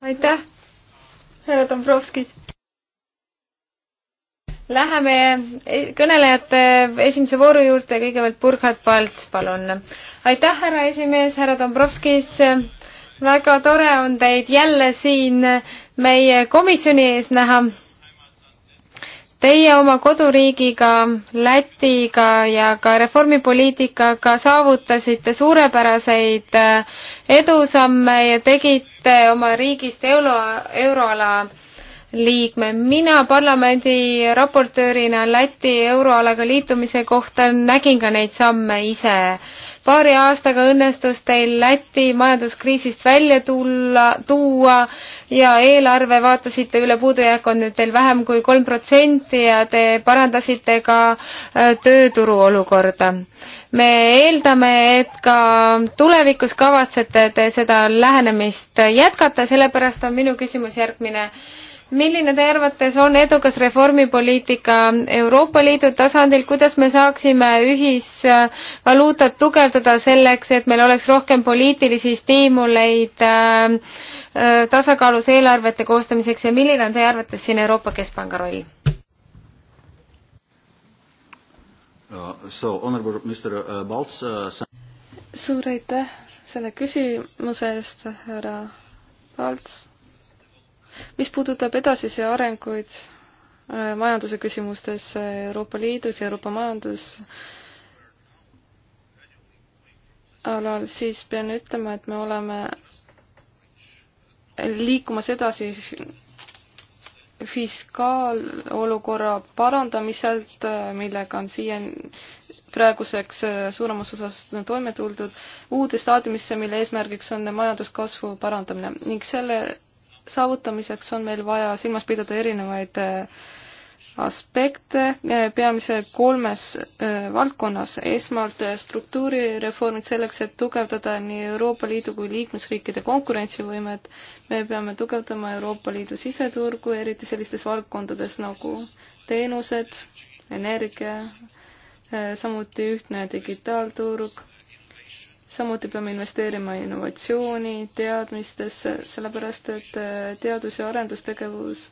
aitäh, härra Dombrovskis. Läheme kõnelejate esimese vooru juurde, kõigepealt Burkhard Palts, palun. aitäh, härra esimees, härra Dombrovskis. väga tore on teid jälle siin meie komisjoni ees näha Teie oma koduriigiga, Lätiga ja ka reformipoliitikaga saavutasite suurepäraseid äh, edusamme ja tegite oma riigist euro, euroala liikme. mina parlamendi raportöörina Läti euroalaga liitumise kohta nägin ka neid samme ise. paari aastaga õnnestus teil Läti majanduskriisist välja tulla, tuua ja eelarve vaatasite üle, puudujääk on nüüd teil vähem kui kolm protsenti ja te parandasite ka äh, tööturu olukorda. me eeldame, et ka tulevikus kavatsete te seda lähenemist jätkata, sellepärast on minu küsimus järgmine milline teie arvates on edukas reformipoliitika Euroopa Liidu tasandil, kuidas me saaksime ühisvaluutat tugevdada selleks, et meil oleks rohkem poliitilisi stiimuleid äh, Äh, tasakaalus eelarvete koostamiseks ja milline on teie arvates siin Euroopa Keskpanga roll? Uh, uh, uh, suur aitäh selle küsimuse eest, härra Palts. mis puudutab edasisi arenguid äh, majanduse küsimustes äh, Euroopa Liidus ja Euroopa majandus, alal, siis pean ütlema, et me oleme liikumas edasi fiskaalolukorra parandamiselt, millega on siiani praeguseks suuremas osas toime tuldud, uude staadiumisse, mille eesmärgiks on majanduskasvu parandamine ning selle saavutamiseks on meil vaja silmas pidada erinevaid äh, aspekte eh, peamise kolmes eh, valdkonnas. esmalt eh, struktuurireformid selleks, et tugevdada nii Euroopa Liidu kui liikmesriikide konkurentsivõimet. me peame tugevdama Euroopa Liidu siseturgu, eriti sellistes valdkondades nagu teenused, energia, samuti ühtne digitaalturg samuti peame investeerima innovatsiooni, teadmistesse, sellepärast et eh, teadus- ja arendustegevus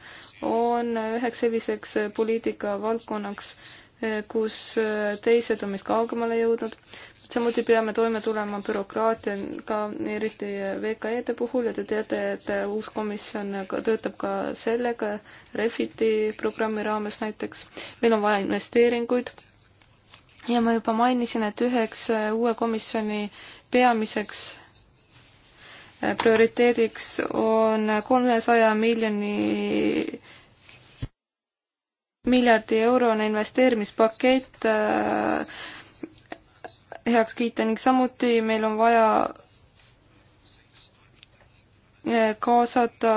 on üheks selliseks poliitikavaldkonnaks, eh, kus eh, teised on meist kaugemale jõudnud. samuti peame toime tulema bürokraatiaga, eriti VKE-de puhul ja te teate, et uus komisjon töötab ka sellega, Refiti programmi raames näiteks. meil on vaja investeeringuid ja ma juba mainisin, et üheks uue komisjoni peamiseks äh, prioriteediks on kolmesaja miljoni, miljardi eurone investeerimispakett äh, heaks kiita ning samuti meil on vaja kaasata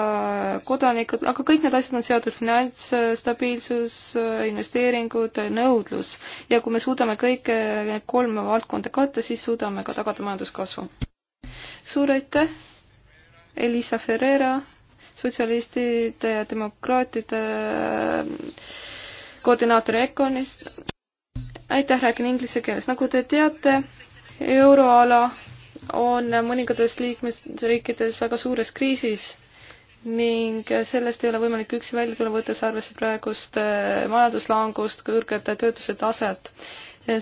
kodanikud, aga kõik need asjad on seotud finantsstabiilsus, investeeringud, nõudlus. ja kui me suudame kõik need kolm valdkonda katta, siis suudame ka tagada majanduskasvu. suur aitäh, Elisa Ferreira, sotsialistide ja demokraatide ähm, koordinaator EKONist. aitäh, räägin inglise keeles. nagu te teate, euroala on mõningates liikmesriikides väga suures kriisis ning sellest ei ole võimalik üksi välja tulla, võttes arvesse praegust äh, majanduslangust, kõrget töötuse taset.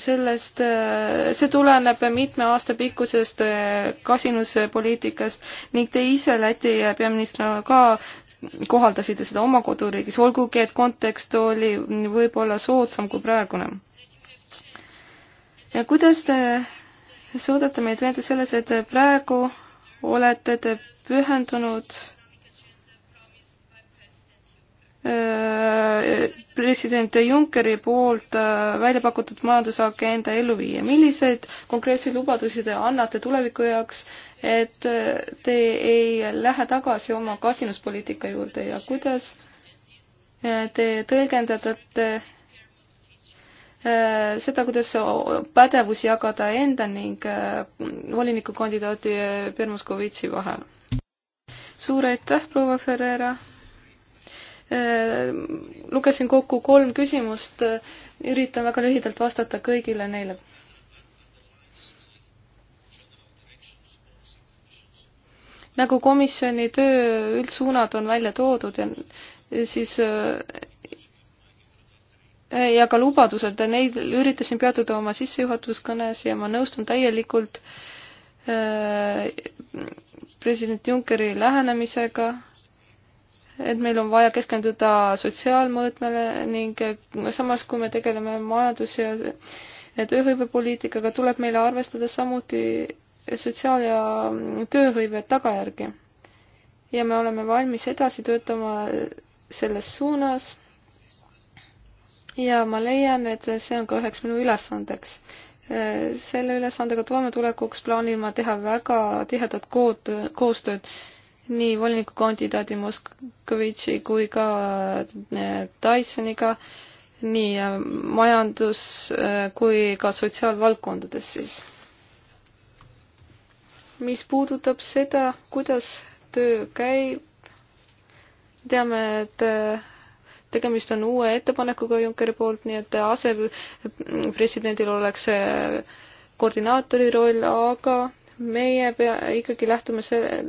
sellest, äh, see tuleneb mitme aasta pikkusest äh, kasinuspoliitikast ning te ise Läti peaministrina ka kohaldasite seda oma koduriigis, olgugi et kontekst oli võib-olla soodsam kui praegune. kuidas te suudate meid veenda selles, et praegu olete te pühendunud äh, president Junckeri poolt äh, välja pakutud majandusagenda ellu viia. milliseid konkreetseid lubadusi te annate tuleviku jaoks, et äh, te ei lähe tagasi oma kasinuspoliitika juurde ja kuidas te tõlgendate Äh, seda, kuidas pädevusi jagada enda ning äh, volinikukandidaati Bermuskovitši äh, vahel. suur aitäh, proua Ferreira! lugesin kokku kolm küsimust, üritan väga lühidalt vastata kõigile neile. nagu komisjoni töö üldsuunad on välja toodud ja siis ja ka lubadused, neid üritasin peatuda oma sissejuhatuskõnes ja ma nõustun täielikult äh, president Junckeri lähenemisega, et meil on vaja keskenduda sotsiaalmõõtmele ning äh, samas, kui me tegeleme majandus- ja tööhõivepoliitikaga, tuleb meile arvestada samuti sotsiaal- ja mm, tööhõive tagajärgi. ja me oleme valmis edasi töötama selles suunas ja ma leian, et see on ka üheks minu ülesandeks. Äh, selle ülesandega toimetulekuks plaanin ma teha väga tihedat kood, koostööd nii volinikukandidaadi Moskvitši kui ka äh, Dysoniga, nii äh, majandus- kui ka sotsiaalvaldkondades siis. mis puudutab seda, kuidas töö käib, teame, et tegemist on uue ettepanekuga Junckeri poolt, nii et asepresidendil oleks koordinaatori roll, aga meie pea, ikkagi lähtume see,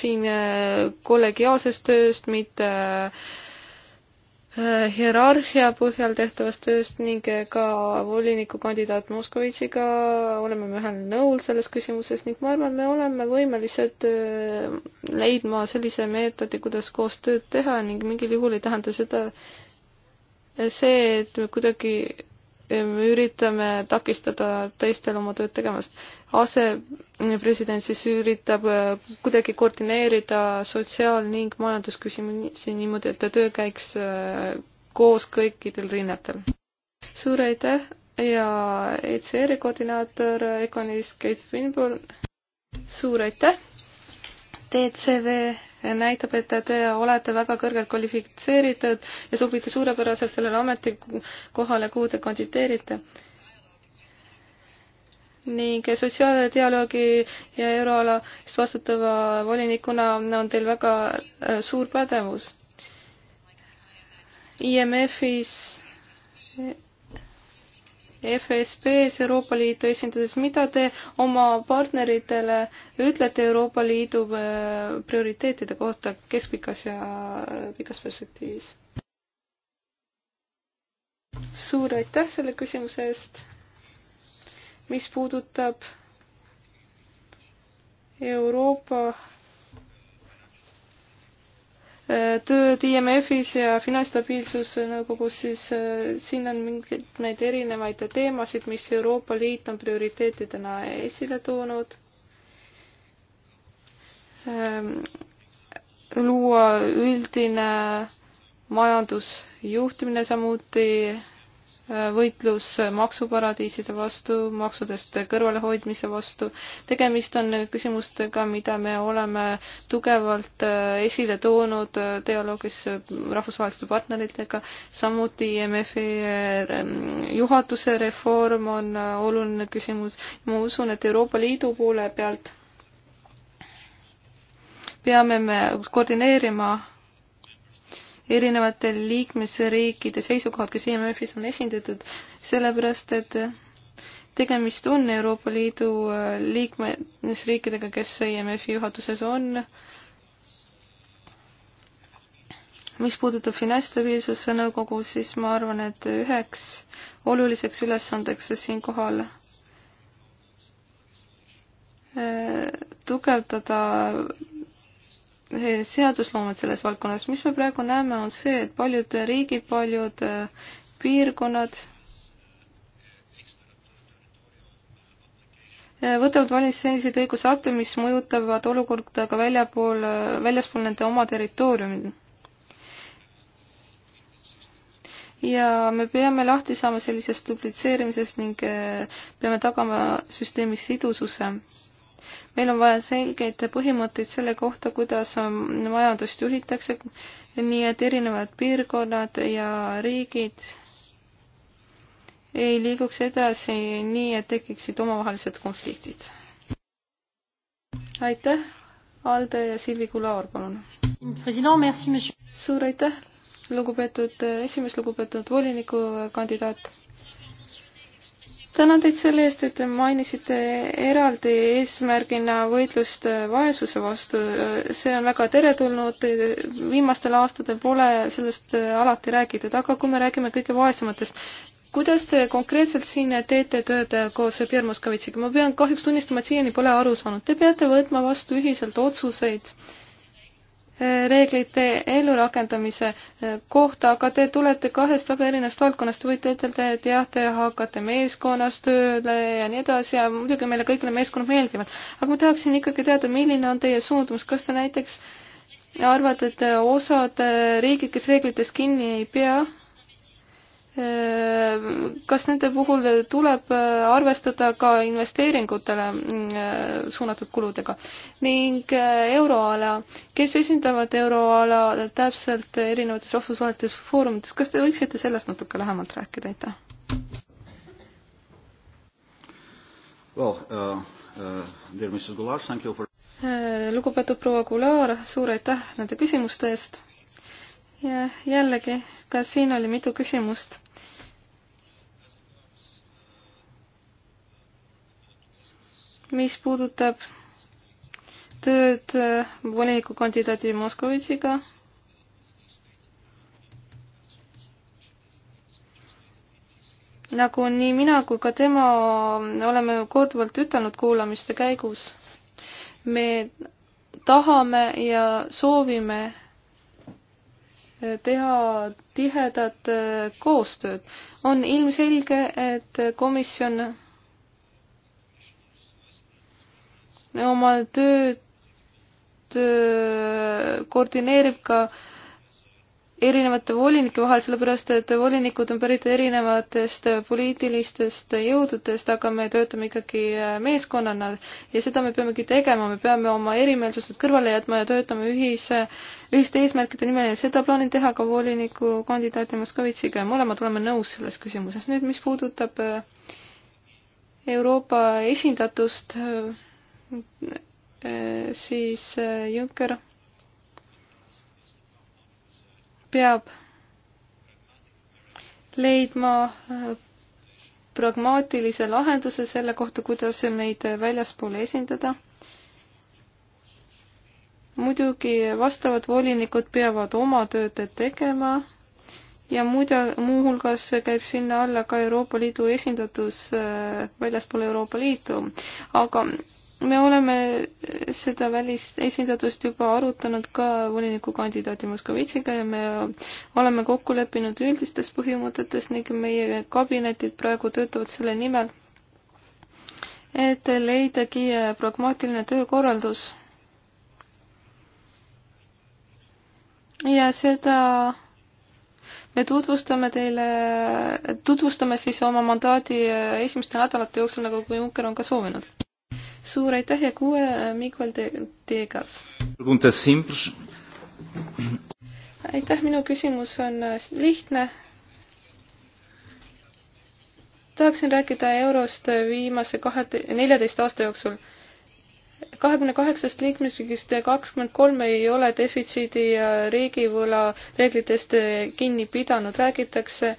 siin kollegiaalsest tööst, mitte äh, Äh, hierarhia põhjal tehtavast tööst ning äh, ka volinikukandidaat Moskovitšiga oleme me ühel nõul selles küsimuses ning ma arvan, me oleme võimelised äh, leidma sellise meetodi, kuidas koos tööd teha ning mingil juhul ei tähenda seda see, et me kuidagi me üritame takistada teistel oma tööd tegemast. asepresident siis üritab äh, kuidagi koordineerida sotsiaal- ning majandusküsimusi niimoodi, et töö käiks äh, koos kõikidel rinnetel. suur aitäh ja ECR-i koordinaator Econis Keit Finborn, suur aitäh! DCV näitab, et te olete väga kõrgelt kvalifitseeritud ja sobite suurepäraselt sellele ametikohale, kuhu te kandideerite. ning sotsiaaldialoogi ja euroala eest vastutava volinikuna on teil väga äh, suur pädevus. IMF-is FSB-s Euroopa Liitu esindades, mida te oma partneritele ütlete Euroopa Liidu äh, prioriteetide kohta keskpikas ja äh, pikas perspektiivis? suur aitäh selle küsimuse eest. mis puudutab Euroopa Äh, tööd IMF-is ja Finantsstabiilsusnõukogus, siis äh, siin on mingeid erinevaid teemasid, mis Euroopa Liit on prioriteetidena esile toonud. Ähm, luua üldine majandusjuhtimine, samuti võitlus maksuparadiiside vastu, maksudest kõrvalehoidmise vastu. tegemist on küsimustega, mida me oleme tugevalt äh, esile toonud äh, dialoogis äh, rahvusvaheliste partneritega. samuti IMF-i e juhatuse reform on oluline küsimus. ma usun, et Euroopa Liidu poole pealt peame me koordineerima erinevate liikmesriikide seisukohad, kes IMF-is e on esindatud, sellepärast et tegemist on Euroopa Liidu äh, liikmesriikidega, kes IMF-i e juhatuses on. mis puudutab finantsstabiilsuse nõukogu, siis ma arvan, et üheks oluliseks ülesandeks siinkohal äh, tugevdada seadusloomet selles valdkonnas. mis me praegu näeme, on see, et paljud riigid, paljud äh, piirkonnad äh, võtavad valmis selliseid õigusakte, mis mõjutavad olukorda ka väljapool, äh, väljaspool nende oma territooriumi. ja me peame lahti saama sellisest duplitseerimisest ning peame tagama süsteemi sidususe meil on vaja selgeid põhimõtteid selle kohta, kuidas majandust juhitakse, nii et erinevad piirkonnad ja riigid ei liiguks edasi nii, et tekiksid omavahelised konfliktid. aitäh, Alde ja Silvi Kulaar, palun. suur aitäh, lugupeetud esimees, lugupeetud volinikukandidaat tänan teid selle eest, et te mainisite eraldi eesmärgina võitlust vaesuse vastu. see on väga teretulnud, viimastel aastatel pole sellest alati räägitud, aga kui me räägime kõige vaesematest, kuidas te konkreetselt siin teete tööd koos Pierre Moskovitsiga? ma pean kahjuks tunnistama, et siiani pole aru saanud. Te peate võtma vastu ühiselt otsuseid äh, reeglite ellurakendamise eh, kohta, aga te tulete kahest väga erinevast valdkonnast, võite ütelda, et jah, te hakkate meeskonnas tööle ja nii edasi ja muidugi meile kõigile meeskonnad meeldivad. aga ma tahaksin ikkagi teada, milline on teie suundumus, kas te näiteks arvate, et osad eh, riigid, kes reeglitest kinni ei pea, kas nende puhul tuleb arvestada ka investeeringutele mm, äh, suunatud kuludega ning äh, euroala, kes esindavad euroala täpselt erinevates rahvusvahelistes foorumites, kas te võiksite sellest natuke lähemalt rääkida, aitäh? Well, uh, uh, dear Mrs. Goulart, thank you for... Äh, lugupeetud proua Goulart, suur aitäh nende küsimuste eest. ja jällegi, ka siin oli mitu küsimust mis puudutab tööd äh, volinikukandidaadi Moskovitšiga, nagu nii mina kui ka tema oleme korduvalt ütelnud kuulamiste käigus, me tahame ja soovime äh, teha tihedat äh, koostööd. on ilmselge, et komisjon oma tööd koordineerib ka erinevate volinike vahel, sellepärast et volinikud on pärit erinevatest poliitilistest jõududest, aga me töötame ikkagi meeskonnana ja seda me peamegi tegema, me peame oma erimeelsused kõrvale jätma ja töötame ühise, ühiste eesmärkide nimel ja seda plaanin teha ka voliniku kandidaati Moskovitšiga ja mõlemad oleme nõus selles küsimuses. nüüd, mis puudutab Euroopa esindatust Äh, siis äh, Juncker peab leidma äh, pragmaatilise lahenduse selle kohta, kuidas meid väljaspool esindada. muidugi vastavad volinikud peavad oma tööd tegema ja muide, muuhulgas käib sinna alla ka Euroopa Liidu esindatus väljaspool Euroopa Liitu, aga me oleme seda välisesindatust juba arutanud ka volinikukandidaadi Moskovitšiga ja me oleme kokku leppinud üldistes põhimõtetes ning meie kabinetid praegu töötavad selle nimel, et leidagi pragmaatiline töökorraldus. ja seda me tutvustame teile, tutvustame siis oma mandaadi esimeste nädalate jooksul, nagu Juncker on ka soovinud suur aitäh ja kuue äh, Miguel Diegas. aitäh, minu küsimus on äh, lihtne. tahaksin rääkida eurost äh, viimase kahe, neljateist aasta jooksul kahekümne kaheksast liikmesriigist kakskümmend kolm ei ole defitsiidi ja riigivõla reeglitest kinni pidanud, räägitakse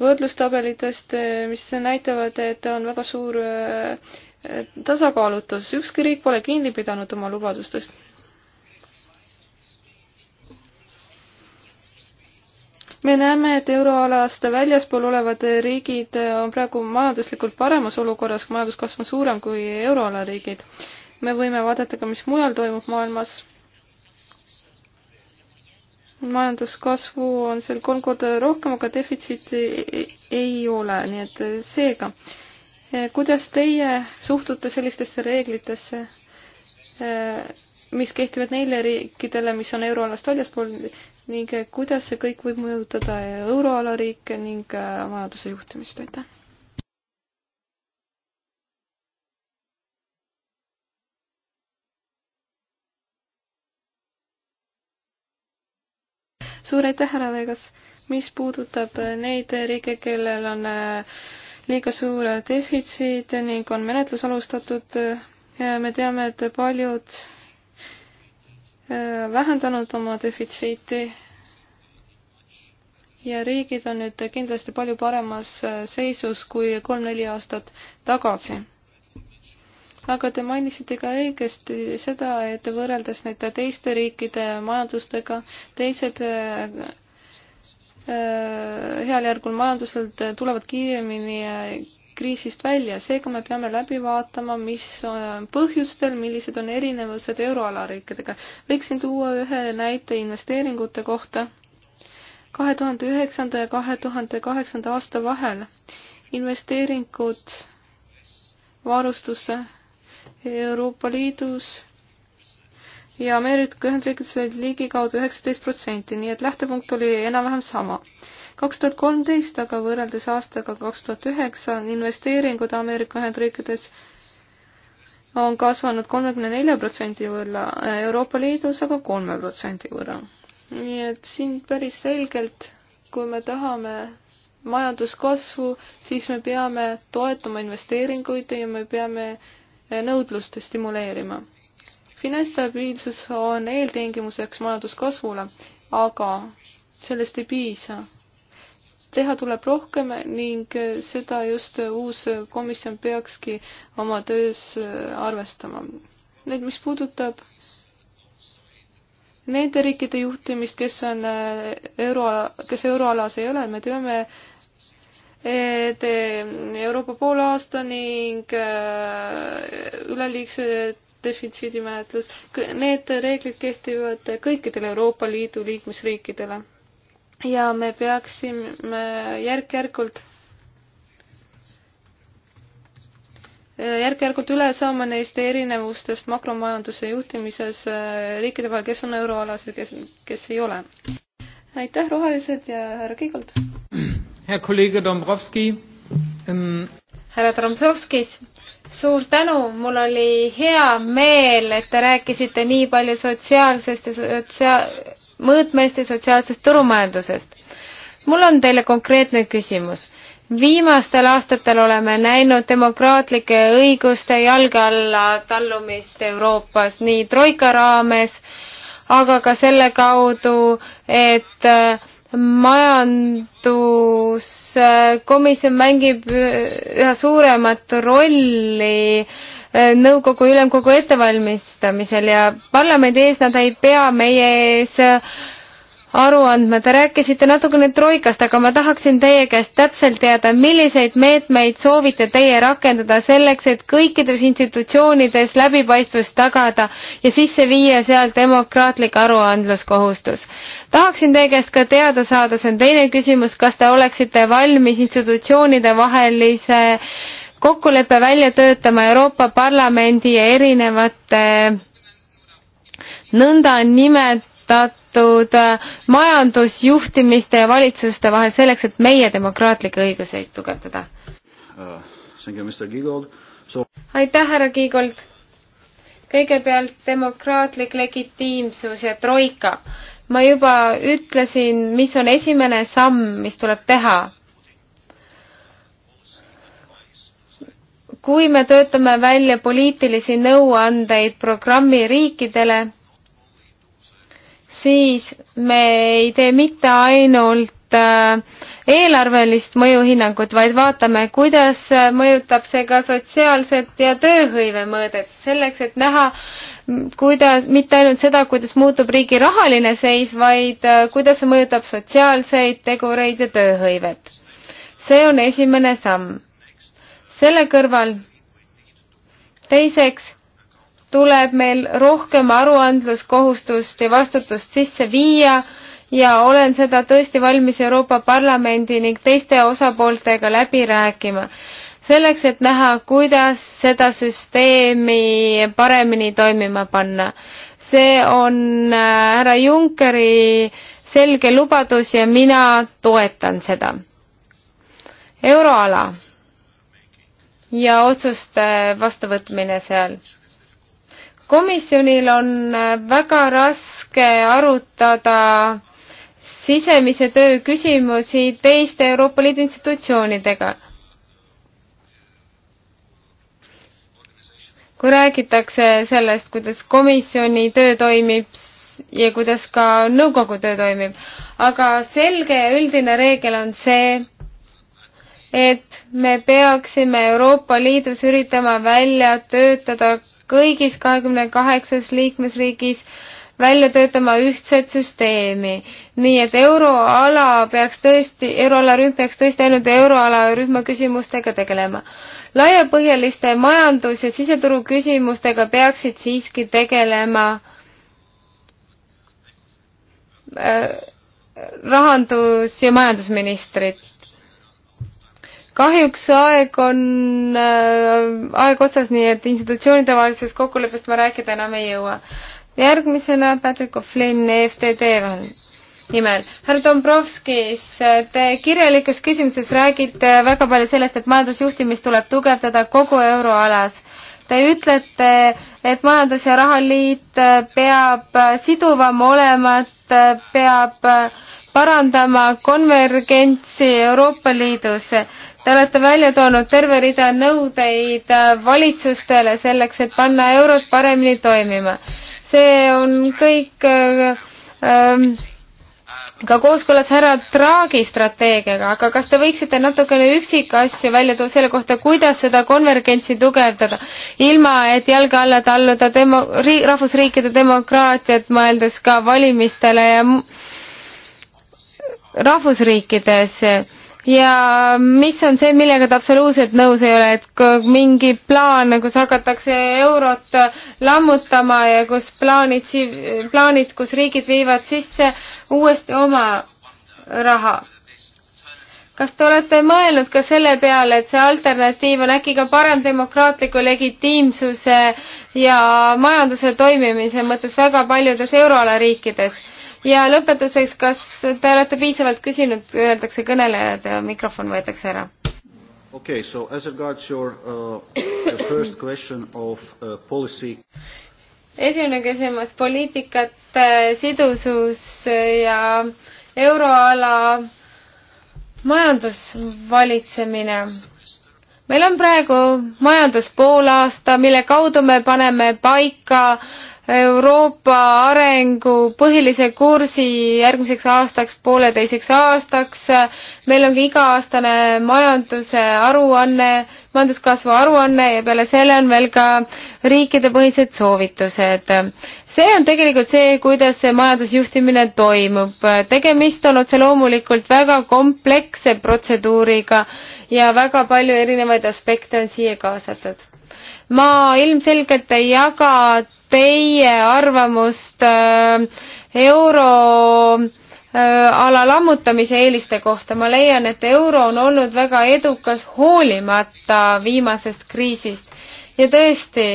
võrdlustabelitest, mis näitavad, et on väga suur tasakaalutus, ükski riik pole kinni pidanud oma lubadustest. me näeme, et euroalast väljaspool olevad riigid on praegu majanduslikult paremas olukorras, majanduskasv on suurem kui euroala riigid. me võime vaadata ka, mis mujal toimub maailmas. majanduskasvu on seal kolm korda rohkem, aga defitsiiti ei ole, nii et seega äh, Eh, kuidas teie suhtute sellistesse reeglitesse, eh, mis kehtivad neile riikidele, mis on euroalast väljaspool ning eh, kuidas see kõik võib mõjutada euroala riike ning majanduse juhtimist, aitäh? suur aitäh, härra Vegas, mis puudutab neid riike, kellel on äh, liiga suur defitsiit ning on menetlus alustatud. me teame, et paljud äh, vähendanud oma defitsiiti ja riigid on nüüd kindlasti palju paremas äh, seisus kui kolm-neli aastat tagasi. aga te mainisite ka õigesti seda, et võrreldes nüüd teiste riikide majandustega, teised äh, Äh, heal järgul majanduselt tulevad kiiremini äh, kriisist välja, seega me peame läbi vaatama, mis äh, põhjustel, millised on erinevused euroala riikidega. võiksin tuua ühe näite investeeringute kohta. kahe tuhande üheksanda ja kahe tuhande kaheksanda aasta vahel investeeringud varustusse Euroopa Liidus ja Ameerika Ühendriikides olid ligikaudu üheksateist protsenti, nii et lähtepunkt oli enam-vähem sama. kaks tuhat kolmteist aga võrreldes aastaga kaks tuhat üheksa on investeeringud Ameerika Ühendriikides on kasvanud kolmekümne nelja protsendi võrra, Euroopa Liidus aga kolme protsendi võrra. nii et siin päris selgelt, kui me tahame majanduskasvu, siis me peame toetama investeeringuid ja me peame nõudlust stimuleerima finantsstabiilsus on eeltingimuseks majanduskasvule, aga sellest ei piisa. teha tuleb rohkem ning seda just uus komisjon peakski oma töös arvestama. nüüd, mis puudutab nende riikide juhtimist, kes on äh, euro, kes euroalas ei ole, me teame, et Euroopa poolaasta ning äh, üleliigse defitsiidimenetlus, need reeglid kehtivad kõikidele Euroopa Liidu liikmesriikidele. ja me peaksime järk-järgult järk-järgult üle saama neist erinevustest makromajanduse juhtimises äh, riikide vahel, kes on euroalas ja kes, kes ei ole. aitäh, rohelised ja härra Kiigolt! Herr Kollege Dombrovski ähm härra Tromsovskis, suur tänu, mul oli hea meel, et te rääkisite nii palju sotsiaalsest ja sotsia-, mõõtmest ja sotsiaalsest turumajandusest. mul on teile konkreetne küsimus. viimastel aastatel oleme näinud demokraatlike õiguste jalge alla tallumist Euroopas nii troika raames, aga ka selle kaudu, et majanduskomisjon mängib üha suuremat rolli eh, nõukogu ülemkogu ettevalmistamisel ja parlamendi ees nad ei pea meie ees eh, aru andma. Te rääkisite natukene Troikast, aga ma tahaksin teie käest täpselt teada, milliseid meetmeid soovite teie rakendada selleks, et kõikides institutsioonides läbipaistvust tagada ja sisse viia seal demokraatlik aruandluskohustus. tahaksin teie käest ka teada saada, see on teine küsimus, kas te oleksite valmis institutsioonide vahelise kokkuleppe välja töötama Euroopa Parlamendi ja erinevate nõndanimetatud teatud äh, majandusjuhtimiste ja valitsuste vahel selleks, et meie demokraatlikke õiguseid tugevdada uh,? So... aitäh, härra Kiigold! kõigepealt demokraatlik legitiimsus ja troika. ma juba ütlesin, mis on esimene samm, mis tuleb teha kui me töötame välja poliitilisi nõuandeid programmi riikidele, siis me ei tee mitte ainult äh, eelarvelist mõjuhinnangut, vaid vaatame, kuidas äh, mõjutab see ka sotsiaalset ja tööhõive mõõdet, selleks et näha, kuidas, mitte ainult seda, kuidas muutub riigi rahaline seis, vaid äh, kuidas see mõjutab sotsiaalseid tegureid ja tööhõivet. see on esimene samm. selle kõrval teiseks tuleb meil rohkem aruandluskohustust ja vastutust sisse viia ja olen seda tõesti valmis Euroopa Parlamendi ning teiste osapooltega läbi rääkima, selleks et näha, kuidas seda süsteemi paremini toimima panna. see on äh, härra Junckeri selge lubadus ja mina toetan seda. euroala ja otsuste vastuvõtmine seal komisjonil on äh, väga raske arutada sisemise töö küsimusi teiste Euroopa Liidu institutsioonidega. kui räägitakse sellest, kuidas komisjoni töö toimib ja kuidas ka nõukogu töö toimib, aga selge ja üldine reegel on see, et me peaksime Euroopa Liidus üritama välja töötada kõigis kahekümne kaheksas liikmesriigis välja töötama ühtset süsteemi. nii et euroala peaks tõesti, euroala rühm peaks tõesti ainult euroala rühma küsimustega tegelema. laiapõhjaliste majandus- ja siseturu küsimustega peaksid siiski tegelema äh, rahandus- ja majandusministrid kahjuks aeg on äh,, aeg otsas, nii et institutsioonide vahelisest kokkuleppest ma rääkida enam ei jõua. järgmisena Patrick O'Flynn EFTD nimel. härra Dombrovskis, äh, te kirjalikus küsimuses räägite väga palju sellest, et majandusjuhtimist tuleb tugevdada kogu euroalas te ütlete, et majandus- ja rahaliit äh, peab äh, siduvam olema, et peab parandama konvergentsi Euroopa Liidus. Te olete välja toonud terve rida nõudeid äh, valitsustele selleks, et panna eurot paremini toimima. see on kõik äh, ähm, ka kooskõlas härra Draghi strateegiaga, aga kas te võiksite natukene üksikasju välja tuua selle kohta, kuidas seda konvergentsi tugevdada, ilma et jalge alla talluda demo-, ri-, rahvusriikide demokraatiat, mõeldes ka valimistele ja rahvusriikides ja mis on see, millega ta absoluutselt nõus ei ole, et mingi plaan, kus hakatakse eurot lammutama ja kus plaanid, plaanid, kus riigid viivad sisse uuesti oma raha. kas te olete mõelnud ka selle peale, et see alternatiiv on äkki ka parem demokraatliku legitiimsuse ja majanduse toimimise mõttes väga paljudes euroala riikides? ja lõpetuseks, kas te olete piisavalt küsinud, öeldakse kõnelejad ja mikrofon võetakse ära. Okay, so as regards your uh, first question of uh, policy esimene küsimus, poliitikate sidusus ja euroala majandusvalitsemine. meil on praegu majandus poolaasta, mille kaudu me paneme paika Euroopa arengu põhilise kursi järgmiseks aastaks, pooleteiseks aastaks. meil on ka iga-aastane majanduse aruanne, majanduskasvu aruanne ja peale selle on veel ka riikidepõhised soovitused. see on tegelikult see, kuidas see majandusjuhtimine toimub. tegemist on otse loomulikult väga kompleksse protseduuriga ja väga palju erinevaid aspekte on siia kaasatud ma ilmselgelt ei jaga teie arvamust äh, euro äh, ala lammutamise eeliste kohta. ma leian, et euro on olnud väga edukas hoolimata viimasest kriisist ja tõesti,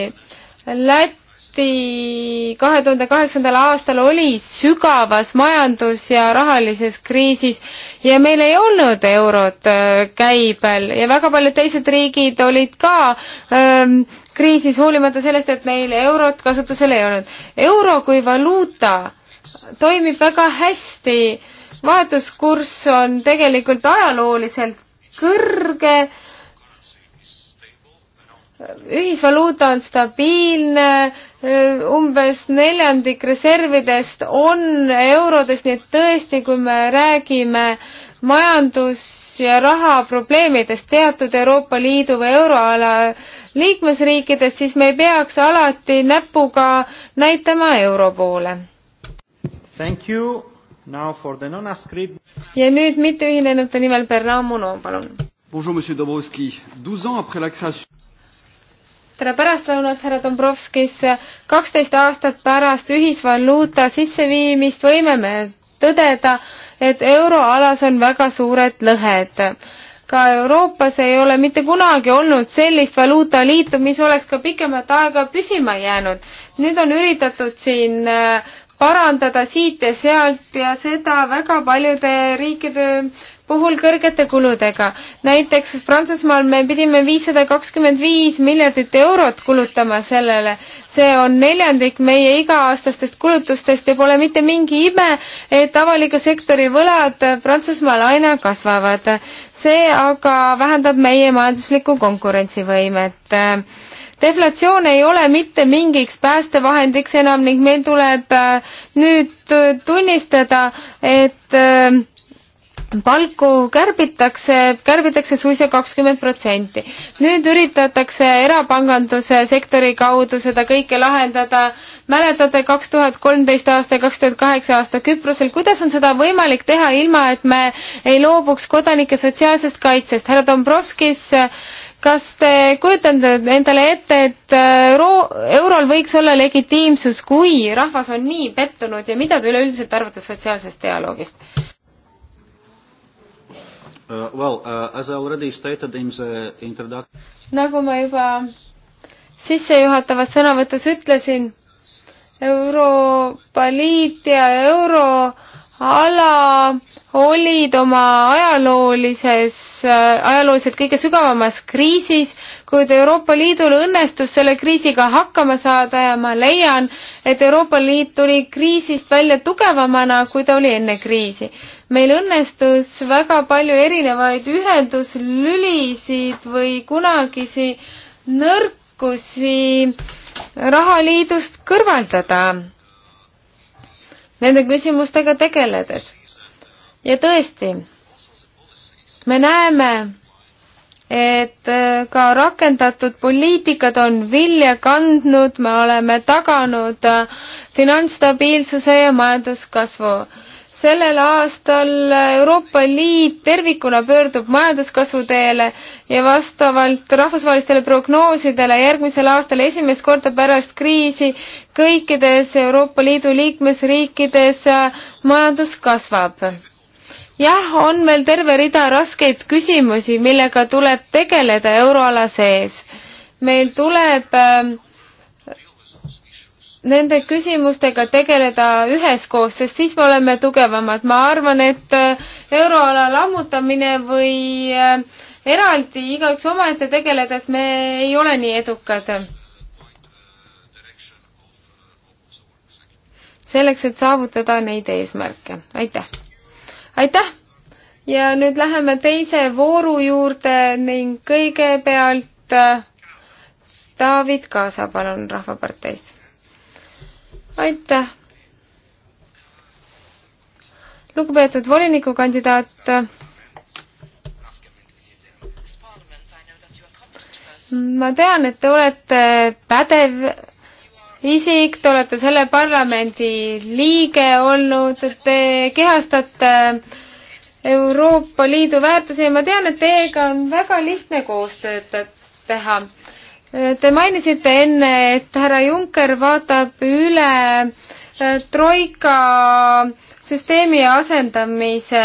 Läti kahe tuhande kaheksandal aastal oli sügavas majandus- ja rahalises kriisis ja meil ei olnud eurot äh, käibel ja väga paljud teised riigid olid ka ähm, kriisis, hoolimata sellest, et neil eurot kasutusel ei olnud. euro kui valuuta toimib väga hästi, vahetuskurss on tegelikult ajalooliselt kõrge, ühisvaluuta on stabiilne, umbes neljandik reservidest on eurodes, nii et tõesti, kui me räägime majandus- ja rahaprobleemidest teatud Euroopa Liidu või euroala liikmesriikidest, siis me ei peaks alati näpuga näitama euro poole. ja nüüd mitteühinenute nimel Bernard Monod, palun. tere pärastlõunat, härra Dombrovskis. kaksteist aastat pärast ühisvaluuta sisseviimist võime me tõdeda, et euroalas on väga suured lõhed ka Euroopas ei ole mitte kunagi olnud sellist valuutaliitu, mis oleks ka pikemat aega püsima jäänud. nüüd on üritatud siin äh, parandada siit ja sealt ja seda väga paljude riikide puhul kõrgete kuludega. näiteks Prantsusmaal me pidime viissada kakskümmend viis miljardit eurot kulutama sellele. see on neljandik meie iga-aastastest kulutustest ja pole mitte mingi ime, et avaliku sektori võlad Prantsusmaal aina kasvavad see aga vähendab meie majanduslikku konkurentsivõimet. deflatsioon ei ole mitte mingiks päästevahendiks enam ning meil tuleb äh, nüüd äh, tunnistada, et äh, palku kärbitakse, kärbitakse suisa kakskümmend protsenti. nüüd üritatakse erapanganduse sektori kaudu seda kõike lahendada. mäletate kaks tuhat kolmteist aasta ja kaks tuhat kaheksa aasta Küprosel, kuidas on seda võimalik teha, ilma et me ei loobuks kodanike sotsiaalsest kaitsest? härra Dombrovskis, kas te kujutate endale ette, et euro, äh, eurol võiks olla legitiimsus, kui rahvas on nii pettunud ja mida te üleüldiselt arvate sotsiaalsest dialoogist? Uh, well, uh, as I already stated in the introduction. nagu ma juba sissejuhatavas sõnavõtus ütlesin, Euroopa Liit ja euroala olid oma ajaloolises, äh, ajalooliselt kõige sügavamas kriisis, kuid Euroopa Liidul õnnestus selle kriisiga hakkama saada ja ma leian, et Euroopa Liit tuli kriisist välja tugevamana, kui ta oli enne kriisi meil õnnestus väga palju erinevaid ühenduslülisid või kunagisi nõrkusi rahaliidust kõrvaldada nende küsimustega tegeledes. ja tõesti, me näeme, et äh, ka rakendatud poliitikad on vilja kandnud, me oleme taganud äh, finantsstabiilsuse ja majanduskasvu sellel aastal Euroopa Liit tervikuna pöördub majanduskasvu teele ja vastavalt rahvusvahelistele prognoosidele järgmisel aastal esimest korda pärast kriisi kõikides Euroopa Liidu liikmesriikides majandus kasvab. jah, on veel terve rida raskeid küsimusi, millega tuleb tegeleda euroala sees. meil tuleb äh, nende küsimustega tegeleda üheskoos, sest siis me oleme tugevamad. ma arvan, et äh, euroala lammutamine või äh, eraldi igaüks omaette tegeledes me ei ole nii edukad. selleks, et saavutada neid eesmärke. aitäh! aitäh! ja nüüd läheme teise vooru juurde ning kõigepealt äh, David Kaasa, palun, Rahvaparteist aitäh! lugupeetud volinikukandidaat, ma tean, et te olete pädev isik, te olete selle parlamendi liige olnud, te kehastate Euroopa Liidu väärtusi ja ma tean, et teiega on väga lihtne koostööd teha Te mainisite enne, et härra Juncker vaatab üle äh, troika süsteemi asendamise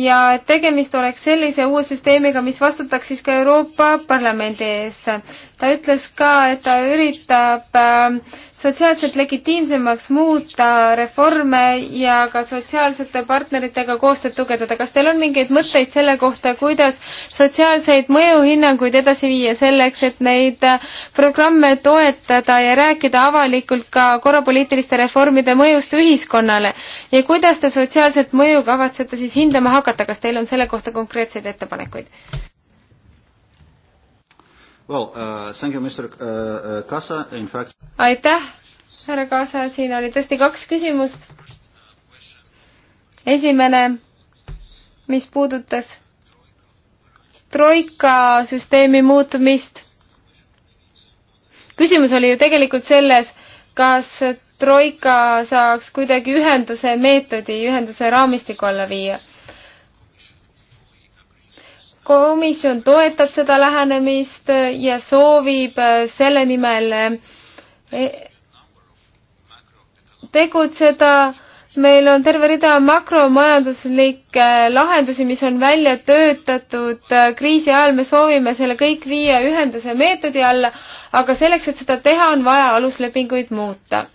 ja et tegemist oleks sellise uue süsteemiga, mis vastutaks siis ka Euroopa Parlamendi ees. ta ütles ka, et ta üritab äh, sotsiaalselt legitiimsemaks muuta reforme ja ka sotsiaalsete partneritega koostööd tugevdada. kas teil on mingeid mõtteid selle kohta, kuidas sotsiaalseid mõjuhinnanguid edasi viia selleks, et neid programme toetada ja rääkida avalikult ka korrapoliitiliste reformide mõjust ühiskonnale? ja kuidas te sotsiaalset mõju kavatsete siis hindama hakata, kas teil on selle kohta konkreetseid ettepanekuid? Well, uh, thank you, Mr uh, uh Kasa, in fact. aitäh, härra Kasa, siin oli tõesti kaks küsimust. esimene, mis puudutas troika süsteemi muutumist. küsimus oli ju tegelikult selles, kas troika saaks kuidagi ühenduse meetodi, ühenduse raamistiku alla viia komisjon toetab seda lähenemist ja soovib äh, selle nimel äh, tegutseda meil on terve rida makromajanduslikke äh, lahendusi, mis on välja töötatud kriisi ajal, me soovime selle kõik viia ühenduse meetodi alla, aga selleks, et seda teha, on vaja aluslepinguid muuta.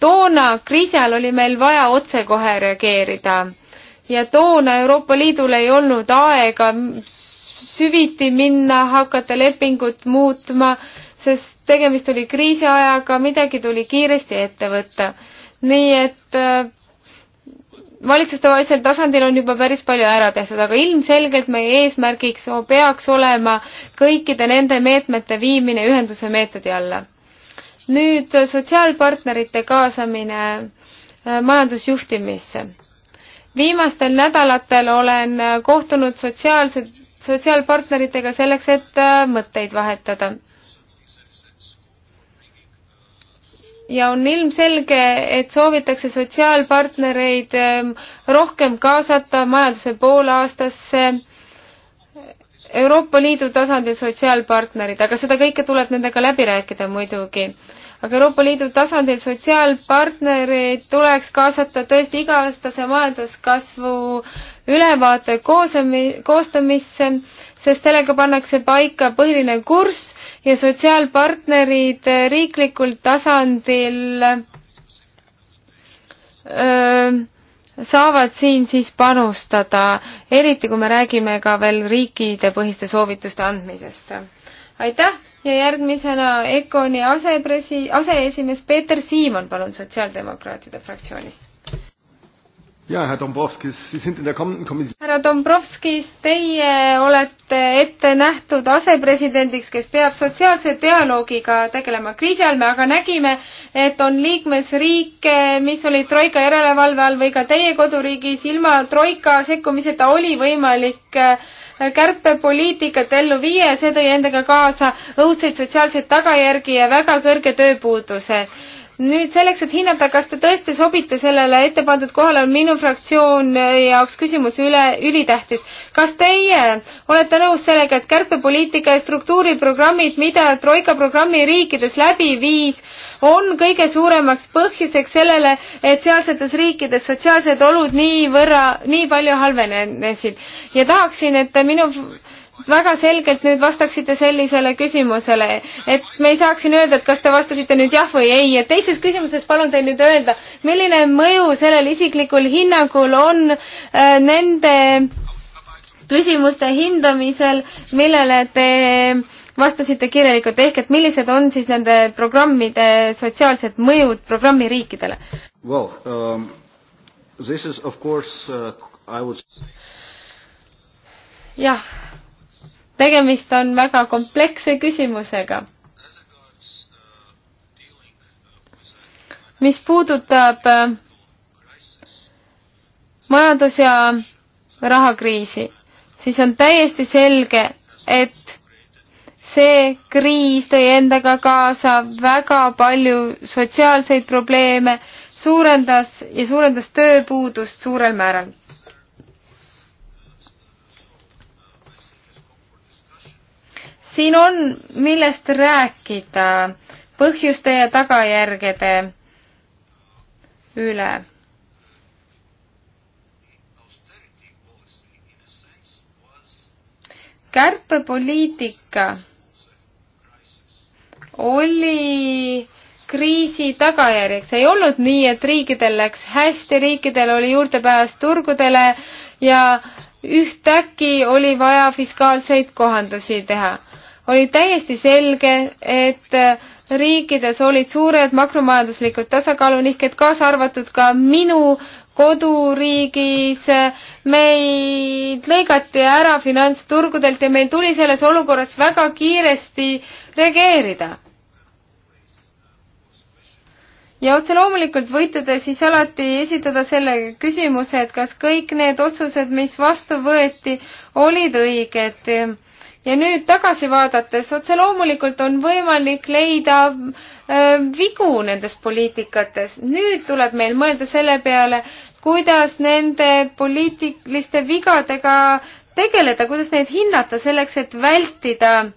toona kriisi ajal oli meil vaja otsekohe reageerida ja toona Euroopa Liidul ei olnud aega süviti minna, hakata lepingut muutma, sest tegemist oli kriisiajaga, midagi tuli kiiresti ette võtta. nii et äh, valitsustevahelisel tasandil on juba päris palju ära tehtud, aga ilmselgelt meie eesmärgiks peaks olema kõikide nende meetmete viimine ühenduse meetodi alla. nüüd sotsiaalpartnerite kaasamine äh, majandusjuhtimisse viimastel nädalatel olen äh, kohtunud sotsiaalse, sotsiaalpartneritega selleks, et äh, mõtteid vahetada. ja on ilmselge, et soovitakse sotsiaalpartnereid ähm, rohkem kaasata majanduse poolaastasse, Euroopa Liidu tasandil sotsiaalpartnerid, aga seda kõike tuleb nendega läbi rääkida muidugi aga Euroopa Liidu tasandil sotsiaalpartnerid tuleks kaasata tõesti iga-aastase majanduskasvu ülevaate koostamisse, sest sellega pannakse paika põhiline kurss ja sotsiaalpartnerid riiklikul tasandil öö, saavad siin siis panustada, eriti kui me räägime ka veel riikidepõhiste soovituste andmisest. aitäh! ja järgmisena EKONi asepresi-, aseesimees Peeter Siimon, palun, Sotsiaaldemokraatide fraktsioonist. Ja, Herr Dombrovskis, Sie sind in der kommenden Kommission. härra Dombrovskis, teie olete ette nähtud asepresidendiks, kes peab sotsiaalse dialoogiga tegelema. kriisi ajal me aga nägime, et on liikmesriike, mis olid Troika järelevalve all või ka teie koduriigis ilma Troika sekkumiseta oli võimalik äh, kärpepoliitikat ellu viia ja see tõi endaga kaasa õudseid sotsiaalseid tagajärgi ja väga kõrge tööpuuduse nüüd selleks, et hinnata, kas te tõesti sobite sellele ette pandud kohale, on minu fraktsioon äh, jaoks küsimus üle, ülitähtis. kas teie olete nõus sellega, et kärpepoliitika ja struktuuriprogrammid, mida Troika programmi riikides läbi viis, on kõige suuremaks põhjuseks sellele, et sealsetes riikides sotsiaalsed olud niivõrra, nii palju halvenesid ja tahaksin, et minu väga selgelt nüüd vastaksite sellisele küsimusele, et me ei saaks siin öelda, et kas te vastasite nüüd jah või ei, et teises küsimuses palun teil nüüd öelda, milline mõju sellel isiklikul hinnangul on äh, nende küsimuste hindamisel, millele te vastasite kirjalikult, ehk et millised on siis nende programmide sotsiaalsed mõjud programmiriikidele well,? Um, this is of course uh, I would jah tegemist on väga kompleksse küsimusega. mis puudutab äh, majandus- ja rahakriisi, siis on täiesti selge, et see kriis tõi endaga kaasa väga palju sotsiaalseid probleeme, suurendas ja suurendas tööpuudust suurel määral siin on, millest rääkida põhjuste ja tagajärgede üle. kärpepoliitika oli kriisi tagajärjeks, ei olnud nii, et riikidel läks hästi, riikidel oli juurdepääs turgudele ja ühtäkki oli vaja fiskaalseid kohandusi teha oli täiesti selge, et äh, riikides olid suured makromajanduslikud tasakaalunihked, kaasa arvatud ka minu koduriigis, meid lõigati ära finantsturgudelt ja meil tuli selles olukorras väga kiiresti reageerida. ja otse loomulikult võite te siis alati esitada selle küsimuse, et kas kõik need otsused, mis vastu võeti, olid õiged ja nüüd tagasi vaadates, otse loomulikult on võimalik leida äh, vigu nendes poliitikates. nüüd tuleb meil mõelda selle peale, kuidas nende poliitiliste vigadega tegeleda, kuidas neid hinnata selleks, et vältida äh,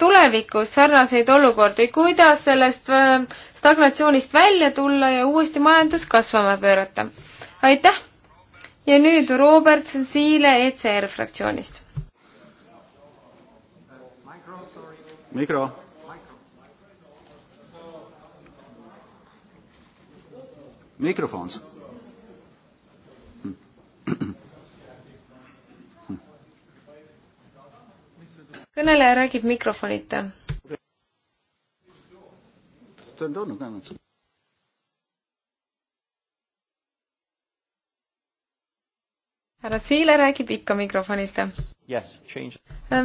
tulevikus sarnaseid olukordi, kuidas sellest äh, stagnatsioonist välja tulla ja uuesti majandus kasvama pöörata. aitäh! ja nüüd Robert Siile ECR fraktsioonist Mikro. Mikrofons. kõneleja räägib mikrofonita. see on tulnud ainult. härra Siile räägib ikka mikrofonist yes,.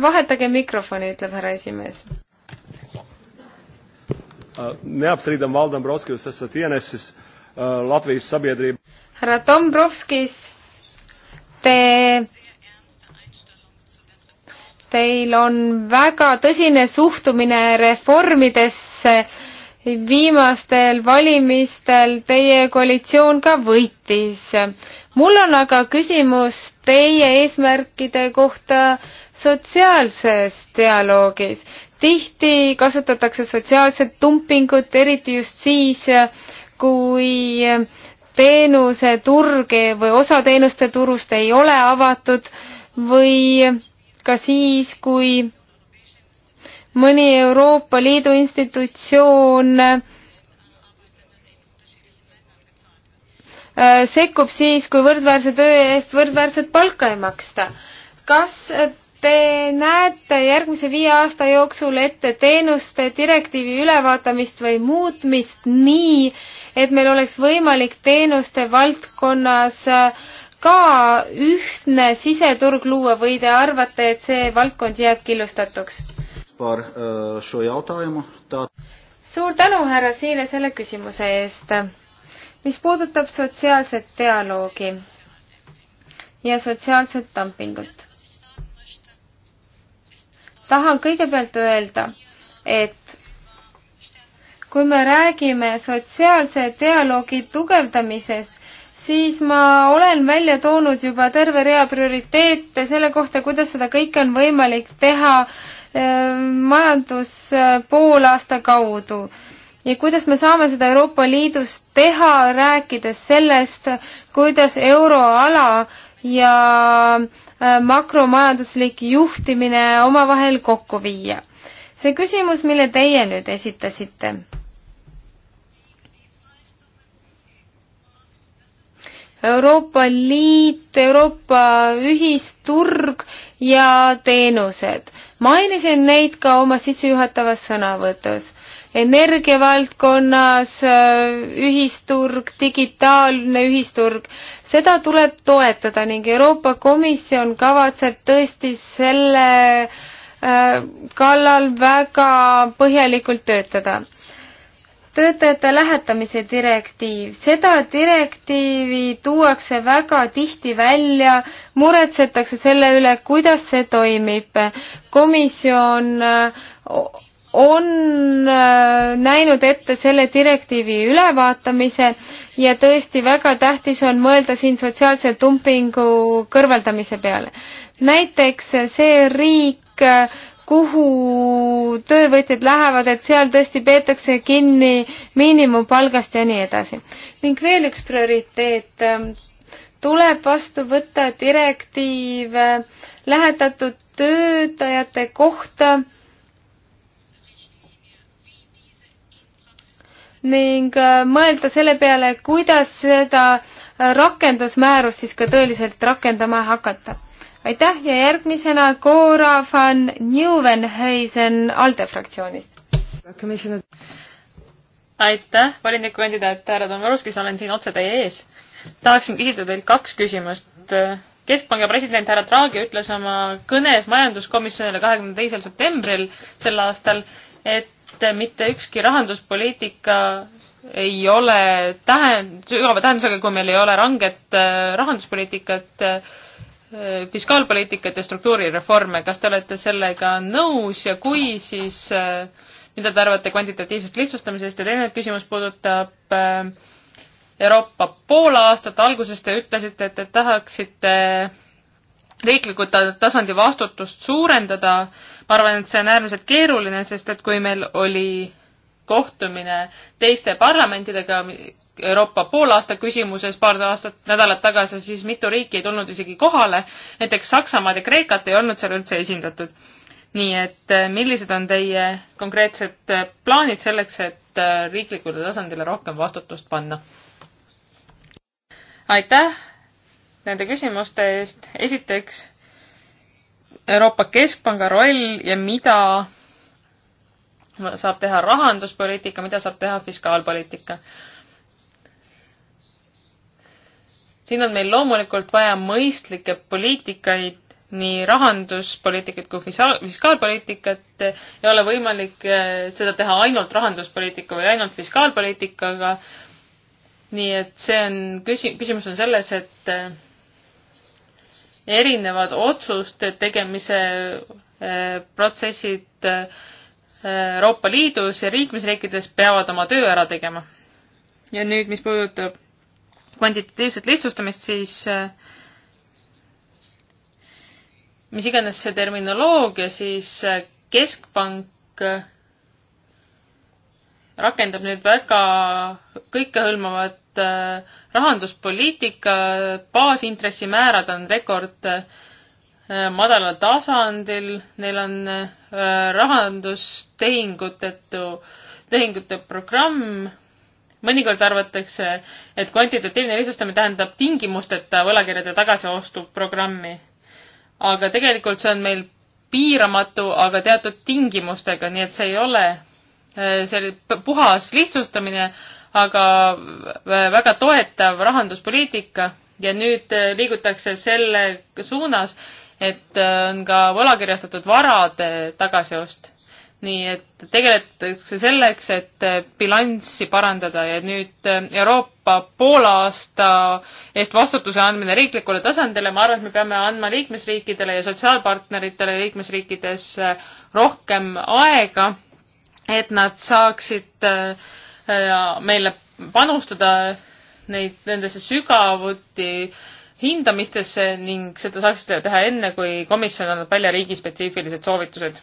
vahetage mikrofoni, ütleb härra esimees uh,. neapsriidam Valdo Mbrovskis, sa oled teenistus uh, äh, Latvijas sabiedriib. härra Dombrovskis, te teil on väga tõsine suhtumine reformidesse. viimastel valimistel teie koalitsioon ka võitis mul on aga küsimus teie eesmärkide kohta sotsiaalses dialoogis. tihti kasutatakse sotsiaalset dumpingut, eriti just siis, kui teenuse turg või osa teenuste turust ei ole avatud või ka siis, kui mõni Euroopa Liidu institutsioon Äh, sekkub siis, kui võrdväärse töö eest võrdväärset palka ei maksta. kas te näete järgmise viie aasta jooksul ette teenuste direktiivi ülevaatamist või muutmist nii, et meil oleks võimalik teenuste valdkonnas ka ühtne siseturg luua või te arvate, et see valdkond jääb killustatuks? Äh, suur tänu, härra Siile, selle küsimuse eest mis puudutab sotsiaalset dialoogi ja sotsiaalset dumpingut, tahan kõigepealt öelda, et kui me räägime sotsiaalse dialoogi tugevdamisest, siis ma olen välja toonud juba terve rea prioriteete selle kohta, kuidas seda kõike on võimalik teha äh, majandus äh, poolaasta kaudu ja kuidas me saame seda Euroopa Liidus teha, rääkides sellest, kuidas euroala ja äh, makromajanduslik juhtimine omavahel kokku viia. see küsimus, mille teie nüüd esitasite. Euroopa Liit, Euroopa ühisturg ja teenused. mainisin neid ka oma sissejuhatavas sõnavõtus energiavaldkonnas, äh, ühisturg, digitaalne ühisturg, seda tuleb toetada ning Euroopa Komisjon kavatseb tõesti selle äh, kallal väga põhjalikult töötada. töötajate lähetamise direktiiv, seda direktiivi tuuakse väga tihti välja, muretsetakse selle üle, kuidas see toimib. komisjon äh, on äh, näinud ette selle direktiivi ülevaatamise ja tõesti väga tähtis on mõelda siin sotsiaalse dumpingu kõrvaldamise peale. näiteks see riik, kuhu töövõtjad lähevad, et seal tõesti peetakse kinni miinimumpalgast ja nii edasi. ning veel üks prioriteet, tuleb vastu võtta direktiiv lähetatud töötajate kohta ning äh, mõelda selle peale, kuidas seda äh, rakendusmäärust siis ka tõeliselt rakendama hakata. aitäh ja järgmisena Cora van Nieuwenhuisen ALDE fraktsioonist. aitäh, valinikukandidaat härra Tomorskis, olen siin otse teie ees. tahaksin küsida teilt kaks küsimust. keskpanga president härra Draghi ütles oma kõnes majanduskomisjonile kahekümne teisel septembril sel aastal, et et mitte ükski rahanduspoliitika ei ole tähend-, sügava tähendusega, kui meil ei ole ranget äh, rahanduspoliitikat, äh, fiskaalpoliitikat ja struktuurireforme. kas te olete sellega nõus ja kui, siis äh, mida te arvate kvantitatiivsest lihtsustamisest ja teine küsimus puudutab Euroopa poole aastat. alguses te ütlesite, et te tahaksite riikliku tasandi vastutust suurendada, ma arvan, et see on äärmiselt keeruline, sest et kui meil oli kohtumine teiste parlamentidega Euroopa poolaasta küsimuses paar aastat, nädalat tagasi, siis mitu riiki ei tulnud isegi kohale, näiteks Saksamaad ja Kreekat ei olnud seal üldse esindatud. nii et äh, millised on teie konkreetsed äh, plaanid selleks, et äh, riiklikule tasandile rohkem vastutust panna? aitäh nende küsimuste eest. esiteks Euroopa Keskpanga roll ja mida saab teha rahanduspoliitika, mida saab teha fiskaalpoliitika. siin on meil loomulikult vaja mõistlikke poliitikaid, nii rahanduspoliitikat kui fiskaal, fiskaalpoliitikat. ei ole võimalik eh, seda teha ainult rahanduspoliitika või ainult fiskaalpoliitikaga. nii et see on küsi-, küsimus on selles, et eh, erinevad otsuste tegemise eh, protsessid eh, Euroopa Liidus ja liikmesriikides peavad oma töö ära tegema. ja nüüd, mis puudutab kvantitatiivset lihtsustamist, siis eh, mis iganes see terminoloogia, siis keskpank rakendab nüüd väga kõikehõlmavat Äh, rahanduspoliitika baasintressimäärad on rekord äh, madalal tasandil, neil on äh, rahandustehingutetu, tehingute programm, mõnikord arvatakse, et kvantitatiivne lihtsustamine tähendab tingimusteta võlakirjade tagasiostu programmi. aga tegelikult see on meil piiramatu, aga teatud tingimustega, nii et see ei ole see puhas lihtsustamine, aga äh, väga toetav rahanduspoliitika ja nüüd äh, liigutakse selle suunas, et äh, on ka võlakirjastatud varade tagasiost. nii et tegeletakse selleks, et bilanssi parandada ja nüüd Euroopa poole aasta eest vastutuse andmine riiklikule tasandile, ma arvan, et me peame andma liikmesriikidele ja sotsiaalpartneritele liikmesriikides rohkem aega, et nad saaksid äh, meile panustada neid, nendesse sügavuti hindamistesse ning seda saaksite teha enne, kui komisjon annab välja riigispetsiifilised soovitused.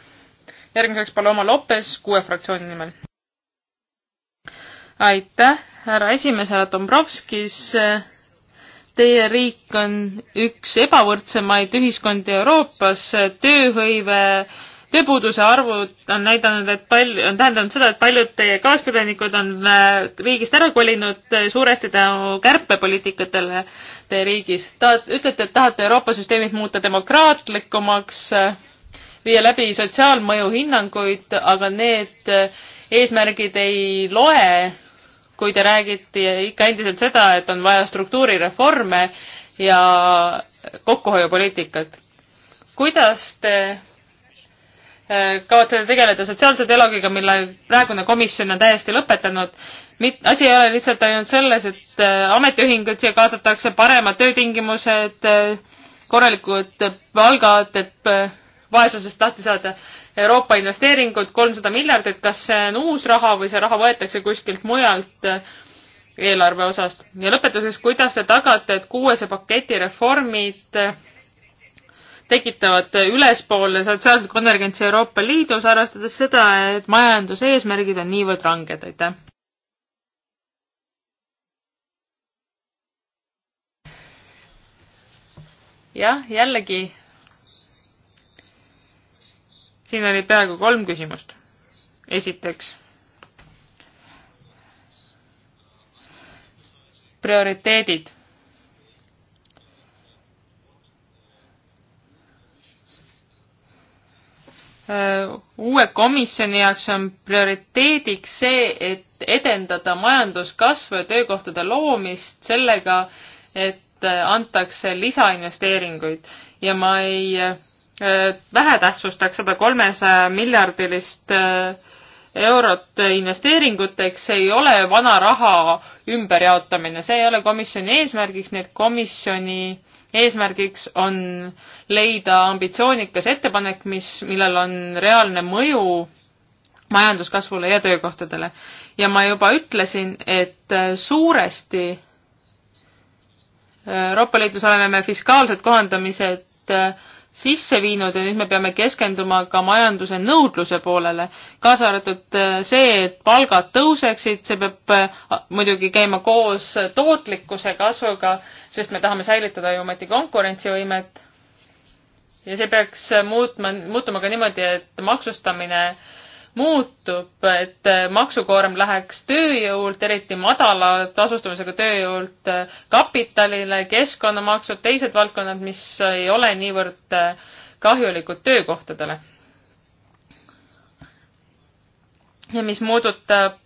järgmiseks Paloma Lopes kuue fraktsiooni nimel. aitäh, härra esimees, härra Dombrovskis. Teie riik on üks ebavõrdsemaid ühiskondi Euroopas, tööhõive tööpuuduse arvud on näidanud, et palju, on tähendanud seda, et paljud teie kaaskodanikud on äh, riigist ära kolinud äh, suuresti tänu kärpepoliitikatele teie riigis. tahad, ütlete, et tahate Euroopa süsteemid muuta demokraatlikumaks, äh, viia läbi sotsiaalmõju hinnanguid, aga need eesmärgid ei loe, kui te räägite ikka endiselt seda, et on vaja struktuurireforme ja kokkuhoiupoliitikat. kuidas te kavatseme tegeleda sotsiaalse dialoogiga, mille praegune komisjon on täiesti lõpetanud. mit-, asi ei ole lihtsalt ainult selles, et äh, ametiühingud siia kaasatakse, paremad töötingimused, äh, korralikud palgad, et äh, vaesusest lahti saada. Euroopa investeeringud kolmsada miljardit, kas see on uus raha või see raha võetakse kuskilt mujalt eelarve osast? ja lõpetuseks, kuidas te tagate, et kuuese paketi reformid tekitavad ülespoole sotsiaalset konvergentsi Euroopa Liidus, arvestades seda, et majanduse eesmärgid on niivõrd ranged, aitäh. jah, jällegi. siin oli peaaegu kolm küsimust. esiteks. prioriteedid Äh, uue komisjoni jaoks on prioriteediks see, et edendada majanduskasvu ja töökohtade loomist sellega, et äh, antakse lisainvesteeringuid ja ma ei äh, vähetähtsustaks seda kolmesaja miljardilist eurot investeeringuteks, see ei ole vana raha ümberjaotamine, see ei ole komisjoni eesmärgiks, nii et komisjoni äh, eesmärgiks on leida ambitsioonikas ettepanek, mis, millel on reaalne mõju majanduskasvule ja töökohtadele. ja ma juba ütlesin, et äh, suuresti äh, Euroopa Liidus oleme me fiskaalsed kohandamised äh, sisse viinud ja nüüd me peame keskenduma ka majanduse nõudluse poolele, kaasa arvatud äh, see, et palgad tõuseksid, see peab äh, muidugi käima koos tootlikkuse kasvuga, sest me tahame säilitada ju ometi konkurentsivõimet. ja see peaks muutma, muutuma ka niimoodi, et maksustamine äh, muutub, et äh, maksukoorem läheks tööjõult, eriti madala tasustamisega tööjõult äh, kapitalile, keskkonnamaksud, teised valdkonnad, mis äh, ei ole niivõrd kahjulikud töökohtadele. ja mis muudutab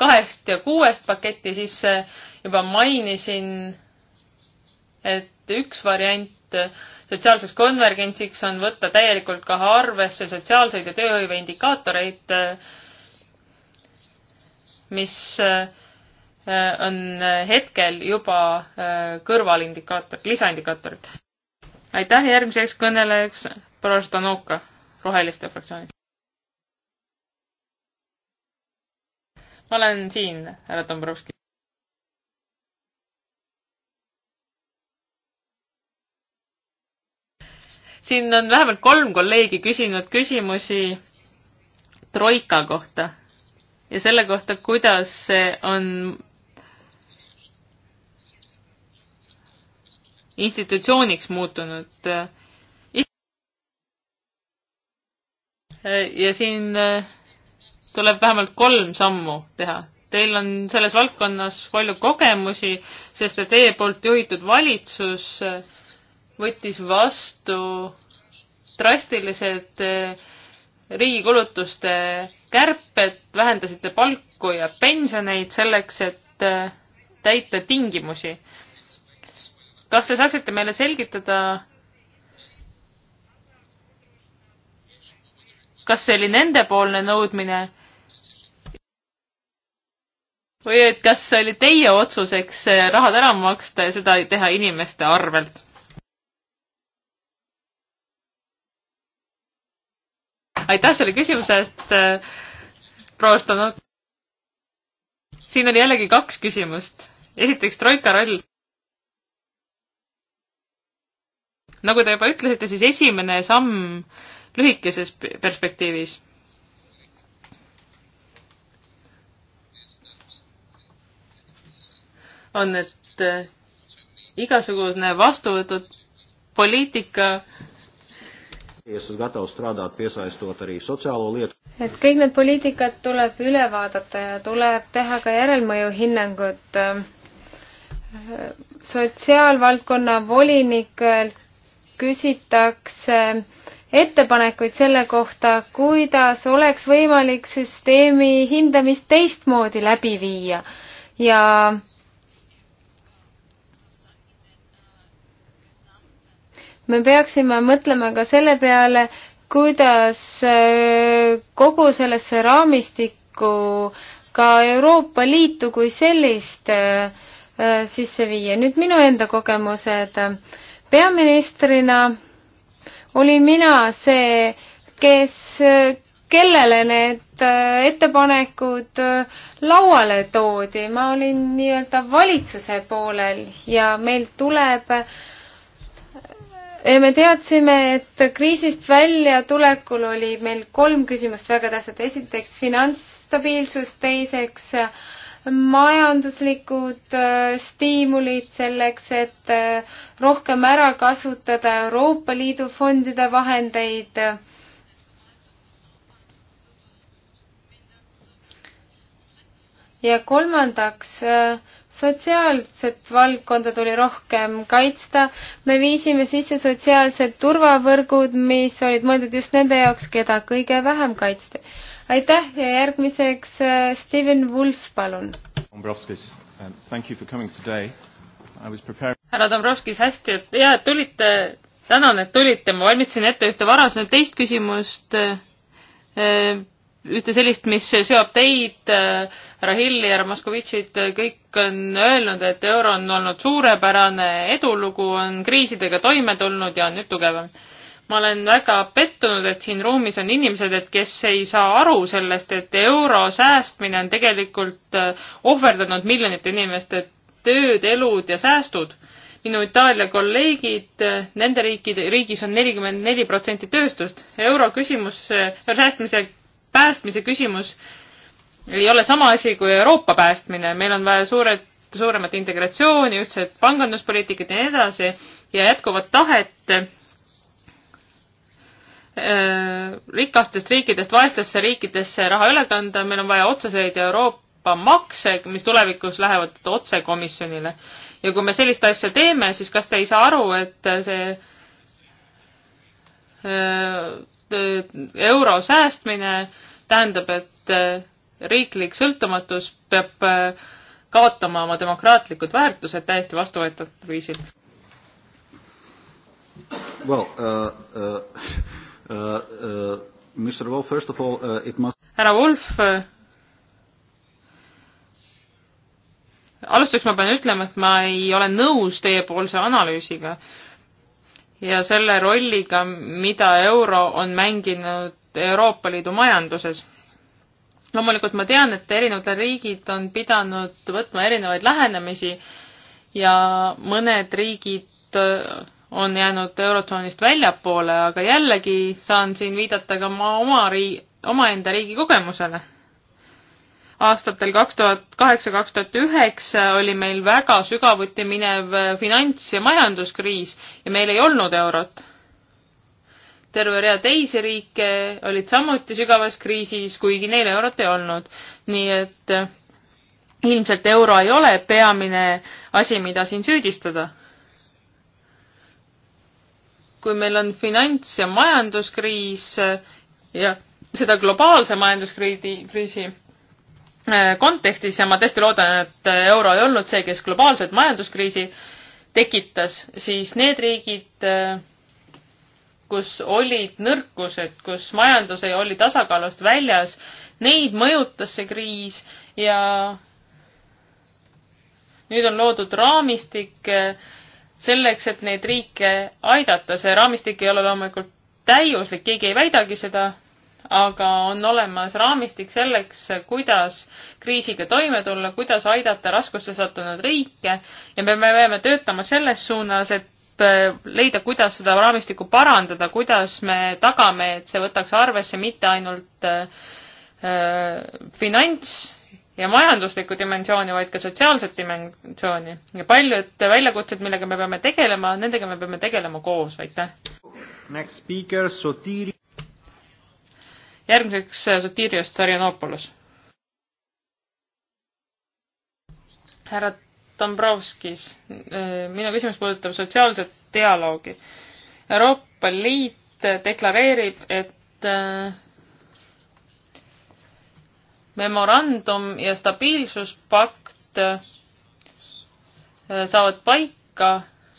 kahest ja kuuest paketti, siis juba mainisin, et üks variant sotsiaalseks konvergentsiks on võtta täielikult ka arvesse sotsiaalseid ja tööhõive indikaatoreid, äh, mis äh, on hetkel juba äh, kõrvalindikaator, lisaindikaatorid. aitäh, järgmiseks kõnelejaks proua Ždanoka, Roheliste fraktsioonist. ma olen siin, härra Dombrovski. siin on vähemalt kolm kolleegi küsinud küsimusi troika kohta ja selle kohta, kuidas see on institutsiooniks muutunud. ja siin äh, tuleb vähemalt kolm sammu teha. Teil on selles valdkonnas palju kogemusi, sest teie poolt juhitud valitsus äh, võttis vastu drastilised eh, riigi kulutuste kärped, vähendasite palku ja pensioneid selleks, et eh, täita tingimusi. kas te saaksite meile selgitada, kas see oli nendepoolne nõudmine või et kas see oli teie otsus, eks eh, rahad ära maksta ja seda teha inimeste arvelt? aitäh selle küsimuse eest, äh, proua Stanov. siin oli jällegi kaks küsimust. esiteks troika roll. nagu te juba ütlesite, siis esimene samm lühikeses perspektiivis on, et äh, igasugune vastuvõtud poliitika et kõik need poliitikad tuleb üle vaadata ja tuleb teha ka järelmõjuhinnangud. Ähm, sotsiaalvaldkonna volinikelt küsitakse ettepanekuid selle kohta, kuidas oleks võimalik süsteemi hindamist teistmoodi läbi viia ja me peaksime mõtlema ka selle peale, kuidas äh, kogu sellesse raamistikku ka Euroopa Liitu kui sellist äh, äh, sisse viia. nüüd minu enda kogemused. peaministrina olin mina see, kes, kellele need ettepanekud lauale toodi. ma olin nii-öelda valitsuse poolel ja meil tuleb äh, Eh, me teadsime, et kriisist väljatulekul oli meil kolm küsimust väga tähtsat. esiteks finantsstabiilsus, teiseks eh, majanduslikud eh, stiimulid selleks, et rohkem ära kasutada Euroopa Liidu fondide vahendeid ja kolmandaks sotsiaalset valdkonda tuli rohkem kaitsta. me viisime sisse sotsiaalsed turvavõrgud, mis olid mõeldud just nende jaoks, keda kõige vähem kaitsti. aitäh ja järgmiseks äh, Steven Wolf, palun. Uh, härra Dombrovskis, hästi, et hea, et tulite. tänan, et tulite, ma valmistasin ette ühte varasemat teist küsimust äh, äh, ühte sellist, mis seob teid, Rahilli ja Moskovitšit, kõik on öelnud, et euro on olnud suurepärane edulugu, on kriisidega toime tulnud ja on nüüd tugevam. ma olen väga pettunud, et siin ruumis on inimesed, et kes ei saa aru sellest, et euro säästmine on tegelikult äh, ohverdanud miljonite inimeste tööd, elud ja säästud minu Itaalia kolleegid, äh, nende riikide, riigis on nelikümmend neli protsenti tööstust. euro küsimus, äh, säästmise päästmise küsimus ei ole sama asi kui Euroopa päästmine, meil on vaja suured, suuremat integratsiooni, ühtset panganduspoliitikat ja nii edasi ja jätkuvat tahet äh, rikastest riikidest vaestesse riikidesse raha üle kanda, meil on vaja otseseid Euroopa makse, mis tulevikus lähevad otse komisjonile. ja kui me sellist asja teeme, siis kas te ei saa aru, et see äh, euro säästmine tähendab, et äh, riiklik sõltumatus peab äh, kaotama oma demokraatlikud väärtused täiesti vastuvõetatud viisil. Well, uh, uh, uh, uh, Mr. Wolf, first of all, uh, it must... härra Wolf uh,, alustuseks ma pean ütlema, et ma ei ole nõus teiepoolse analüüsiga uh, ja selle rolliga, mida euro on mänginud Euroopa Liidu majanduses. loomulikult ma tean, et erinevad riigid on pidanud võtma erinevaid lähenemisi ja mõned riigid äh, on jäänud Eurotsoonist väljapoole, aga jällegi saan siin viidata ka oma riigi, omaenda riigi kogemusele aastatel kaks tuhat kaheksa, kaks tuhat üheksa oli meil väga sügavuti minev äh, finants- ja majanduskriis ja meil ei olnud eurot. terve rea teisi riike olid samuti sügavas kriisis, kuigi neil eurot ei olnud. nii et äh, ilmselt euro ei ole peamine asi, mida siin süüdistada. kui meil on finants- ja majanduskriis äh, ja seda globaalse majanduskriisi, kriisi Äh, kontekstis ja ma tõesti loodan, et äh, euro ei olnud see, kes globaalset majanduskriisi tekitas, siis need riigid, äh, kus olid nõrkused, kus majandus ei oli tasakaalust väljas, neid mõjutas see kriis ja nüüd on loodud raamistik selleks, et neid riike aidata. see raamistik ei ole loomulikult täiuslik, keegi ei väidagi seda, aga on olemas raamistik selleks, kuidas kriisiga toime tulla, kuidas aidata raskusse sattunud riike ja me peame töötama selles suunas, et äh, leida, kuidas seda raamistikku parandada, kuidas me tagame, et see võtaks arvesse mitte ainult äh, äh, finants ja majanduslikku dimensiooni, vaid ka sotsiaalset dimensiooni. ja paljud väljakutsed, millega me peame tegelema, nendega me peame tegelema koos, aitäh! järgmiseks äh, Sotirios Tsarjanoopolos. härra Dombrovskis, äh, minu küsimus puudutab sotsiaalset dialoogi. Euroopa Liit äh, deklareerib, et memorandum ja stabiilsuspakt saavad paika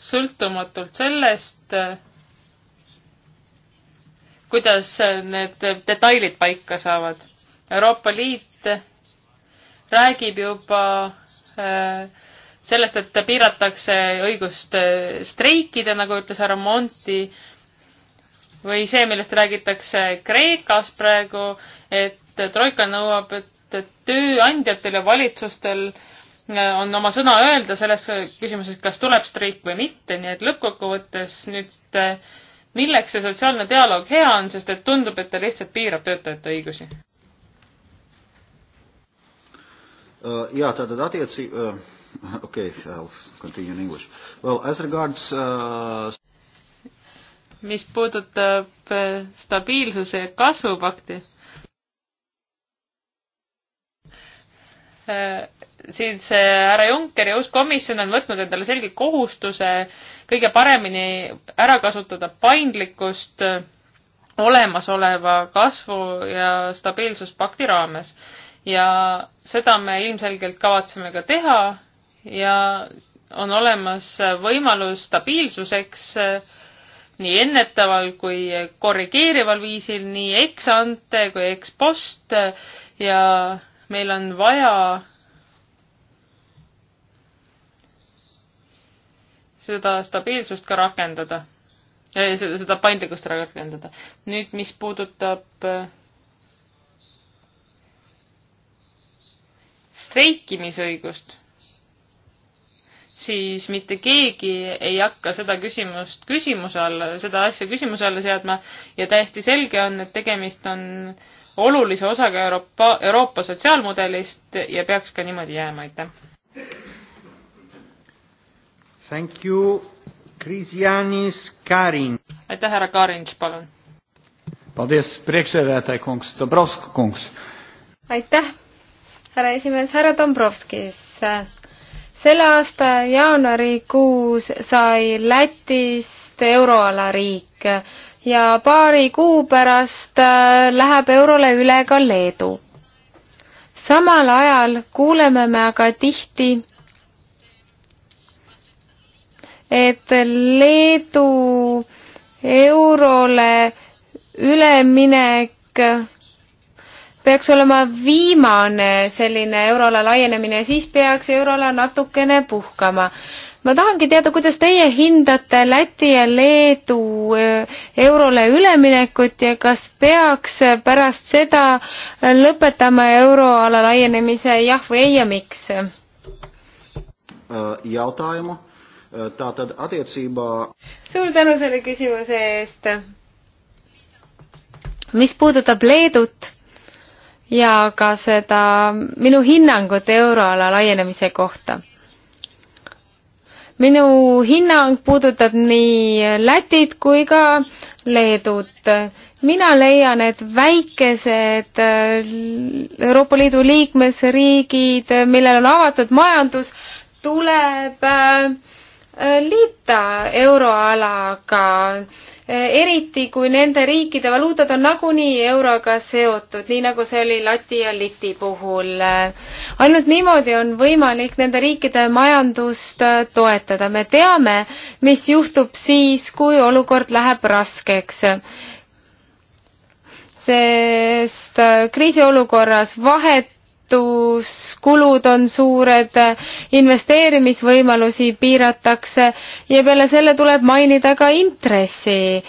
sõltumatult sellest, kuidas need detailid paika saavad. Euroopa Liit räägib juba äh, sellest, et piiratakse õigust äh, streikida, nagu ütles härra Monti, või see, millest räägitakse Kreekas praegu, et Troika nõuab, et tööandjatel ja valitsustel äh, on oma sõna öelda selles küsimuses, kas tuleb streik või mitte, nii et lõppkokkuvõttes nüüd milleks see sotsiaalne dialoog hea on, sest et tundub, et ta lihtsalt piirab töötajate õigusi. jaa, tähendab, attiitsi- okei okay,, I will continue in english. Well, as regards uh... mis puudutab uh, stabiilsuse ja kasvu pakti, uh, siis uh, härra Juncker ja uus komisjon on võtnud endale selge kohustuse uh, kõige paremini ära kasutada paindlikkust olemasoleva kasvu ja stabiilsuspakti raames. ja seda me ilmselgelt kavatseme ka teha ja on olemas võimalus stabiilsuseks nii ennetaval kui korrigeerival viisil, nii ex ante kui ex post ja meil on vaja seda stabiilsust ka rakendada. seda, seda paindlikkust rakendada. nüüd, mis puudutab äh, streikimisõigust, siis mitte keegi ei hakka seda küsimust küsimuse alla, seda asja küsimuse alla seadma ja täiesti selge on, et tegemist on olulise osaga Euroopa, Euroopa sotsiaalmudelist ja peaks ka niimoodi jääma, aitäh. Thank you, Krisjanis Karin. aitäh, härra Karins, palun. aitäh, härra esimees, härra Dombrovskis. selle aasta jaanuarikuus sai Lätist euroala riik ja paari kuu pärast äh, läheb eurole üle ka Leedu. samal ajal kuuleme me aga tihti et Leedu eurole üleminek peaks olema viimane selline euroala laienemine ja siis peaks euroala natukene puhkama. ma tahangi teada, kuidas teie hindate Läti ja Leedu eh, eurole üleminekut ja kas peaks pärast seda lõpetama euroala laienemise jah või ei ja miks? Äh, jaotaema Eh, tātad attiecībā. suur tänu selle küsimuse eest. mis puudutab Leedut ja ka seda minu hinnangut euroala laienemise kohta minu hinnang puudutab nii Lätit kui ka Leedut. mina leian, et väikesed eh, Euroopa Liidu liikmesriigid, millel on avatud majandus, tuleb äh, Äh, liita euroalaga, äh, eriti kui nende riikide valuutad on nagunii euroga seotud, nii nagu see oli Läti ja Liti puhul. ainult niimoodi on võimalik nende riikide majandust äh, toetada. me teame, mis juhtub siis, kui olukord läheb raskeks sest kriisiolukorras vahet ehituskulud on suured, investeerimisvõimalusi piiratakse ja peale selle tuleb mainida ka intressimakseid.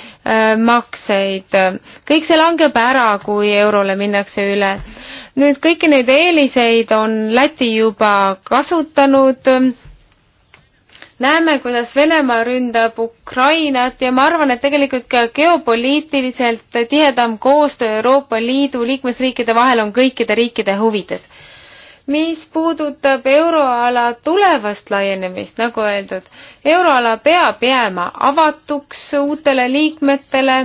kõik see langeb ära, kui eurole minnakse üle. nüüd kõiki neid eeliseid on Läti juba kasutanud näeme, kuidas Venemaa ründab Ukrainat ja ma arvan, et tegelikult ka geopoliitiliselt tihedam koostöö Euroopa Liidu liikmesriikide vahel on kõikide riikide huvides. mis puudutab euroala tulevast laienemist, nagu öeldud, euroala peab jääma avatuks uutele liikmetele,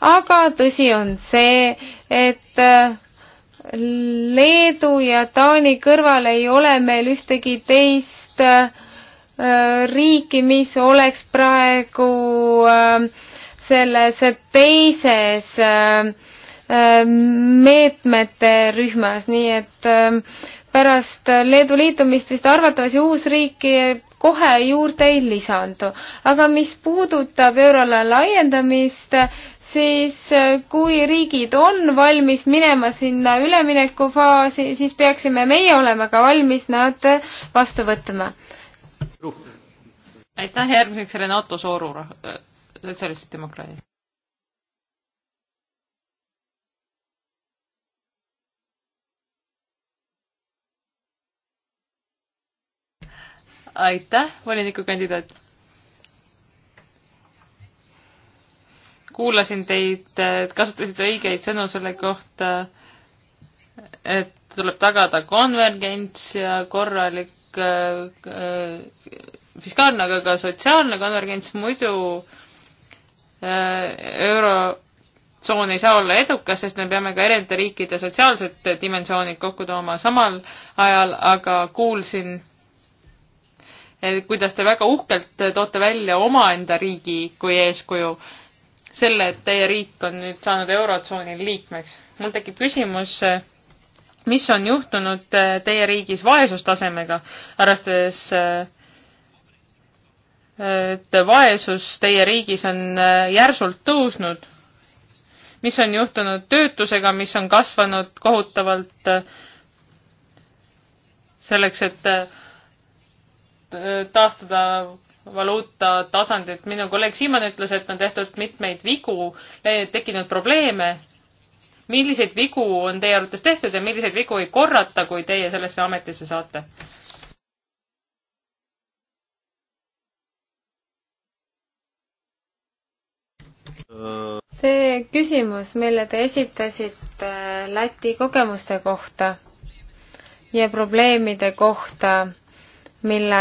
aga tõsi on see, et äh, Leedu ja Taani kõrval ei ole meil ühtegi teist äh, Äh, riiki, mis oleks praegu äh, selles teises äh, meetmete rühmas, nii et pärast Leedu liitumist vist arvatavasti uus riik kohe juurde ei lisandu. aga mis puudutab euroala laiendamist, siis kui riigid on valmis minema sinna üleminekufaasi, siis peaksime meie olema ka valmis nad vastu võtma aitäh, järgmiseks Renato Sooru, äh, sotsialistid, demokraadid. aitäh, volinikukandidaat. kuulasin teid, kasutasite õigeid sõnu selle kohta, et tuleb tagada konvergents ja korralik Äh, fiskaalne, aga ka sotsiaalne konvergents, muidu äh, eurotsoon ei saa olla edukas, sest me peame ka erinevate riikide sotsiaalsed dimensioonid kokku tooma samal ajal, aga kuulsin, kuidas te väga uhkelt toote välja omaenda riigi kui eeskuju selle, et teie riik on nüüd saanud Eurotsooni liikmeks. mul tekib küsimus äh, mis on juhtunud äh, teie riigis vaesustasemega, arvestades äh, äh, et vaesus teie riigis on järsult tõusnud. mis on juhtunud töötusega, mis on kasvanud kohutavalt selleks, et taastada valuuta tasandit. minu kolleeg Siimann ütles, et on tehtud mitmeid vigu, tekkinud probleeme milliseid vigu on teie arvates tehtud ja milliseid vigu ei korrata, kui teie sellesse ametisse saate? see küsimus, mille te esitasite Läti kogemuste kohta ja probleemide kohta, mille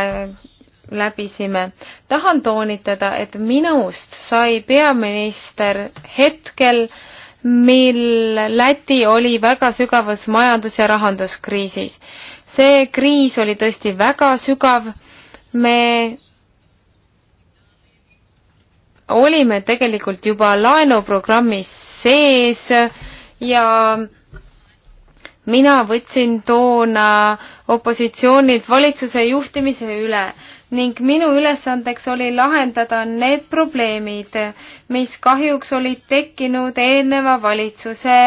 läbisime. tahan toonitada, et minust sai peaminister hetkel, mil Läti oli väga sügavas majandus- ja rahanduskriisis. see kriis oli tõesti väga sügav, me olime tegelikult juba laenuprogrammis sees ja mina võtsin toona opositsioonilt valitsuse juhtimise üle ning minu ülesandeks oli lahendada need probleemid, mis kahjuks olid tekkinud eelneva valitsuse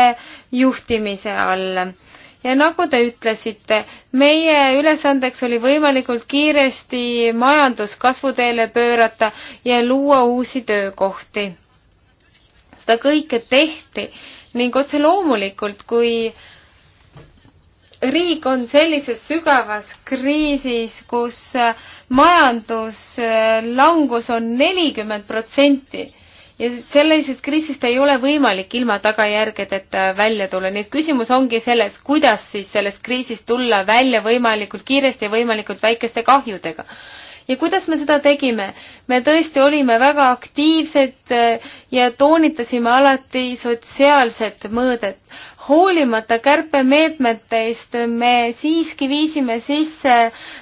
juhtimise all. ja nagu te ütlesite, meie ülesandeks oli võimalikult kiiresti majandus kasvuteele pöörata ja luua uusi töökohti. seda kõike tehti ning otse loomulikult, kui äh, riik on sellises sügavas kriisis, kus äh, majanduslangus äh, on nelikümmend protsenti ja sellisest kriisist ei ole võimalik ilma tagajärgedeta välja tulla, nii et küsimus ongi selles, kuidas siis sellest kriisist tulla välja võimalikult kiiresti ja võimalikult väikeste kahjudega ja kuidas me seda tegime? me tõesti olime väga aktiivsed äh, ja toonitasime alati sotsiaalset mõõdet hoolimata kärpemeetmetest me siiski viisime sisse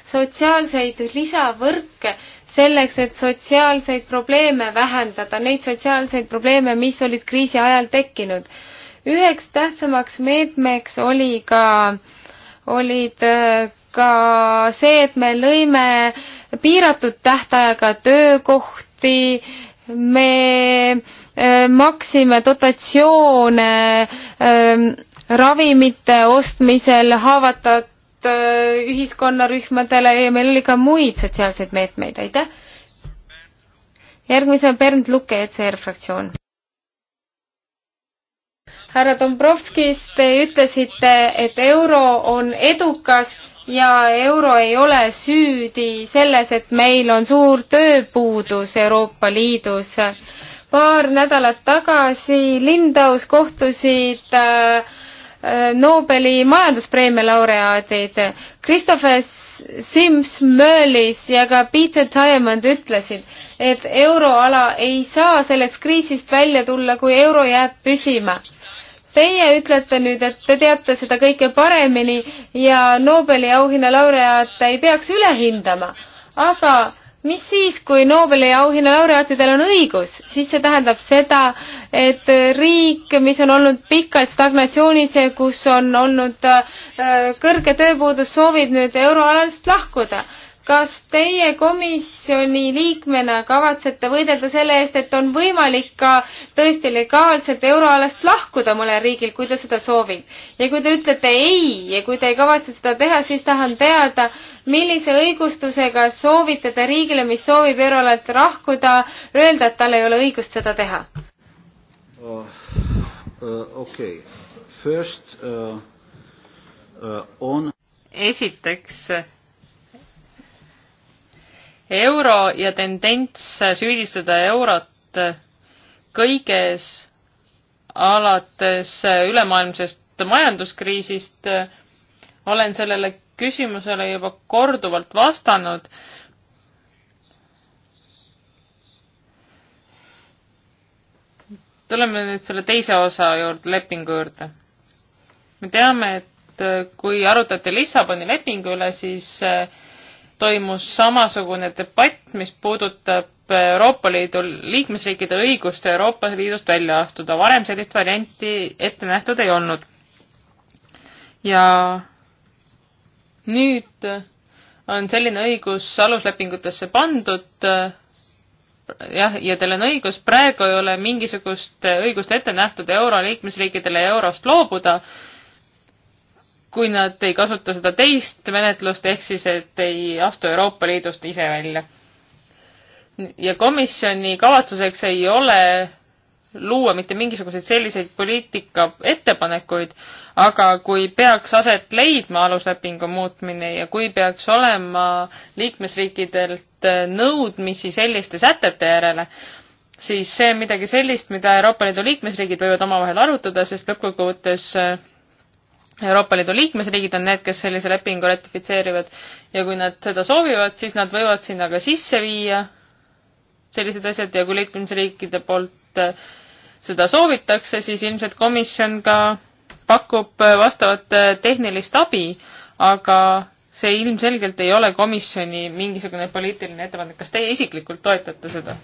sotsiaalseid lisavõrke selleks, et sotsiaalseid probleeme vähendada, neid sotsiaalseid probleeme, mis olid kriisi ajal tekkinud. üheks tähtsamaks meetmeks oli ka, olid äh, ka see, et me lõime piiratud tähtajaga töökohti, me äh, Äh, maksime dotatsioone ähm, ravimite ostmisel haavatud äh, ühiskonnarühmadele ja meil oli ka muid sotsiaalseid meetmeid, aitäh. järgmisena Bernd Luke, ECR fraktsioon. härra Dombrovskis, te ütlesite, et euro on edukas ja euro ei ole süüdi selles, et meil on suur tööpuudus Euroopa Liidus paar nädalat tagasi Lindaus kohtusid äh, äh, Nobeli majanduspreemia laureaadid Christopher Sims Möllis ja ka Peter Diamond ütlesid, et euroala ei saa sellest kriisist välja tulla, kui euro jääb püsima. Teie ütlete nüüd, et te teate seda kõike paremini ja Nobeli auhinna laureaate ei peaks üle hindama, aga mis siis, kui Nobeli auhinna laureaatidel on õigus, siis see tähendab seda, et riik, mis on olnud pikalt stagnatsioonis ja kus on olnud äh, kõrge tööpuudus, soovib nüüd euroalast lahkuda kas teie komisjoni liikmena kavatsete võidelda selle eest, et on võimalik ka tõesti legaalselt euroalast lahkuda mõnel riigil, kui ta seda soovib? ja kui te ütlete ei ja kui te ei kavatse seda teha, siis tahan teada, millise õigustusega soovite te riigile, mis soovib euroalalt lahkuda, öelda, et tal ei ole õigust seda teha uh,? Uh, okay. First, uh, uh, on esiteks euro ja tendents süüdistada eurot kõiges alates ülemaailmsest majanduskriisist. olen sellele küsimusele juba korduvalt vastanud. tuleme nüüd selle teise osa juurde, lepingu juurde. me teame, et kui arutati Lissaboni lepingu üle, siis äh, toimus samasugune debatt, mis puudutab Euroopa Liidu liikmesriikide õigust Euroopa Liidust välja astuda. varem sellist varianti ette nähtud ei olnud. ja nüüd on selline õigus aluslepingutesse pandud, jah, ja teil on õigus, praegu ei ole mingisugust õigust ette nähtud euro liikmesriikidele eurost loobuda, kui nad ei kasuta seda teist menetlust, ehk siis, et ei astu Euroopa Liidust ise välja. ja komisjoni kavatsuseks ei ole luua mitte mingisuguseid selliseid poliitika ettepanekuid, aga kui peaks aset leidma aluslepingu muutmine ja kui peaks olema liikmesriikidelt nõudmisi selliste sätete järele, siis see on midagi sellist, mida Euroopa Liidu liikmesriigid võivad omavahel arutada, sest lõppkokkuvõttes Euroopa Liidu liikmesriigid on need, kes sellise lepingu ratifitseerivad ja kui nad seda soovivad, siis nad võivad sinna ka sisse viia sellised asjad ja kui liikmesriikide poolt äh, seda soovitakse, siis ilmselt komisjon ka pakub äh, vastavat äh, tehnilist abi, aga see ilmselgelt ei ole komisjoni mingisugune poliitiline ettepanek. kas teie isiklikult toetate seda?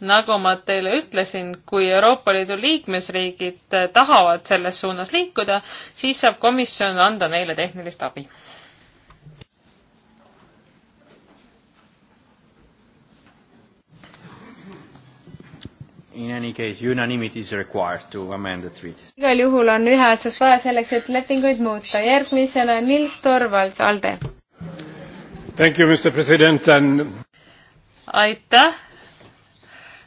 nagu ma teile ütlesin, kui Euroopa Liidu liikmesriigid eh, tahavad selles suunas liikuda, siis saab komisjon anda neile tehnilist abi. In any case, unanimity is required to amend the treaties. igal juhul on ühehäälsust vaja selleks, et lepinguid muuta. järgmisena Nils Torvalds, ALDE. Thank you, Mr President and aitäh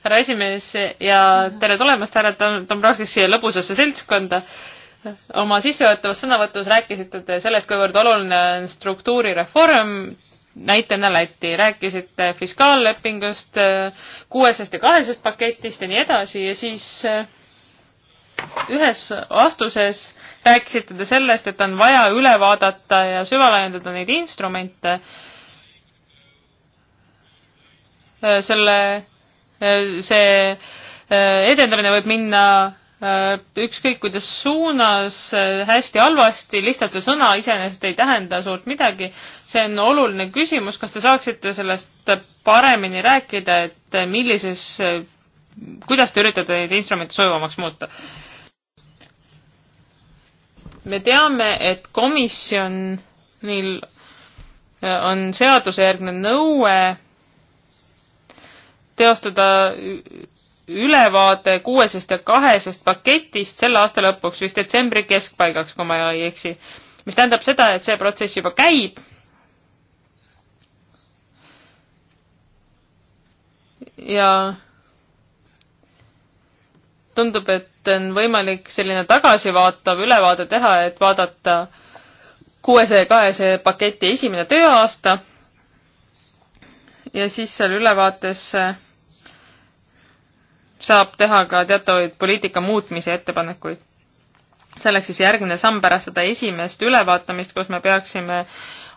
härra esimees ja tere tulemast, härra Dombrovskis siia lõbusasse seltskonda. oma sissejuhatavas sõnavõtus rääkisite te sellest, kuivõrd oluline on struktuurireform, näitena Läti, rääkisite fiskaallepingust, kuuesest ja kahesest paketist ja nii edasi ja siis äh, ühes vastuses rääkisite te sellest, et on vaja üle vaadata ja süvalaiendada neid instrumente. Äh, selle see äh, edendamine võib minna äh, ükskõik kuidas suunas, äh, hästi-halvasti, lihtsalt see sõna iseenesest ei tähenda suurt midagi. see on oluline küsimus, kas te saaksite sellest paremini rääkida, et millises, kuidas te üritate neid instrumente sujuvamaks muuta? me teame, et komisjonil on seadusejärgne nõue teostada ülevaade kuuesest ja kahesest paketist selle aasta lõpuks, vist detsembri keskpaigaks, kui ma ei eksi. mis tähendab seda, et see protsess juba käib. ja tundub, et on võimalik selline tagasivaatav ülevaade teha, et vaadata kuuesaja kahesaja paketi esimene tööaasta ja siis seal ülevaates saab teha ka teatavaid poliitika muutmise ettepanekuid. see oleks siis järgmine samm pärast seda esimest ülevaatamist, kus me peaksime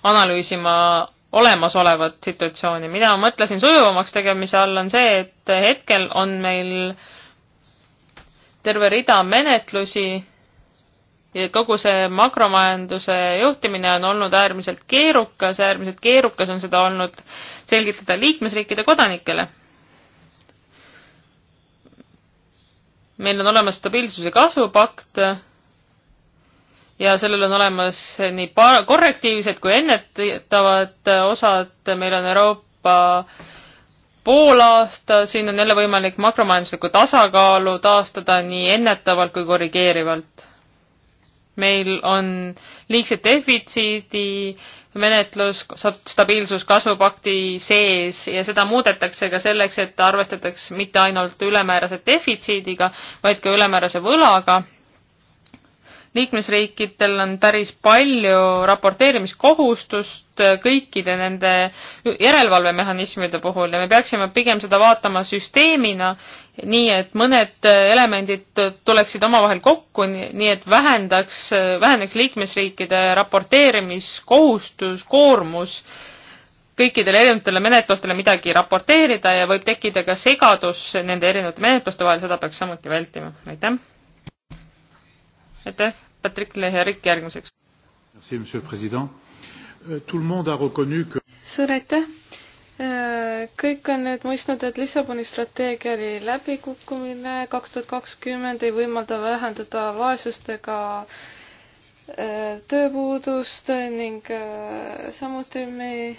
analüüsima olemasolevat situatsiooni. mida ma mõtlesin sujuvamaks tegemise all, on see, et hetkel on meil terve rida menetlusi ja kogu see makromajanduse juhtimine on olnud äärmiselt keerukas, äärmiselt keerukas on seda olnud selgitada liikmesriikide kodanikele meil on olemas stabiilsuse kasvupakt ja sellel on olemas nii par-, korrektiivsed kui ennetavad osad, meil on Euroopa poolaasta, siin on jälle võimalik makromajanduslikku tasakaalu taastada nii ennetavalt kui korrigeerivalt. meil on liigse defitsiidi äh, menetlus stabiilsus kasvupakti sees ja seda muudetakse ka selleks, et arvestataks mitte ainult ülemäärase defitsiidiga, vaid ka ülemäärase võlaga liikmesriikidel on päris palju raporteerimiskohustust kõikide nende järelevalvemehhanismide puhul ja me peaksime pigem seda vaatama süsteemina, nii et mõned elemendid tuleksid omavahel kokku, nii et vähendaks, väheneks liikmesriikide raporteerimiskohustus, koormus kõikidele erinevatele menetlustele midagi raporteerida ja võib tekkida ka segadus nende erinevate menetluste vahel, seda peaks samuti vältima. aitäh! aitäh, Patrick Leherik järgmiseks. Euh, suur aitäh euh, kõik on nüüd mõistnud, et Lissaboni strateegia oli läbikukkumine, kaks tuhat kakskümmend ei võimalda vähendada vaesust ega äh, tööpuudust ning äh, samuti me ei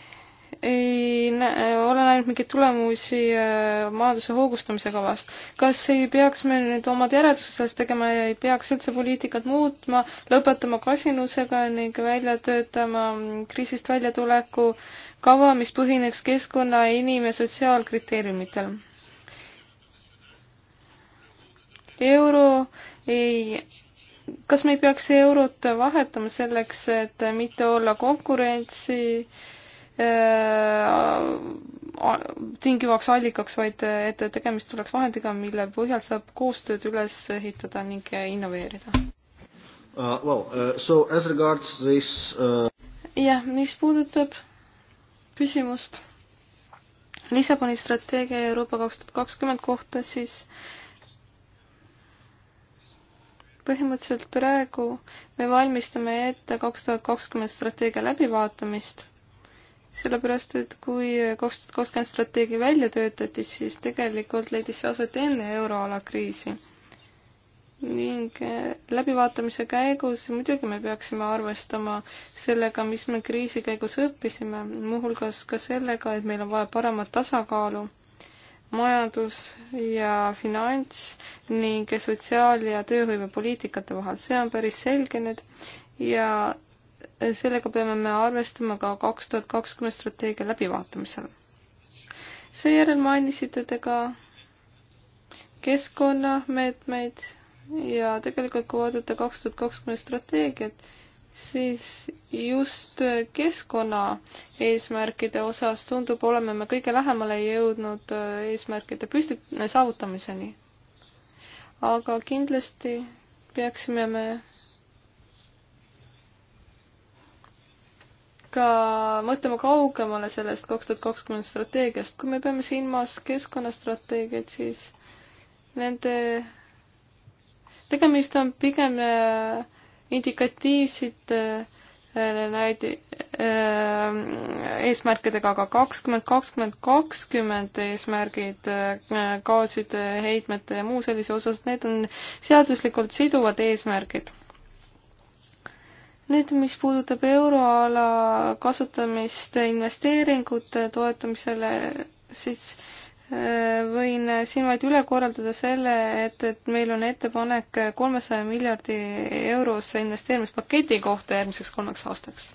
ei näe, olen ainult mingeid tulemusi äh, majanduse hoogustamise kavast. kas ei peaks me nüüd omad järeldused sellest tegema ja ei peaks üldse poliitikat muutma, lõpetama kasinusega ning välja töötama mm, kriisist väljatuleku kava, mis põhineks keskkonna, inim- ja sotsiaalkriteeriumitel? euro ei kas me ei peaks eurot vahetama selleks, et mitte olla konkurentsi äh, Äh, tingivaks allikaks, vaid äh, et tegemist tuleks vahendiga, mille põhjal saab koostööd üles ehitada ning innoveerida. Uh, well, uh, so as regards this uh... jah, mis puudutab küsimust Lissaboni strateegia Euroopa kaks tuhat kakskümmend kohta, siis põhimõtteliselt praegu me valmistame ette kaks tuhat kakskümmend strateegia läbivaatamist sellepärast, et kui kaks tuhat kakskümmend strateegia välja töötati, siis tegelikult leidis see aset enne euroala kriisi. ning eh, läbivaatamise käigus muidugi me peaksime arvestama sellega, mis me kriisi käigus õppisime, muuhulgas ka sellega, et meil on vaja paremat tasakaalu majandus ja finants ning sotsiaal- ja tööhõivepoliitikate vahel, see on päris selge nüüd ja sellega peame me arvestama ka kaks tuhat kakskümmend strateegia läbivaatamisel. seejärel mainisite te ka keskkonnameetmeid ja tegelikult kui vaadata kaks tuhat kakskümmend strateegiat, siis just keskkonna eesmärkide osas tundub, oleme me kõige lähemale jõudnud äh, eesmärkide püsti-, saavutamiseni. aga kindlasti peaksime me ka mõtlema kaugemale sellest kaks tuhat kakskümmend strateegiast, kui me peame silmas keskkonnastrateegiat, siis nende tegemist on pigem äh, indikatiivsete äh, näid- äh, eesmärkidega, aga kakskümmend, kakskümmend, kakskümmend eesmärgid gaaside, heitmete ja muu sellise osas, need on seaduslikult siduvad eesmärgid nüüd, mis puudutab euroala kasutamist investeeringute toetamisele, siis äh, võin siin vaid üle korraldada selle, et, et meil on ettepanek kolmesaja miljardi eurose investeerimispaketi kohta järgmiseks kolmeks aastaks.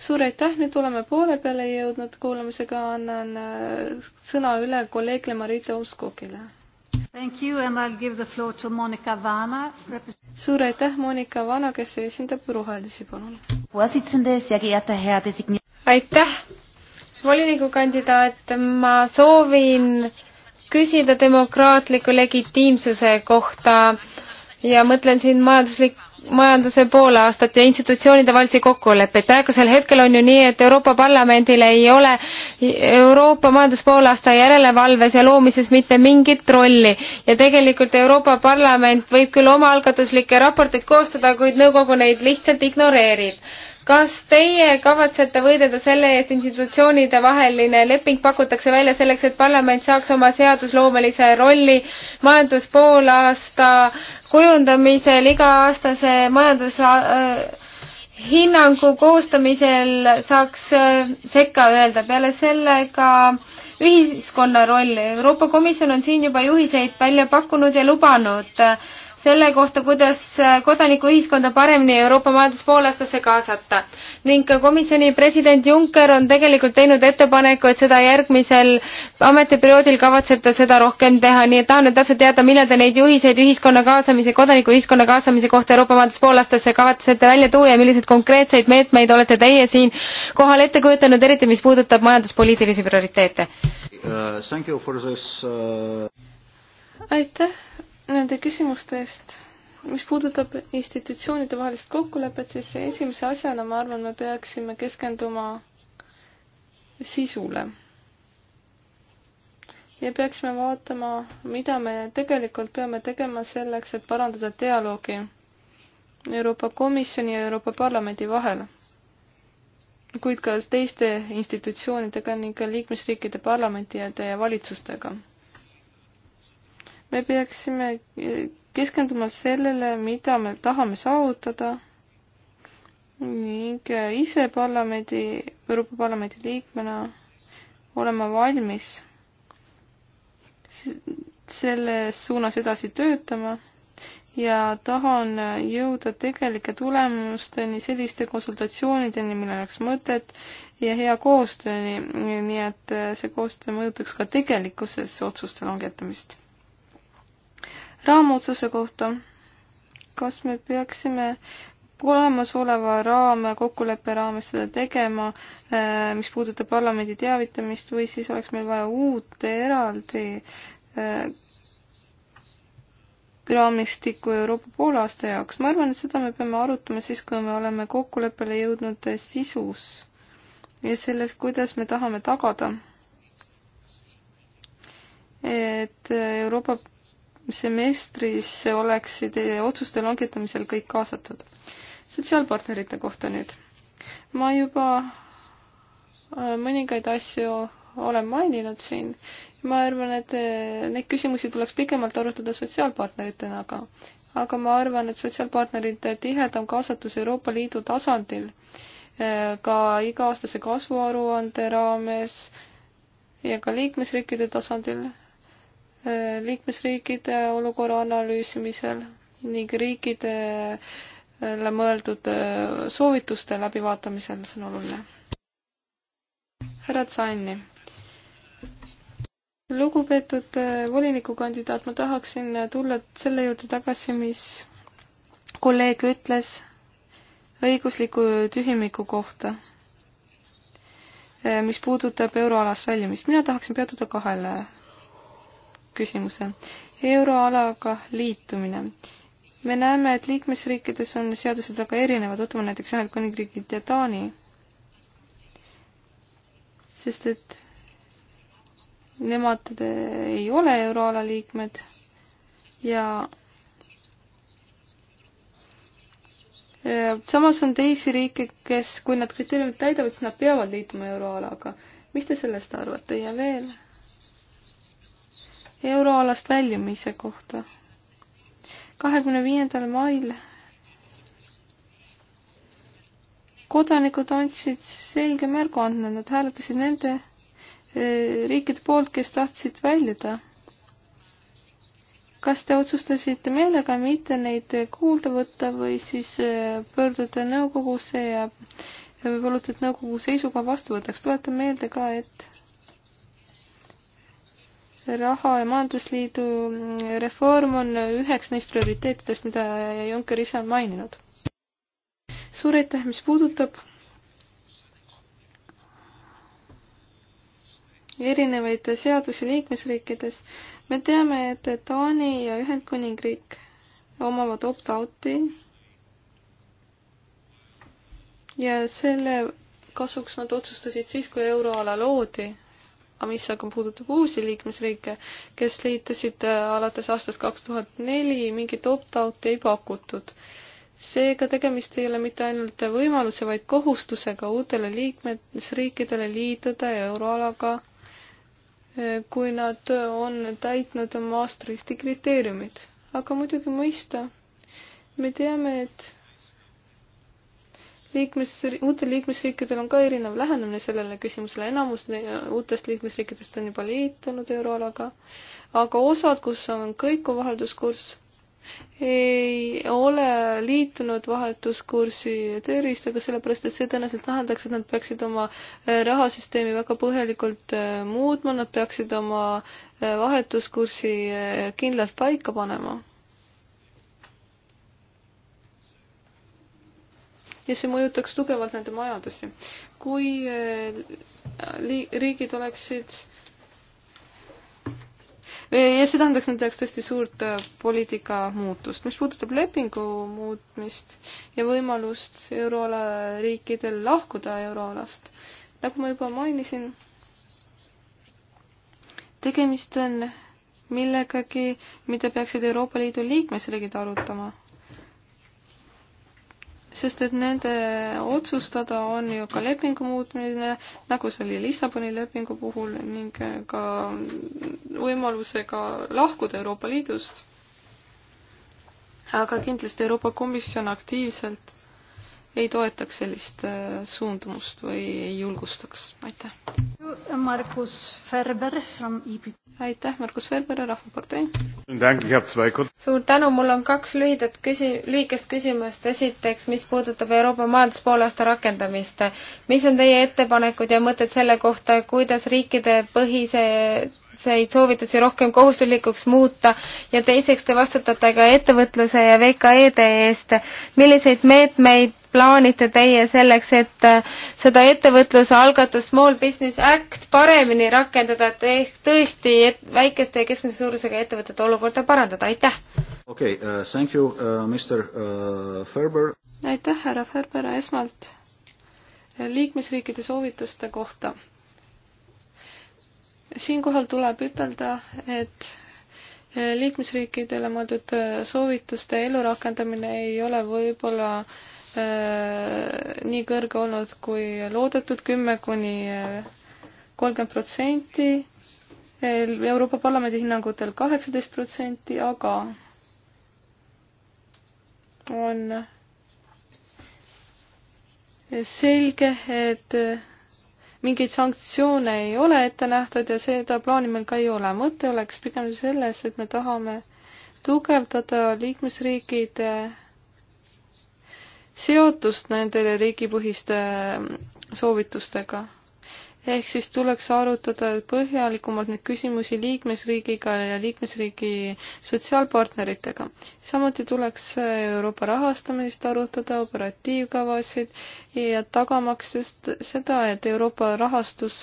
suur aitäh, nüüd oleme poole peale jõudnud kuulamisega, annan äh, sõna üle kolleegile Marita Uskokile suur aitäh, Monika Vana, kes esindab Rohelisi, palun. aitäh, volinikukandidaat, ma soovin küsida demokraatliku legitiimsuse kohta ja mõtlen siin majanduslik, majanduse poolaastat ja institutsioonide valitsi kokkuleppeid. praegusel hetkel on ju nii, et Euroopa Parlamendil ei ole Euroopa majanduspoolaasta järelevalves ja loomises mitte mingit rolli ja tegelikult Euroopa Parlament võib küll omaalgatuslikke raporteid koostada, kuid nõukogu neid lihtsalt ignoreerib kas teie kavatsete võidelda selle eest, institutsioonide vaheline leping pakutakse välja selleks, et parlament saaks oma seadusloomelise rolli majanduspoolaasta kujundamisel, iga-aastase majandus äh, hinnangu koostamisel saaks äh, sekka öelda, peale selle ka ühiskonna roll. Euroopa Komisjon on siin juba juhiseid välja pakkunud ja lubanud äh, selle kohta, kuidas äh, kodanikuühiskonda paremini Euroopa majanduspoolastasse kaasata. ning komisjoni president Juncker on tegelikult teinud ettepaneku, et seda järgmisel ametiperioodil kavatseb ta seda rohkem teha, nii et tahan nüüd täpselt teada, millal te neid juhiseid ühiskonna kaasamise, kodanikuühiskonna kaasamise kohta Euroopa majanduspoolastasse kavatsete välja tuua ja milliseid konkreetseid meetmeid olete teie siin kohal ette kujutanud, eriti mis puudutab majanduspoliitilisi prioriteete uh,? Uh... aitäh nende küsimuste eest. mis puudutab institutsioonide vahelist kokkulepet, siis esimese asjana ma arvan, me peaksime keskenduma sisule. ja peaksime vaatama, mida me tegelikult peame tegema selleks, et parandada dialoogi Euroopa Komisjoni ja Euroopa Parlamendi vahel, kuid ka teiste institutsioonidega ning ka liikmesriikide parlamentide ja valitsustega me peaksime e, keskenduma sellele, mida me tahame saavutada ning e, ise parlamendi, Euroopa Parlamendi liikmena olema valmis selles suunas edasi töötama ja tahan e, jõuda tegelike tulemusteni, selliste konsultatsioonideni, millel oleks mõtet ja hea koostööni, nii et see koostöö mõjutaks ka tegelikkuses otsuste langetamist raamotsuse kohta. kas me peaksime olemasoleva raam, kokkuleppe raames seda tegema, äh, mis puudutab parlamendi teavitamist või siis oleks meil vaja uut eraldi äh, raamistiku Euroopa poolaasta jaoks. ma arvan, et seda me peame arutama siis, kui me oleme kokkuleppele jõudnud sisus ja selles, kuidas me tahame tagada, et Euroopa semestris oleksid otsuste langetamisel kõik kaasatud. sotsiaalpartnerite kohta nüüd. ma juba äh, mõningaid asju olen maininud siin. ma arvan, et äh, neid küsimusi tuleks pikemalt arutada sotsiaalpartneritena, aga aga ma arvan, et sotsiaalpartnerite tihedam kaasatus Euroopa Liidu tasandil äh, ka iga-aastase kasvuaruande raames ja ka liikmesriikide tasandil Äh, liikmesriikide olukorra analüüsimisel ning riikidele mõeldud äh, soovituste läbivaatamisel, see on oluline. härra Tsanni. lugupeetud äh, volinikukandidaat, ma tahaksin tulla selle juurde tagasi, mis kolleeg ütles õigusliku tühimiku kohta, mis puudutab euroalast väljumist. mina tahaksin peatuda kahele küsimuse. euroalaga liitumine. me näeme, et liikmesriikides on seadused väga erinevad, võtame näiteks Ühendkuningriigid ja Taani. sest et nemad ei ole euroala liikmed ja samas on teisi riike, kes, kui nad kriteeriumid täidavad, siis nad peavad liituma euroalaga. mis te sellest arvate ja veel? euroalast väljumise kohta. kahekümne viiendal mail kodanikud andsid selge märguandme, nad hääletasid nende eh, riikide poolt, kes tahtsid väljuda. kas te otsustasite meelega mitte neid kuulda võtta või siis eh, pöörduda nõukogusse ja paluda, et nõukogu seisukoha vastu võtaks, tuletan meelde ka, et raha- ja majandusliidu reform on üheks neist prioriteetidest, mida Juncker ise on maininud. suur aitäh, mis puudutab erinevaid seadusi liikmesriikides. me teame, et Taani ja Ühendkuningriik omavad opt-out'i ja selle kasuks nad otsustasid siis, kui euroala loodi mis aga puudutab uusi liikmesriike, kes liitusid äh, alates aastast kaks tuhat neli, mingit opt-out'i ei pakutud. seega tegemist ei ole mitte ainult võimaluse, vaid kohustusega uutele liikmesriikidele liituda euroalaga, äh, kui nad on täitnud Maastrichti kriteeriumid. aga muidugi mõista, me teame, et liikmes, uutel liikmesriikidel on ka erinev lähenemine sellele küsimusele, enamus uutest liikmesriikidest on juba liitunud euroalaga, aga osad, kus on kõikuv vahelduskurss, ei ole liitunud vahetuskursi tööriistaga, sellepärast et see tõenäoliselt tähendaks, et nad peaksid oma äh, rahasüsteemi väga põhjalikult äh, muutma, nad peaksid oma äh, vahetuskursi kindlalt paika panema. ja see mõjutaks tugevalt nende majandusi. kui äh, riigid oleksid ja see tähendaks nende jaoks tõesti suurt äh, poliitika muutust. mis puudutab lepingu muutmist ja võimalust euroala riikidel lahkuda euroalast, nagu ma juba mainisin, tegemist on millegagi, mida peaksid Euroopa Liidu liikmesriigid arutama sest et nende otsustada on ju ka lepingu muutmine, nagu see oli Lissaboni lepingu puhul ning ka võimalusega lahkuda Euroopa Liidust. aga kindlasti Euroopa Komisjon aktiivselt ei toetaks sellist äh, suundumust või ei julgustaks, aitäh. Markus Ferber from EPP. aitäh, Markus Ferber, Rahvapartei. suur tänu, mul on kaks lühidat küsi-, lühikest küsimust. esiteks, mis puudutab Euroopa majanduspoolaasta rakendamist. mis on teie ettepanekud ja mõtted selle kohta, kuidas riikide põhise neid soovitusi rohkem kohustuslikuks muuta ja teiseks te vastutate ka ettevõtluse ja VKE-de eest. milliseid meetmeid plaanite teie selleks, et äh, seda ettevõtluse algatust Small Business Act paremini rakendada, et ehk tõesti et väikeste ja keskmise suurusega ettevõtete olukorda parandada, aitäh! okei okay, uh,, thank you uh,, Mr uh, Ferber. aitäh, härra Ferber, esmalt liikmesriikide soovituste kohta. siinkohal tuleb ütelda, et liikmesriikidele mõeldud soovituste ellurakendamine ei ole võib-olla äh, Äh, nii kõrge olnud kui loodetud, kümme kuni äh, kolmkümmend protsenti, äh, Euroopa Parlamendi hinnangutel kaheksateist protsenti, aga on selge, et mingeid sanktsioone ei ole ette nähtud ja seda plaani meil ka ei ole. mõte oleks pigem selles, et me tahame tugevdada liikmesriikide seotust nende riigipõhiste soovitustega. ehk siis tuleks arutada põhjalikumalt neid küsimusi liikmesriigiga ja liikmesriigi sotsiaalpartneritega. samuti tuleks Euroopa rahastamist arutada, operatiivkavasid ja tagamaks just seda, et Euroopa rahastus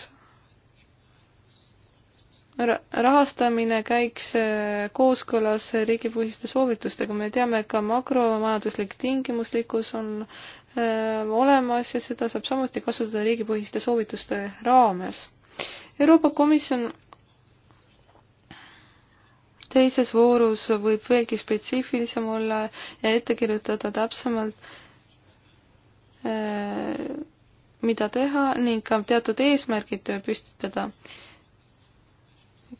rahastamine käiks äh, kooskõlas riigipõhiste soovitustega, me teame, ka makromajanduslik tingimuslikkus on äh, olemas ja seda saab samuti kasutada riigipõhiste soovituste raames. Euroopa Komisjon teises voorus võib veelgi spetsiifilisem olla ja ette kirjutada täpsemalt, äh, mida teha ning ka teatud eesmärgid püstitada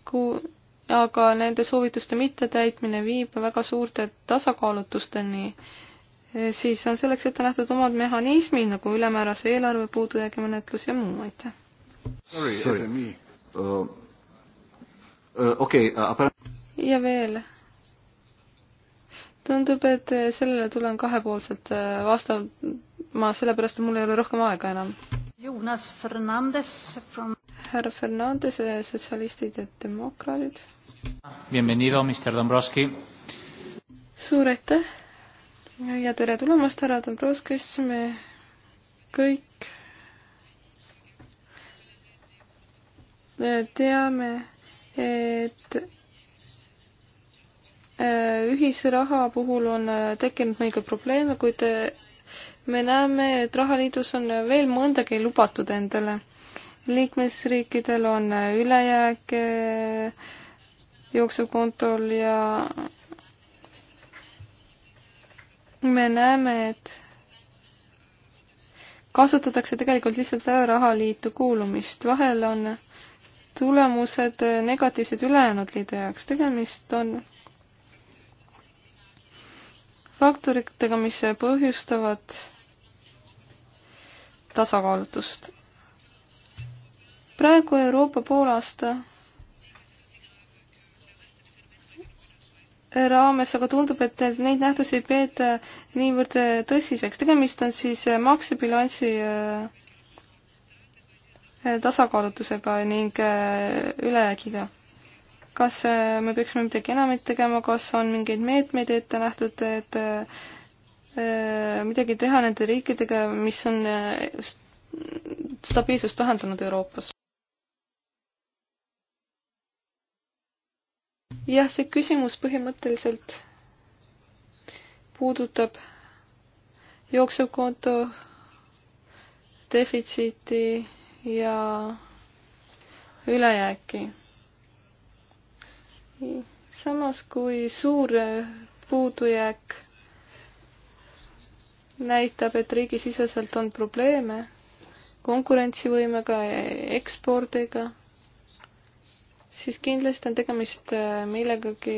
kui aga nende soovituste mittetäitmine viib väga suurte tasakaalutusteni, siis on selleks ette nähtud omad mehhanismid nagu ülemäärase eelarve puudujäägi menetlus ja muu, aitäh. Uh, uh, uh, ja veel. tundub, et sellele tulen kahepoolselt vastama, sellepärast et mul ei ole rohkem aega enam Jonas Fernandes from härra Fernandes, äh, sotsialistid ja demokraadid. Bienvenido, Mr Dombrovski. suur aitäh ja tere tulemast, härra Dombrovskis, me kõik äh, teame, et äh, ühisraha puhul on tekkinud mõningaid probleeme, kuid te me näeme, et rahaliidus on veel mõndagi lubatud endale. liikmesriikidel on ülejääk jooksevkontol ja me näeme, et kasutatakse tegelikult lihtsalt ära rahaliitu kuulumist, vahel on tulemused negatiivsed ülejäänud liidu jaoks, tegemist on faktoritega, mis põhjustavad tasakaalutust. praegu Euroopa poolaasta raames, aga tundub, et neid nähtusi ei peeta niivõrd tõsiseks. tegemist on siis maksebilansi äh, tasakaalutusega ning äh, ülejäägiga. kas äh, me peaksime midagi enamit tegema, kas on mingeid meetmeid ette nähtud, et Äh, midagi teha nende riikidega, mis on äh, stabiilsust vähendanud Euroopas. jah, see küsimus põhimõtteliselt puudutab jooksevkonto defitsiiti ja ülejääki. samas kui suur puudujääk näitab, et riigisiseselt on probleeme konkurentsivõimega, ekspordiga, siis kindlasti on tegemist äh, millegagi,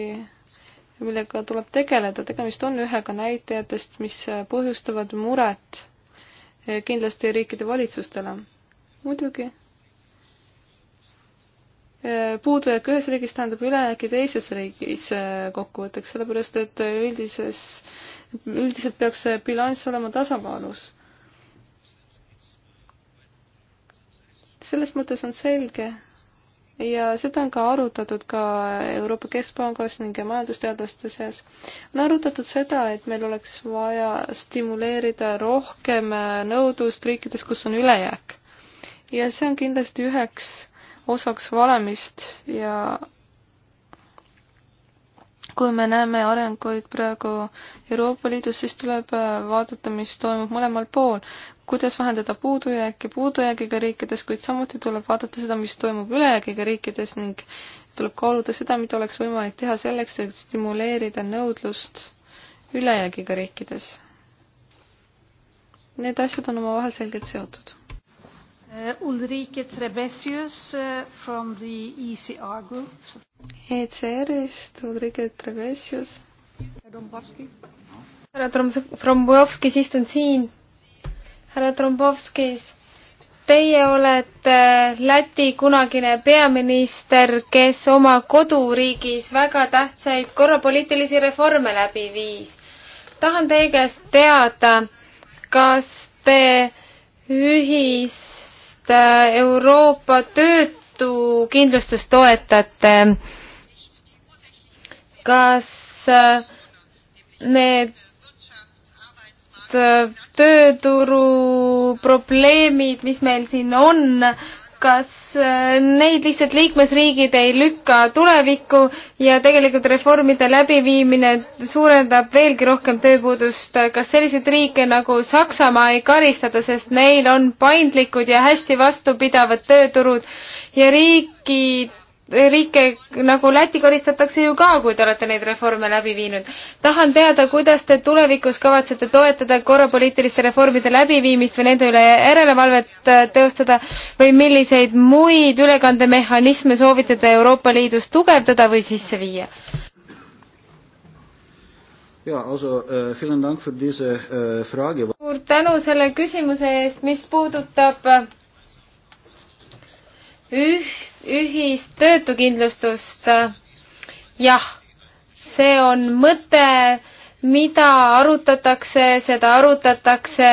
millega tuleb tegeleda, tegemist on ühega näitajatest, mis äh, põhjustavad muret äh, kindlasti riikide valitsustele. muidugi. puudujääk ühes riigis tähendab ülejääki teises riigis kokkuvõtteks, sellepärast et üldises üldiselt peaks see bilanss olema tasakaalus. selles mõttes on selge ja seda on ka arutatud ka Euroopa Keskpangas ning majandusteadlaste seas. on arutatud seda, et meil oleks vaja stimuleerida rohkem nõudlust riikides, kus on ülejääk. ja see on kindlasti üheks osaks valemist ja kui me näeme arenguid praegu Euroopa Liidus, siis tuleb äh, vaadata, mis toimub mõlemal pool. kuidas vähendada puudujääki puudujäägiga riikides, kuid samuti tuleb vaadata seda, mis toimub ülejäägiga riikides ning tuleb kaaluda seda, mida oleks võimalik teha selleks, et stimuleerida nõudlust ülejäägiga riikides. Need asjad on omavahel selgelt seotud. Uh, Ulrike Trebesius uh, from the ECR group. ECR-ist Ulrike Trebesius. härra Trombovski, siis ta on siin. härra Trombovskis, teie olete eh, Läti kunagine peaminister, kes oma koduriigis väga tähtsaid korrapoliitilisi reforme läbi viis. tahan teie käest teada, kas te ühis Äh, Euroopa töötukindlustust toetate, kas need äh, äh, tööturu probleemid, mis meil siin on, kas äh, neid lihtsalt liikmesriigid ei lükka tulevikku ja tegelikult reformide läbiviimine suurendab veelgi rohkem tööpuudust. kas selliseid riike nagu Saksamaa ei karistata, sest neil on paindlikud ja hästi vastupidavad tööturud ja riigid riike nagu Läti koristatakse ju ka, kui te olete neid reforme läbi viinud. tahan teada, kuidas te tulevikus kavatsete toetada korrapoliitiliste reformide läbiviimist või nende üle järelevalvet äh, teostada või milliseid muid ülekandemehhanisme soovite te Euroopa Liidus tugevdada või sisse viia? Ja, also, äh, vielen Dank für diese äh, Frage. suur tänu selle küsimuse eest, mis puudutab äh, üht, ühist töötukindlustust. jah, see on mõte, mida arutatakse, seda arutatakse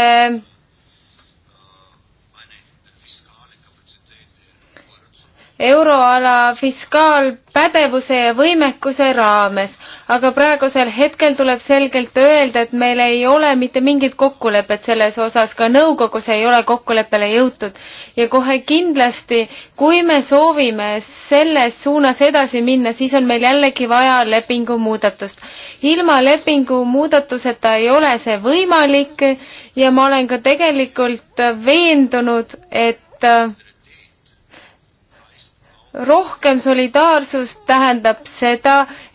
euroala fiskaalpädevuse ja võimekuse raames, aga praegusel hetkel tuleb selgelt öelda, et meil ei ole mitte mingit kokkulepet selles osas, ka nõukogus ei ole kokkuleppele jõutud. ja kohe kindlasti, kui me soovime selles suunas edasi minna, siis on meil jällegi vaja lepingu muudatust. ilma lepingu muudatuseta ei ole see võimalik ja ma olen ka tegelikult veendunud, et äh, rohkem solidaarsust tähendab seda,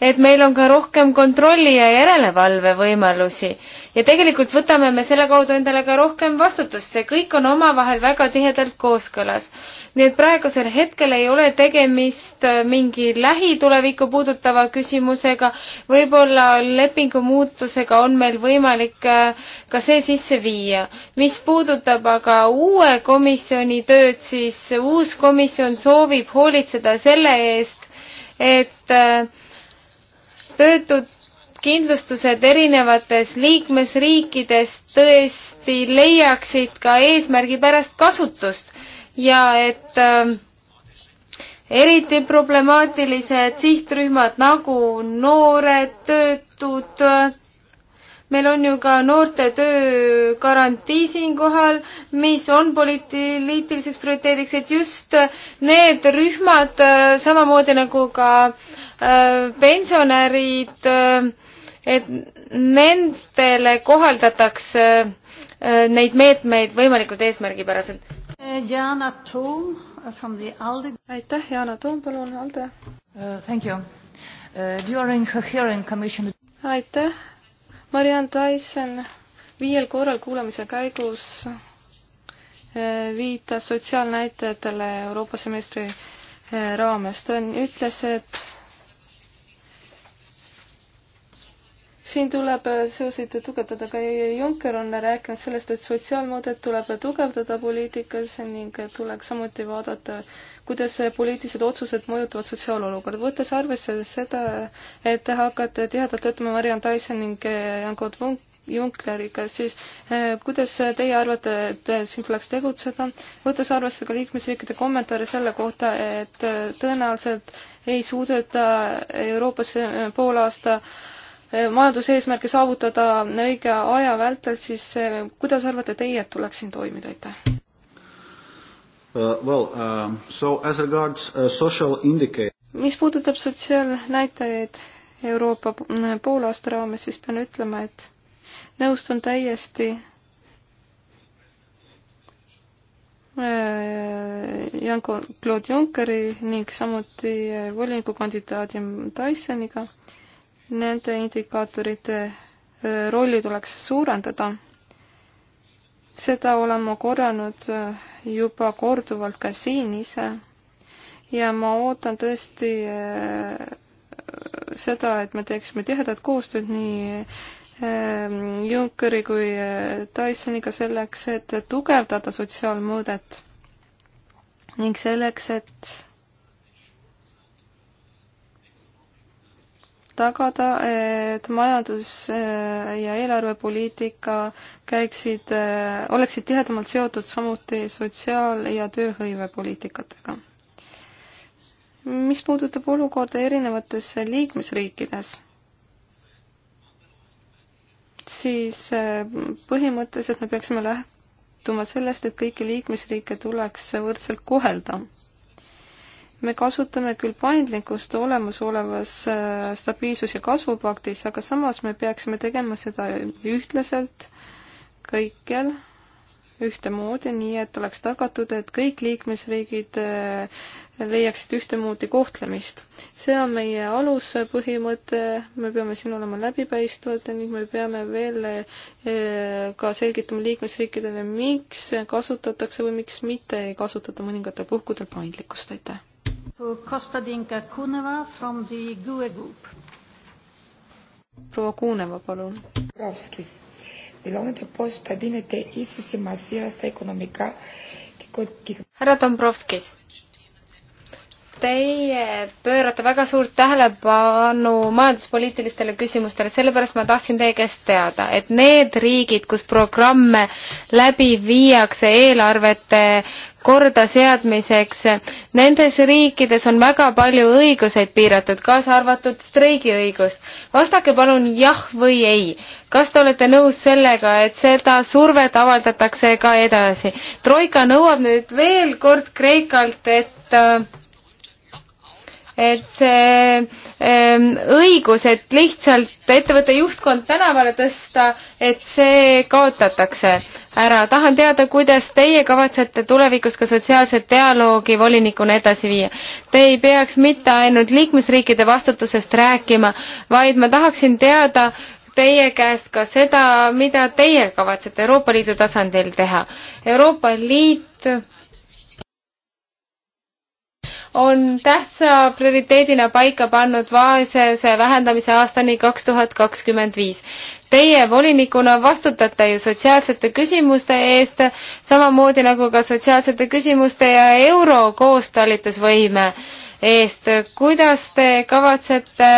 et meil on ka rohkem kontrolli ja järelevalve võimalusi. ja tegelikult võtame me selle kaudu endale ka rohkem vastutust, see kõik on omavahel väga tihedalt kooskõlas nii et praegusel hetkel ei ole tegemist äh, mingi lähitulevikku puudutava küsimusega, võib-olla lepingu muutusega on meil võimalik äh, ka see sisse viia. mis puudutab aga uue komisjoni tööd, siis uus komisjon soovib hoolitseda selle eest, et äh, töötud kindlustused erinevates liikmesriikides tõesti leiaksid ka eesmärgipärast kasutust ja et äh, eriti problemaatilised sihtrühmad nagu noored, töötud, meil on ju ka noorte töö garantii siinkohal, mis on poliitiliseks prioriteediks, et just need rühmad samamoodi nagu ka äh, pensionärid, äh, et nendele kohaldatakse äh, neid meetmeid võimalikult eesmärgipäraselt. Yana eh, Toom eh, from the ALDE. aitäh, Yana Toom, palun, ALDE uh,. Thank you uh,. During her hearing commission. aitäh, Marianne Tyson viiel korral kuulamise käigus viitas sotsiaalnäitajatele Euroopa semestri raames. ta ütles, et siin tuleb äh, seoseid tugevdada, ka Juncker on rääkinud sellest, et sotsiaalmõõdet tuleb tugevdada poliitikas ning tuleks samuti vaadata, kuidas poliitilised otsused mõjutavad sotsiaalolukorda, võttes arvesse seda, et te hakkate tihedalt töötama Marianne Tyson ning äh, Jan-Claude Juncker, Junckeriga, siis äh, kuidas teie arvate, et siin tuleks tegutseda, võttes arvesse ka liikmesriikide kommentaare selle kohta, et tõenäoliselt ei suudeta Euroopas poolaasta aasta Äh, majanduseesmärke saavutada õige aja vältel, siis äh, kuidas arvate teie, et tuleks siin toimida, aitäh? Uh, well, uh, so as regards uh, social indicator mis puudutab sotsiaalnäitajaid Euroopa äh, poolaasta raames, siis pean ütlema, et nõustun täiesti Janko Claude Junckeri ning samuti volinikukandidaadi Dysoniga äh, nende indikaatorite äh, rolli tuleks suurendada. seda olen ma korranud äh, juba korduvalt ka siin ise ja ma ootan tõesti äh, seda, et me teeksime tihedat koostööd nii Junckeri kui Dysoniga selleks, et tugevdada sotsiaalmõõdet ning selleks, et tagada, et majandus- eh, ja eelarvepoliitika käiksid, eh, oleksid tihedamalt seotud samuti sotsiaal- ja tööhõivepoliitikatega. mis puudutab olukorda erinevates liikmesriikides, siis eh, põhimõtteliselt me peaksime lähtuma sellest, et kõiki liikmesriike tuleks võrdselt kohelda me kasutame küll paindlikkust olemasolevas äh, stabiilsus- ja kasvupaktis, aga samas me peaksime tegema seda ühtlaselt kõikjal ühtemoodi, nii et oleks tagatud, et kõik liikmesriigid äh, leiaksid ühtemoodi kohtlemist. see on meie aluspõhimõte, me peame siin olema läbipaistvad ning me peame veel äh, ka selgitama liikmesriikidele, miks kasutatakse või miks mitte ei kasutata mõningatel puhkudel paindlikkust, aitäh! Kostadinka Kuneva from the GUE Group. proua Kuneva, palun. δηλώνεται πως θα δίνεται ίση σημασία στα οικονομικά και... Härra Dombrovskis, teie pöörate väga suurt tähelepanu majanduspoliitilistele küsimustele, sellepärast ma tahtsin teie käest teada, et need riigid, kus programme läbi viiakse eelarvete kordaseadmiseks, nendes riikides on väga palju õiguseid piiratud, kaasa arvatud streigiõigust. vastake palun jah või ei kas te olete nõus sellega, et seda survet avaldatakse ka edasi? troika nõuab nüüd veel kord Kreekalt, et äh, et see ehm, õigus, et lihtsalt ettevõtte juhtkond tänavale tõsta, et see kaotatakse ära. tahan teada, kuidas teie kavatsete tulevikus ka sotsiaalset dialoogi volinikuna edasi viia. Te ei peaks mitte ainult liikmesriikide vastutusest rääkima, vaid ma tahaksin teada, teie käest ka seda, mida teie kavatsete Euroopa Liidu tasandil teha. Euroopa Liit on tähtsa prioriteedina paika pannud vaesuse vähendamise aastani kaks tuhat kakskümmend viis. Teie volinikuna vastutate ju sotsiaalsete küsimuste eest, samamoodi nagu ka sotsiaalsete küsimuste ja euro koostalitusvõime eest. kuidas te kavatsete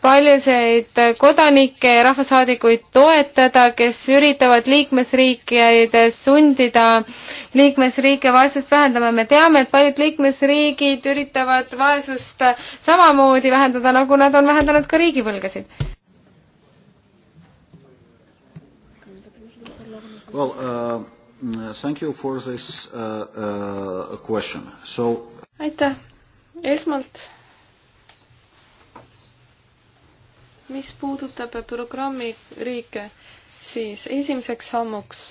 paljusid kodanikke ja rahvasaadikuid toetada, kes üritavad liikmesriikides sundida liikmesriike vaesust vähendama. me teame, et paljud liikmesriigid üritavad vaesust samamoodi vähendada, nagu nad on vähendanud ka riigivõlgasid. Well, uh, mm, thank you for this uh, uh, question. So... aitäh. esmalt mis puudutab programmi riike, siis esimeseks sammuks,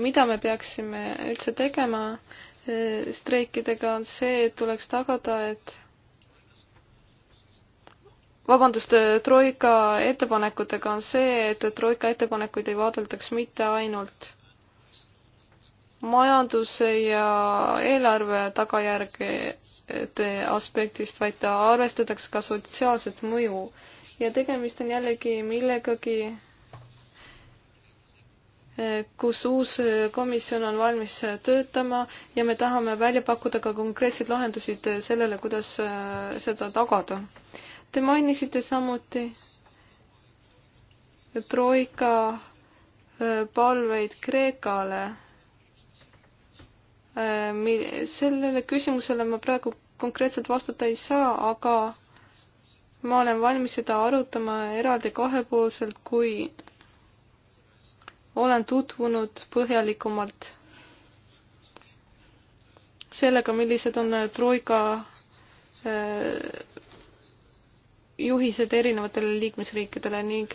mida me peaksime üldse tegema e, streikidega, on see, et tuleks tagada, et vabandust, e, Troika ettepanekutega on see, et Troika ettepanekuid ei vaadeldaks mitte ainult majanduse ja eelarve tagajärgede aspektist, vaid arvestatakse ka sotsiaalset mõju ja tegemist on jällegi millegagi, eh, kus uus eh, komisjon on valmis eh, töötama ja me tahame välja pakkuda ka konkreetseid lahendusid sellele, kuidas seda tagada. Te mainisite samuti troika palveid Kreekale. sellele küsimusele ma praegu konkreetselt vastata ei saa, aga ma olen valmis seda arutama eraldi kahepoolselt, kui olen tutvunud põhjalikumalt sellega, millised on Troika äh, juhised erinevatele liikmesriikidele ning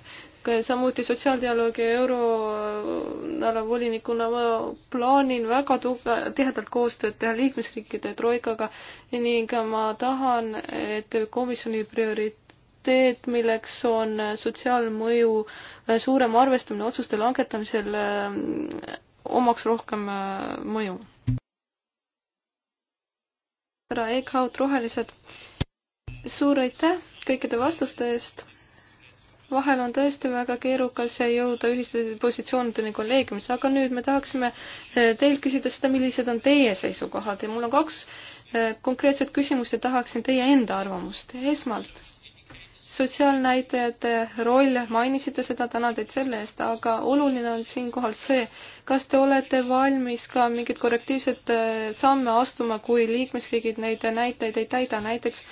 samuti sotsiaaldialoogi euroala volinikuna ma plaanin väga tuge-, tihedalt koostööd teha liikmesriikide troikaga ning ma tahan, et komisjoni prioriteet, milleks on sotsiaalmõju suurem arvestamine otsuste langetamisel, omaks rohkem äh, mõju. härra Eekhaut, Rohelised, suur aitäh kõikide vastuste eest vahel on tõesti väga keerukas jõuda ühiste positsioonideni kolleegiumis, aga nüüd me tahaksime eh, teilt küsida seda, millised on teie seisukohad ja mul on kaks eh, konkreetset küsimust ja tahaksin teie enda arvamust. esmalt, sotsiaalnäitajate roll, mainisite seda, tänan teid selle eest, aga oluline on siinkohal see, kas te olete valmis ka mingeid korrektiivseid eh, samme astuma, kui liikmesriigid neid näiteid ei täida, näiteks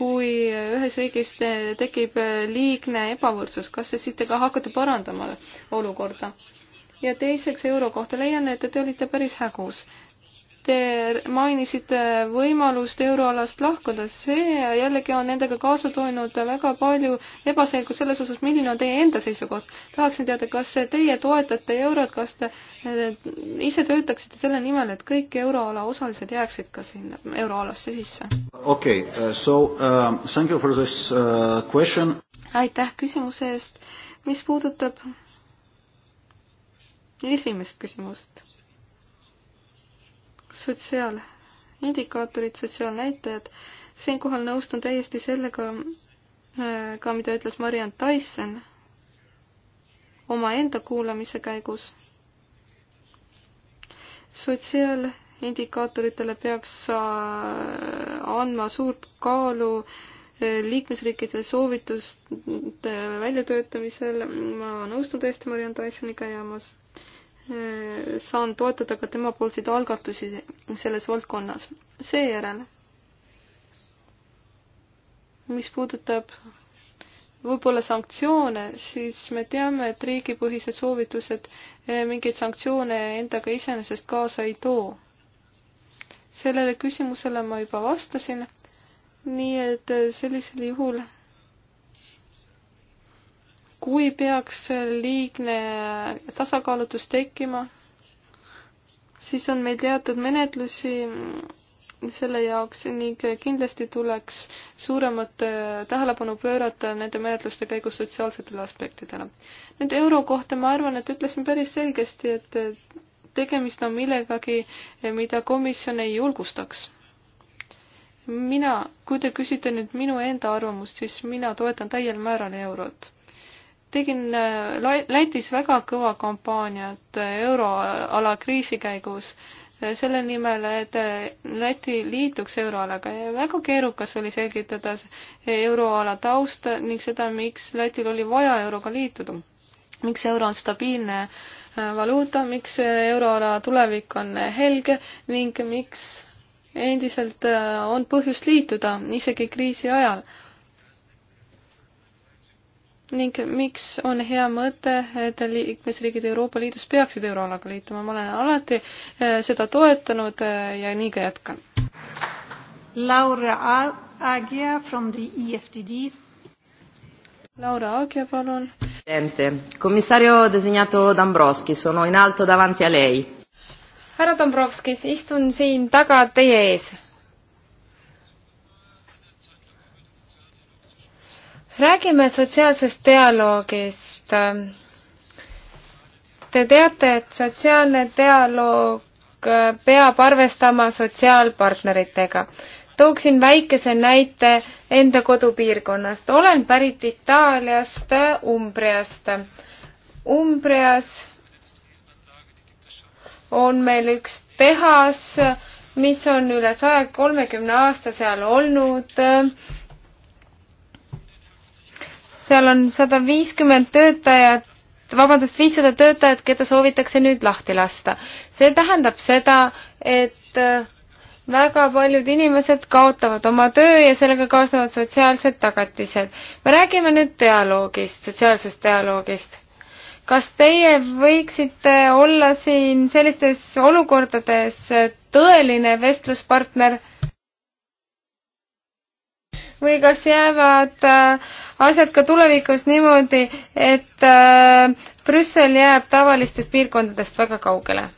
kui ühes riigis tekib liigne ebavõrdsus, kas te siis te ka hakkate parandama olukorda? ja teiseks euro kohta leian, et te olite päris hägus. Te mainisite võimalust euroalast lahkuda, see jällegi on endaga kaasa toonud väga palju ebaselgust selles osas, milline on teie enda seisukoht. tahaksin teada, kas teie toetate eurot, kas te eh, ise töötaksite selle nimel, et kõik euroala osalised jääksid ka sinna euroalasse sisse? okei okay,, uh, so um, thank you for this uh, question. aitäh küsimuse eest, mis puudutab esimest küsimust sotsiaalindikaatorid, sotsiaalnäitajad. siinkohal nõustun täiesti sellega äh, ka, mida ütles Mariann Tyson omaenda kuulamise käigus. sotsiaalindikaatoritele peaks äh, andma suurt kaalu äh, liikmesriikide soovituste väljatöötamisel. ma nõustun täiesti Mariann Tysoniga ja ma Äh, saan toetada ka temapoolseid algatusi selles valdkonnas. seejärel, mis puudutab võib-olla sanktsioone, siis me teame, et riigipõhised soovitused äh, mingeid sanktsioone endaga iseenesest kaasa ei too. sellele küsimusele ma juba vastasin, nii et äh, sellisel juhul kui peaks liigne tasakaalutus tekkima, siis on meil teatud menetlusi selle jaoks ning kindlasti tuleks suuremat tähelepanu pöörata nende menetluste käigus sotsiaalsetele aspektidele. nüüd euro kohta ma arvan, et ütlesin päris selgesti, et tegemist on millegagi, mida komisjon ei julgustaks. mina, kui te küsite nüüd minu enda arvamust, siis mina toetan täiel määral eurot tegin äh, Lätis väga kõva kampaaniat äh, euroala kriisi käigus äh, selle nimel, et Läti liituks euroalaga ja väga keerukas oli selgitada euroala tausta ning seda, miks Lätil oli vaja euroga liituda. miks euro on stabiilne valuuta, miks euroala tulevik on helge ning miks endiselt on põhjust liituda isegi kriisi ajal ning miks on hea mõte, et liikmesriigid Euroopa Liidus peaksid euroalaga liituma, ma olen alati eh, seda toetanud eh, ja nii ka jätkan. Laura Agia from the EFTD. Laura Agia, palun. komissario designato Dombrovski, sono in alto davanti a lei. härra Dombrovskis, istun siin taga teie ees räägime sotsiaalsest dialoogist. Te teate, et sotsiaalne dialoog peab arvestama sotsiaalpartneritega. tooksin väikese näite enda kodupiirkonnast. olen pärit Itaaliast Umbriast. Umbrias on meil üks tehas, mis on üle saja kolmekümne aasta seal olnud seal on sada viiskümmend töötajat, vabandust, viissada töötajat, keda soovitakse nüüd lahti lasta. see tähendab seda, et äh, väga paljud inimesed kaotavad oma töö ja sellega kaasnevad sotsiaalsed tagatised. me räägime nüüd dialoogist, sotsiaalsest dialoogist. kas teie võiksite olla siin sellistes olukordades äh, tõeline vestluspartner või kas jäävad äh, asjad ka tulevikus niimoodi, et äh, Brüssel jääb tavalistest piirkondadest väga kaugele?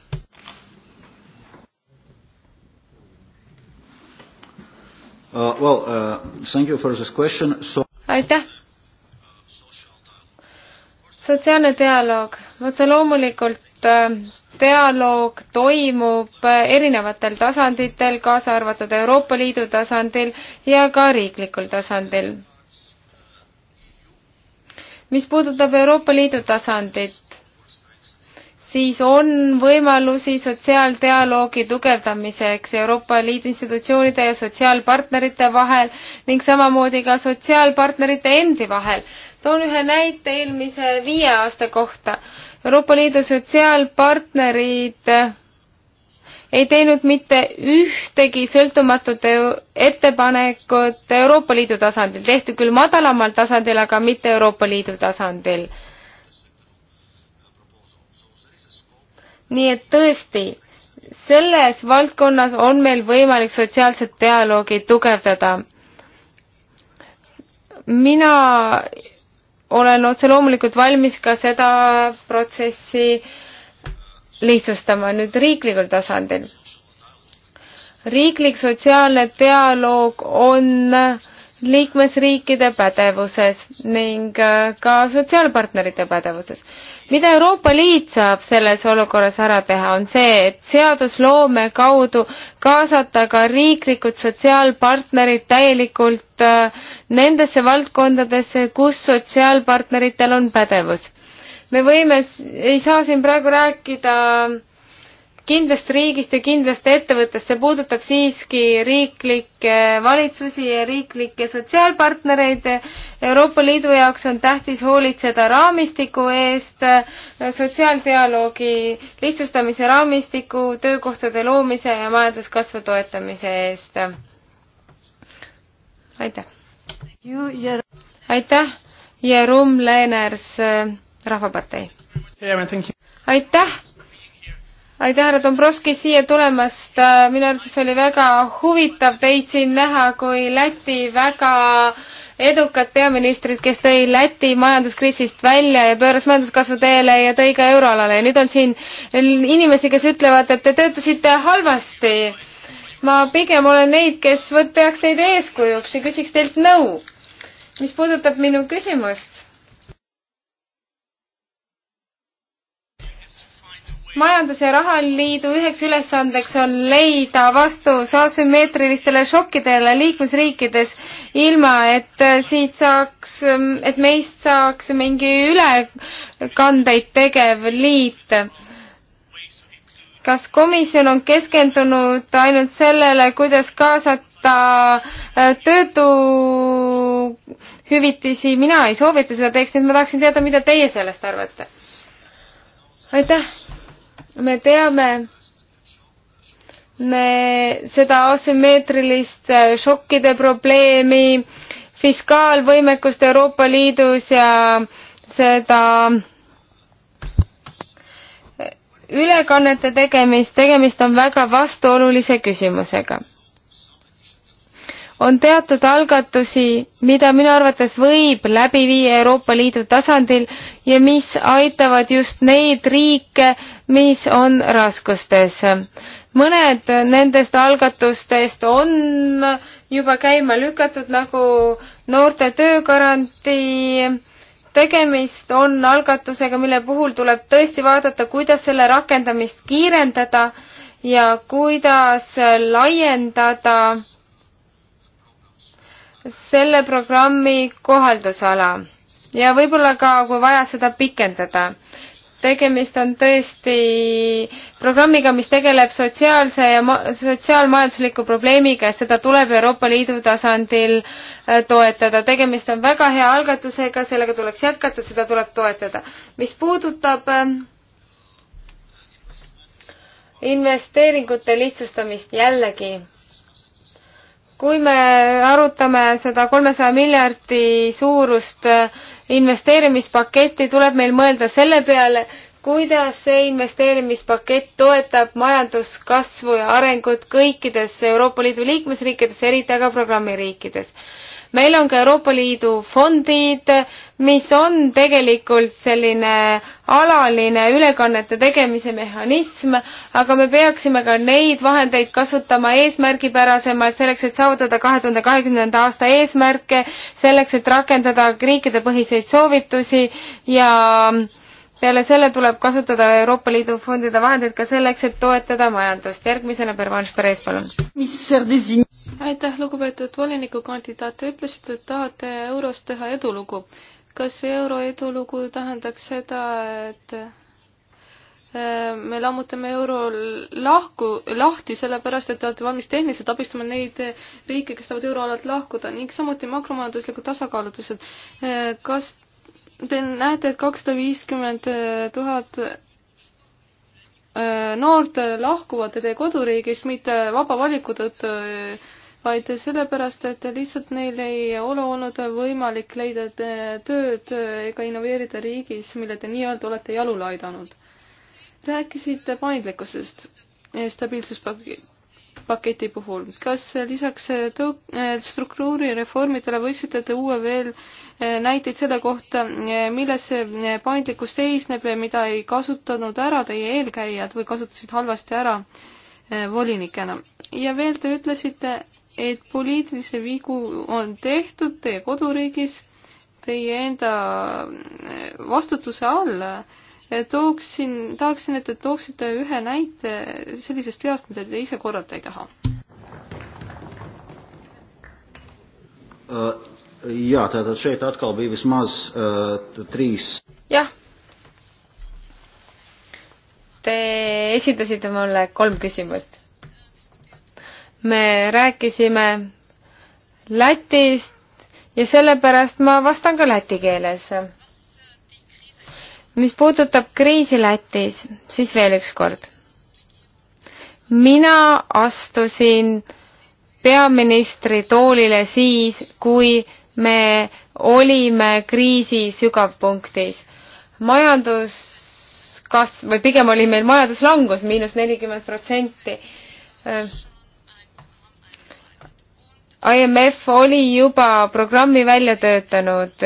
Uh, well, uh, thank you for this question. So... aitäh sotsiaalne dialoog, otse loomulikult äh, dialoog toimub äh, erinevatel tasanditel, kaasa arvatud Euroopa Liidu tasandil ja ka riiklikul tasandil. mis puudutab Euroopa Liidu tasandit, siis on võimalusi sotsiaaldialoogi tugevdamiseks Euroopa Liidu institutsioonide ja sotsiaalpartnerite vahel ning samamoodi ka sotsiaalpartnerite endi vahel toon ühe näite eelmise viie aasta kohta. Euroopa Liidu sotsiaalpartnerid ei teinud mitte ühtegi sõltumatut ettepanekut Euroopa Liidu tasandil, tehti küll madalamal tasandil, aga mitte Euroopa Liidu tasandil. nii et tõesti, selles valdkonnas on meil võimalik sotsiaalset dialoogi tugevdada. mina olen otse loomulikult valmis ka seda protsessi lihtsustama nüüd riiklikul tasandil. riiklik sotsiaalne dialoog on liikmesriikide pädevuses ning ka sotsiaalpartnerite pädevuses mida Euroopa Liit saab selles olukorras ära teha, on see, et seadusloome kaudu kaasata ka riiklikud sotsiaalpartnerid täielikult äh, nendesse valdkondadesse, kus sotsiaalpartneritel on pädevus. me võime, ei saa siin praegu rääkida äh, kindlast riigist ja kindlast ettevõttest, see puudutab siiski riiklikke valitsusi ja riiklikke sotsiaalpartnereid. Euroopa Liidu jaoks on tähtis hoolitseda raamistiku eest, sotsiaaldialoogi lihtsustamise raamistiku, töökohtade loomise ja majanduskasvu toetamise eest. aitäh! aitäh, Jerum Leeners, äh, Rahvapartei! aitäh! aitäh, härra Dombrovski, siia tulemast. Äh, minu arvates oli väga huvitav teid siin näha kui Läti väga edukat peaministrit, kes tõi Läti majanduskriisist välja ja pööras majanduskasvu teele ja tõi ka euroalale ja nüüd on siin inimesi, kes ütlevad, et te töötasite halvasti. ma pigem olen neid, kes võt-, peaks teid eeskujuks ja küsiks teilt nõu. mis puudutab minu küsimust, majandus- ja rahaliidu üheks ülesandeks on leida vastus asümmeetrilistele šokkidele liikmesriikides, ilma et äh, siit saaks, ähm, et meist saaks mingi ülekandeid tegev liit. kas komisjon on keskendunud ainult sellele, kuidas kaasata äh, töötuhüvitisi, mina ei soovita seda teeks, nii et ma tahaksin teada, mida teie sellest arvate? aitäh! me teame, me seda asümmeetrilist äh, šokkide probleemi, fiskaalvõimekust Euroopa Liidus ja seda äh, ülekannete tegemist, tegemist on väga vastuolulise küsimusega on teatud algatusi, mida minu arvates võib läbi viia Euroopa Liidu tasandil ja mis aitavad just neid riike, mis on raskustes. mõned nendest algatustest on juba käima lükatud, nagu noorte töögarantii, tegemist on algatusega, mille puhul tuleb tõesti vaadata, kuidas selle rakendamist kiirendada ja kuidas laiendada selle programmi kohaldusala ja võib-olla ka, kui vaja, seda pikendada. tegemist on tõesti programmiga, mis tegeleb sotsiaalse ja sotsiaalmajandusliku probleemiga ja seda tuleb Euroopa Liidu tasandil äh, toetada. tegemist on väga hea algatusega, sellega tuleks jätkata, seda tuleb toetada. mis puudutab äh, investeeringute lihtsustamist jällegi kui me arutame seda kolmesaja miljardi suurust äh, investeerimispaketti, tuleb meil mõelda selle peale, kuidas see investeerimispakett toetab majanduskasvu ja arengut kõikides Euroopa Liidu liikmesriikides, eriti aga programmiriikides meil on ka Euroopa Liidu fondid, mis on tegelikult selline alaline ülekannete tegemise mehhanism, aga me peaksime ka neid vahendeid kasutama eesmärgipärasemalt, selleks et saavutada kahe tuhande kahekümnenda aasta eesmärke, selleks et rakendada riikidepõhiseid soovitusi ja peale selle tuleb kasutada Euroopa Liidu fondide vahendeid ka selleks, et toetada majandust. järgmisena, Pervanš Perez, palun aitäh, lugupeetud volinikukandidaat, te ütlesite, et tahate eurost teha edulugu. kas euro edulugu tähendaks seda, et äh, me lammutame euro lahku, lahti, sellepärast et te olete valmis tehniliselt abistama neid riike, kes tahavad euroalalt lahkuda ning samuti makromajanduslikud tasakaalutused. Äh, kas te näete, et kakssada viiskümmend tuhat äh, noort lahkuvad teie koduriigist mitte vaba valiku tõttu vaid sellepärast, et lihtsalt neil ei ole olnud võimalik leida tööd ega innoveerida riigis, mille te nii-öelda olete jalule aidanud. rääkisite paindlikkusest stabiilsuspaketi puhul. kas lisaks struktuurireformidele võiksite te uue veel näiteid selle kohta, milles see paindlikkus seisneb ja mida ei kasutanud ära teie eelkäijad või kasutasid halvasti ära volinikena? ja veel te ütlesite, et poliitilisi vigu on tehtud teie koduriigis, teie enda eh, vastutuse all. tooksin, tahaksin, et te tooksite ühe näite sellisest veast, mida te ise korrata ei taha uh,. Äh, Jā, tātad šeit atkal bija vismaz uh, äh, trīs. jah. Te esitasite mulle kolm küsimust me rääkisime Lätist ja sellepärast ma vastan ka läti keeles. mis puudutab kriisi Lätis, siis veel üks kord. mina astusin peaministri toolile siis, kui me olime kriisi sügavpunktis. majanduskasv või pigem oli meil majanduslangus miinus nelikümmend protsenti IMF oli juba programmi välja töötanud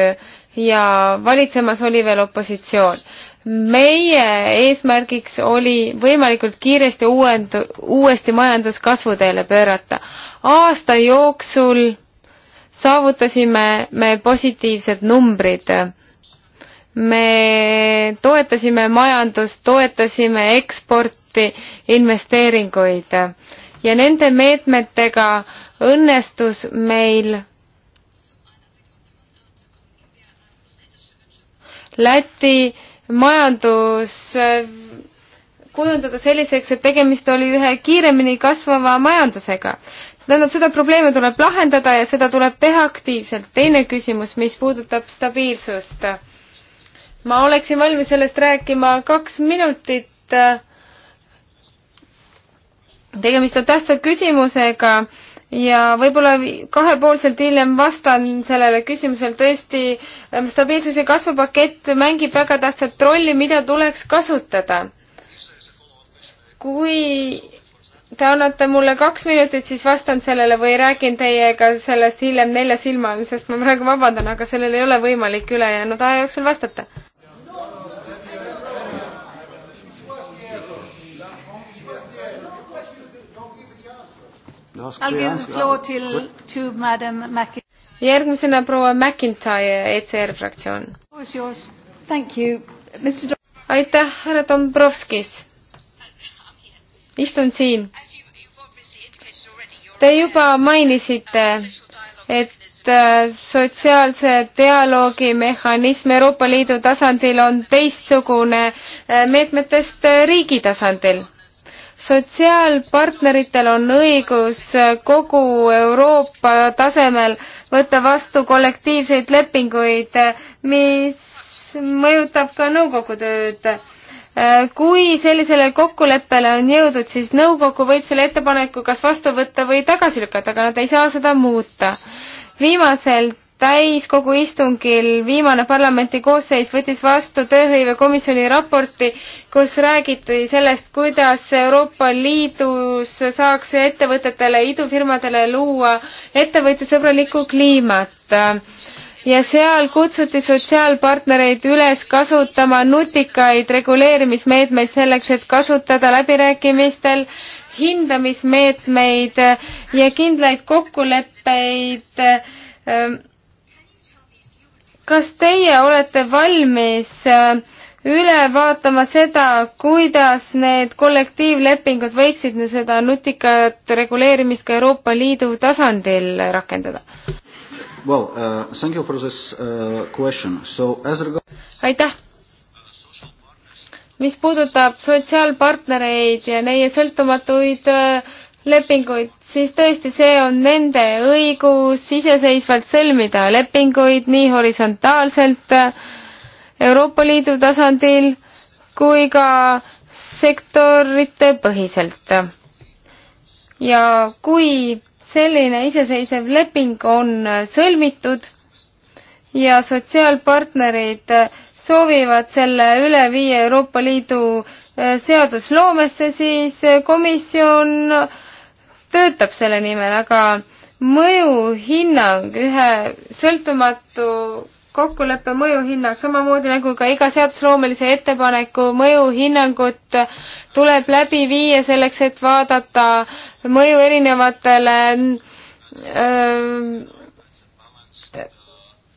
ja valitsemas oli veel opositsioon. meie eesmärgiks oli võimalikult kiiresti uuend-, uuesti majanduskasvu teele pöörata. aasta jooksul saavutasime me positiivsed numbrid. me toetasime majandust, toetasime eksporti, investeeringuid ja nende meetmetega õnnestus meil Läti majandus äh, kujundada selliseks, et tegemist oli ühe kiiremini kasvava majandusega. see tähendab, seda probleemi tuleb lahendada ja seda tuleb teha aktiivselt. teine küsimus, mis puudutab stabiilsust. ma oleksin valmis sellest rääkima kaks minutit äh, tegemist on tähtsa küsimusega ja võib-olla kahepoolselt hiljem vastan sellele küsimusele. tõesti, ähm, stabiilsus- ja kasvupakett mängib väga tähtsat rolli, mida tuleks kasutada. kui te annate mulle kaks minutit, siis vastan sellele või räägin teiega sellest hiljem nelja silma all, sest ma praegu vabandan, aga sellel ei ole võimalik ülejäänud aja jooksul vastata järgmisena proua McIntyre, ECR fraktsioon. aitäh, härra Dombrovskis. istun siin. Te juba mainisite, et äh, sotsiaalse dialoogi mehhanism Euroopa Liidu tasandil on teistsugune äh, meetmetest äh, riigi tasandil sotsiaalpartneritel on õigus kogu Euroopa tasemel võtta vastu kollektiivseid lepinguid, mis mõjutab ka nõukogu tööd. kui sellisele kokkuleppele on jõudud, siis nõukogu võib selle ettepaneku kas vastu võtta või tagasi lükata, aga nad ei saa seda muuta. viimasel täiskogu istungil viimane parlamenti koosseis võttis vastu tööhõivekomisjoni raporti, kus räägiti sellest, kuidas Euroopa Liidus saaks ettevõtetele, idufirmadele luua ettevõtjasõbralikku kliimat. ja seal kutsuti sotsiaalpartnereid üles kasutama nutikaid reguleerimismeetmeid selleks, et kasutada läbirääkimistel hindamismeetmeid ja kindlaid kokkuleppeid ähm, kas teie olete valmis äh, üle vaatama seda, kuidas need kollektiivlepingud võiksid seda nutikat reguleerimist ka Euroopa Liidu tasandil rakendada? Well, uh, thank you for this uh, question. So as regard... aitäh! mis puudutab sotsiaalpartnereid ja neie sõltumatuid uh, lepinguid, siis tõesti, see on nende õigus iseseisvalt sõlmida lepinguid nii horisontaalselt Euroopa Liidu tasandil kui ka sektorite põhiselt. ja kui selline iseseisev leping on sõlmitud ja sotsiaalpartnerid soovivad selle üle viia Euroopa Liidu äh, seadusloomesse, siis äh, komisjon töötab selle nimel, aga mõjuhinnang, ühe sõltumatu kokkuleppe mõjuhinnang, samamoodi nagu ka iga seadusloomelise ettepaneku mõjuhinnangut tuleb läbi viia selleks, et vaadata mõju erinevatele öö,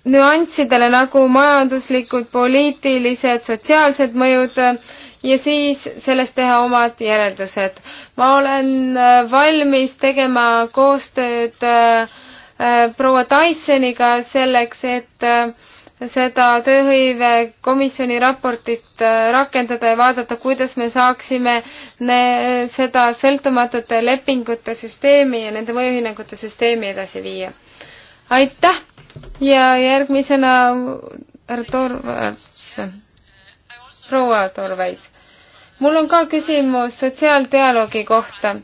nüanssidele nagu majanduslikud, poliitilised, sotsiaalsed mõjud ja siis sellest teha omad järeldused. ma olen äh, valmis tegema koostööd äh, äh, proua Tysoniga selleks, et seda tööhõive komisjoni raportit rakendada ja vaadata, kuidas me saaksime ne, seda sõltumatute lepingute süsteemi ja nende mõjuhinnangute süsteemi edasi viia. aitäh ja järgmisena härra Torvalds, proua Torvalds mul on ka küsimus sotsiaaldialoogi kohta.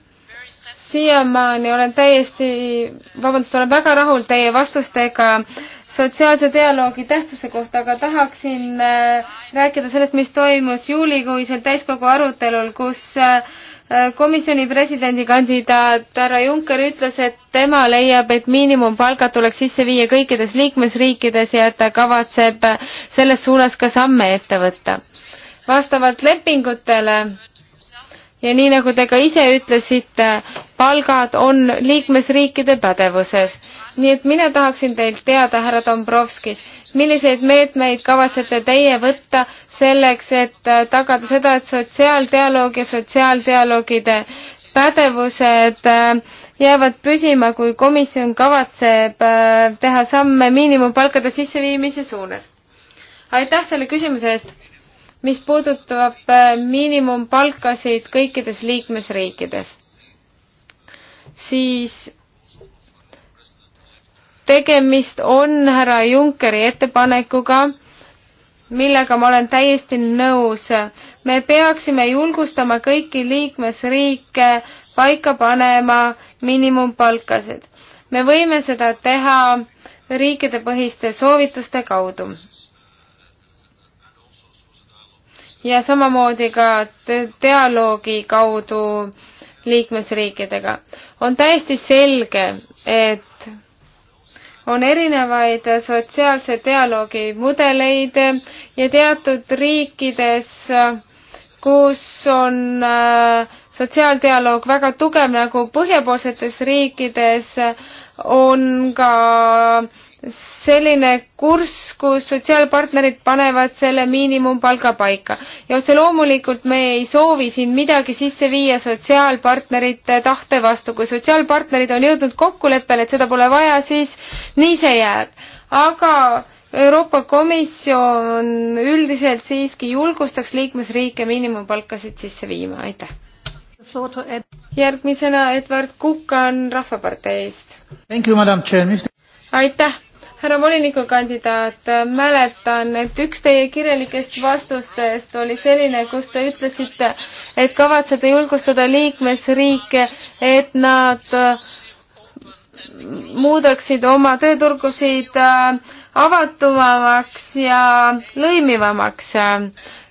siiamaani olen täiesti, vabandust, olen väga rahul teie vastustega sotsiaalse dialoogi tähtsuse kohta, aga tahaksin äh, rääkida sellest, mis toimus juulikuisel täiskogu arutelul, kus äh, komisjoni presidendikandidaat härra Juncker ütles, et tema leiab, et miinimumpalgad tuleks sisse viia kõikides liikmesriikides ja et ta kavatseb selles suunas ka samme ette võtta vastavalt lepingutele ja nii nagu te ka ise ütlesite, palgad on liikmesriikide pädevuses. nii et mina tahaksin teilt teada, härra Dombrovski, milliseid meetmeid kavatsete teie võtta selleks, et äh, tagada seda, et sotsiaaldialoog ja sotsiaaldialoogide pädevused äh, jäävad püsima, kui komisjon kavatseb äh, teha samme miinimumpalkade sisseviimise suunas? aitäh selle küsimuse eest mis puudutab äh, miinimumpalkasid kõikides liikmesriikides, siis tegemist on härra Junckeri ettepanekuga, millega ma olen täiesti nõus. me peaksime julgustama kõiki liikmesriike paika panema miinimumpalkasid. me võime seda teha riikidepõhiste soovituste kaudu ja samamoodi ka dialoogi kaudu liikmesriikidega. on täiesti selge, et on erinevaid sotsiaalse dialoogi mudeleid ja teatud riikides, kus on äh, sotsiaaldialoog väga tugev, nagu põhjapoolsetes riikides, on ka äh, selline kurss, kus sotsiaalpartnerid panevad selle miinimumpalga paika. ja otse loomulikult me ei soovi siin midagi sisse viia sotsiaalpartnerite tahte vastu. kui sotsiaalpartnerid on jõudnud kokkuleppele, et seda pole vaja, siis nii see jääb. aga Euroopa Komisjon üldiselt siiski julgustaks liikmesriike miinimumpalkasid sisse viima, aitäh. järgmisena Edward Kukan Rahvaparteist. aitäh härra volinikukandidaat, mäletan, et üks teie kirjalikest vastustest oli selline, kus te ütlesite, et kavatsete julgustada liikmesriike, et nad äh, muudaksid oma tööturgusid äh, avatumamaks ja lõimivamaks.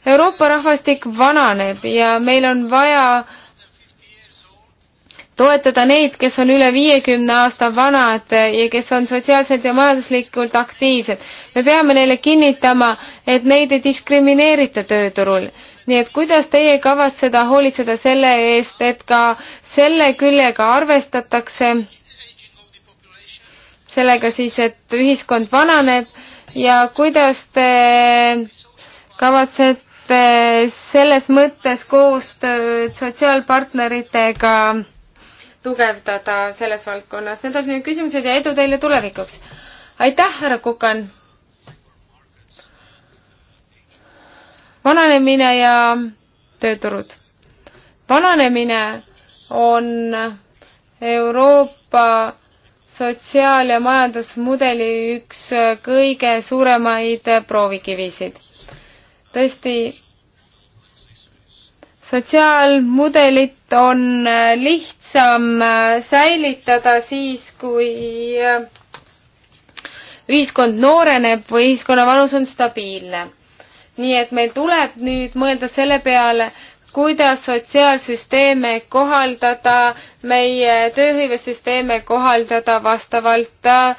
Euroopa rahvastik vananeb ja meil on vaja toetada neid, kes on üle viiekümne aasta vanad ja kes on sotsiaalselt ja majanduslikult aktiivsed. me peame neile kinnitama, et neid ei diskrimineerita tööturul. nii et kuidas teie kavatseda hoolitseda selle eest, et ka selle küljega arvestatakse, sellega siis, et ühiskond vananeb ja kuidas te kavatsete selles mõttes koostööd sotsiaalpartneritega tugevdada selles valdkonnas. Need on minu küsimused ja edu teile tulevikuks. aitäh, härra Kukan! vananemine ja tööturud. vananemine on Euroopa sotsiaal- ja majandusmudeli üks kõige suuremaid proovikivisid. tõesti, sotsiaalmudelit on liht-, lihtsam äh, säilitada siis, kui äh, ühiskond nooreneb või ühiskonna vanus on stabiilne. nii et meil tuleb nüüd mõelda selle peale, kuidas sotsiaalsüsteeme kohaldada, meie tööhõivesüsteeme kohaldada vastavalt äh,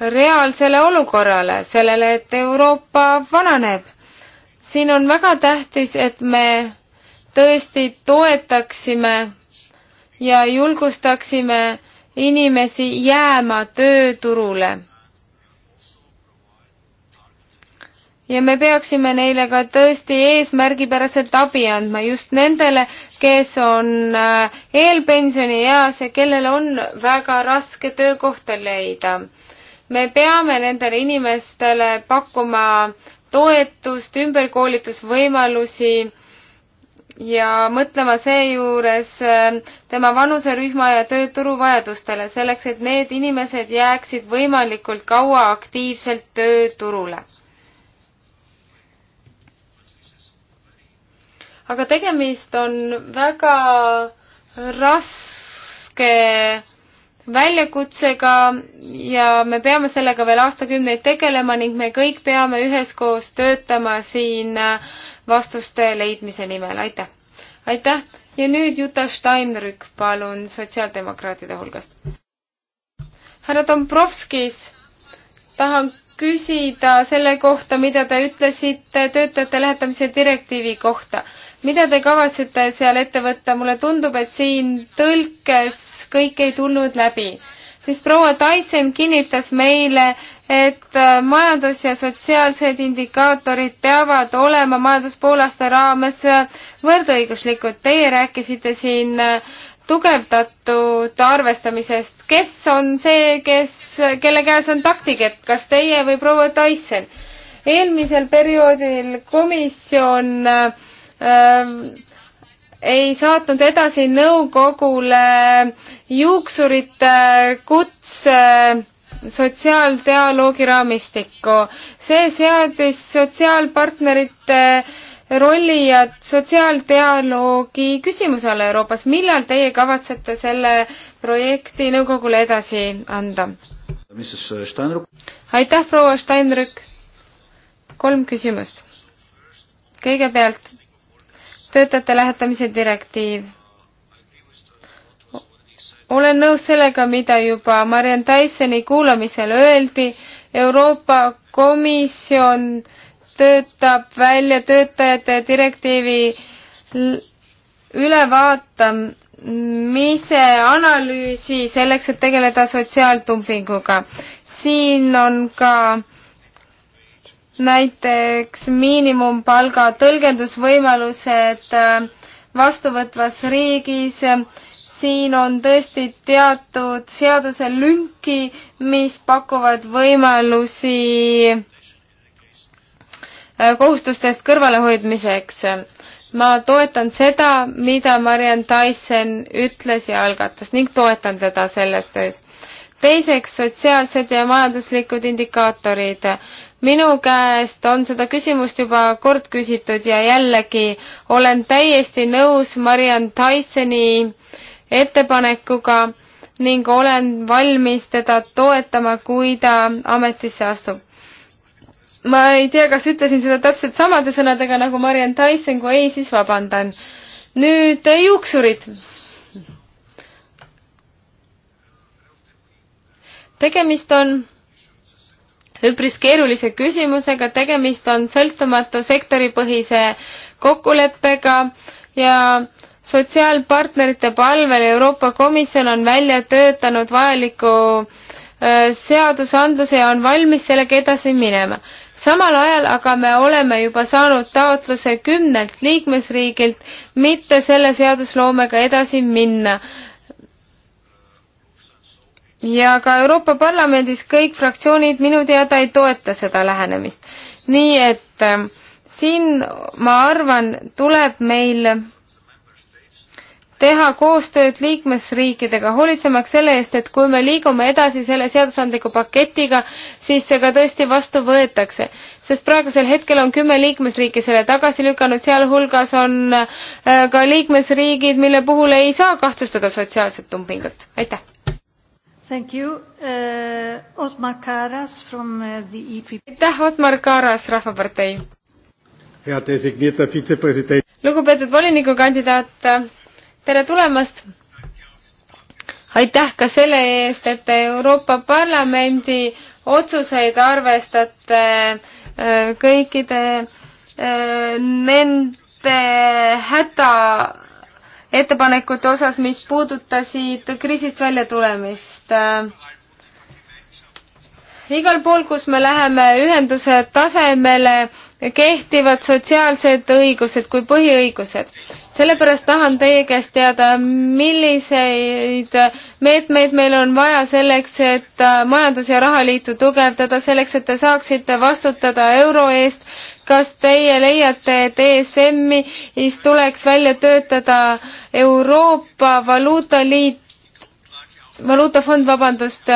reaalsele olukorrale, sellele, et Euroopa vananeb. siin on väga tähtis, et me tõesti toetaksime ja julgustaksime inimesi jääma tööturule. ja me peaksime neile ka tõesti eesmärgipäraselt abi andma just nendele, kes on äh, eelpensionieas ja kellel on väga raske töökohta leida. me peame nendele inimestele pakkuma toetust, ümberkoolitusvõimalusi ja mõtlema seejuures äh, tema vanuserühma ja tööturu vajadustele, selleks et need inimesed jääksid võimalikult kaua aktiivselt tööturule. aga tegemist on väga raske väljakutsega ja me peame sellega veel aastakümneid tegelema ning me kõik peame üheskoos töötama siin äh, vastuste leidmise nimel, aitäh! aitäh ja nüüd Juta Steinrück, palun, sotsiaaldemokraatide hulgast. härra Dombrovskis, tahan küsida selle kohta, mida te ütlesite töötajate lähetamise direktiivi kohta. mida te kavatsete seal ette võtta, mulle tundub, et siin tõlkes kõik ei tulnud läbi sest proua Tyson kinnitas meile, et äh, majandus- ja sotsiaalsed indikaatorid peavad olema majanduspoolaasta raames äh, võrdõiguslikud. Teie rääkisite siin äh, tugevdatud arvestamisest. kes on see, kes, kelle käes on taktikett, kas teie või proua Tyson? eelmisel perioodil komisjon äh, ei saatnud edasi nõukogule juuksurite kutse äh, sotsiaaldialoogi raamistikku. see seadis sotsiaalpartnerite rolli ja sotsiaaldialoogi küsimuse alla Euroopas. millal teie kavatsete selle projekti nõukogule edasi anda? Äh, aitäh, proua Steinrück! kolm küsimust. kõigepealt töötajate lähetamise direktiiv olen nõus sellega, mida juba Mariann Tysoni kuulamisel öeldi, Euroopa Komisjon töötab välja töötajate direktiivi ülevaatamise analüüsi selleks, et tegeleda sotsiaaltumpinguga. siin on ka näiteks miinimumpalga tõlgendusvõimalused äh, vastuvõtvas riigis äh, siin on tõesti teatud seaduselünki, mis pakuvad võimalusi äh, kohustustest kõrvalehoidmiseks. ma toetan seda, mida Mariann Tyson ütles ja algatas ning toetan teda selles töös. teiseks, sotsiaalsed ja majanduslikud indikaatorid minu käest on seda küsimust juba kord küsitud ja jällegi olen täiesti nõus Marianne Tysoni ettepanekuga ning olen valmis teda toetama, kui ta ametisse astub. ma ei tea, kas ütlesin seda täpselt samade sõnadega nagu Mariann Tyson, kui ei, siis vabandan. nüüd juuksurid. tegemist on üpris keerulise küsimusega, tegemist on sõltumatu sektoripõhise kokkuleppega ja sotsiaalpartnerite palvel Euroopa Komisjon on välja töötanud vajaliku äh, seadusandluse ja on valmis sellega edasi minema. samal ajal aga me oleme juba saanud taotluse kümnelt liikmesriigilt mitte selle seadusloomega edasi minna. ja ka Euroopa Parlamendis kõik fraktsioonid minu teada ei toeta seda lähenemist. nii et äh, siin ma arvan, tuleb meil teha koostööd liikmesriikidega, hoolitsemaks selle eest, et kui me liigume edasi selle seadusandliku paketiga, siis see ka tõesti vastu võetakse. sest praegusel hetkel on kümme liikmesriiki selle tagasi lükanud, sealhulgas on äh, ka liikmesriigid, mille puhul ei saa kahtlustada sotsiaalset dumpingut. aitäh! Thank you uh,. Otmar Karas from uh, the EPP. aitäh, Otmar Karas, Rahvapartei. lugupeetud volinikukandidaat tere tulemast! aitäh ka selle eest, et te Euroopa Parlamendi otsuseid arvestate äh, kõikide äh, nende häda ettepanekute osas, mis puudutasid kriisist väljatulemist. Äh, igal pool, kus me läheme ühenduse tasemele, kehtivad sotsiaalsed õigused kui põhiõigused sellepärast tahan teie käest teada, milliseid meetmeid meil on vaja selleks, et äh, majandus- ja rahaliitu tugevdada, selleks, et te saaksite vastutada euro eest. kas teie leiate, et ESM-is tuleks välja töötada Euroopa Valuutaliit, valuutafond, vabandust,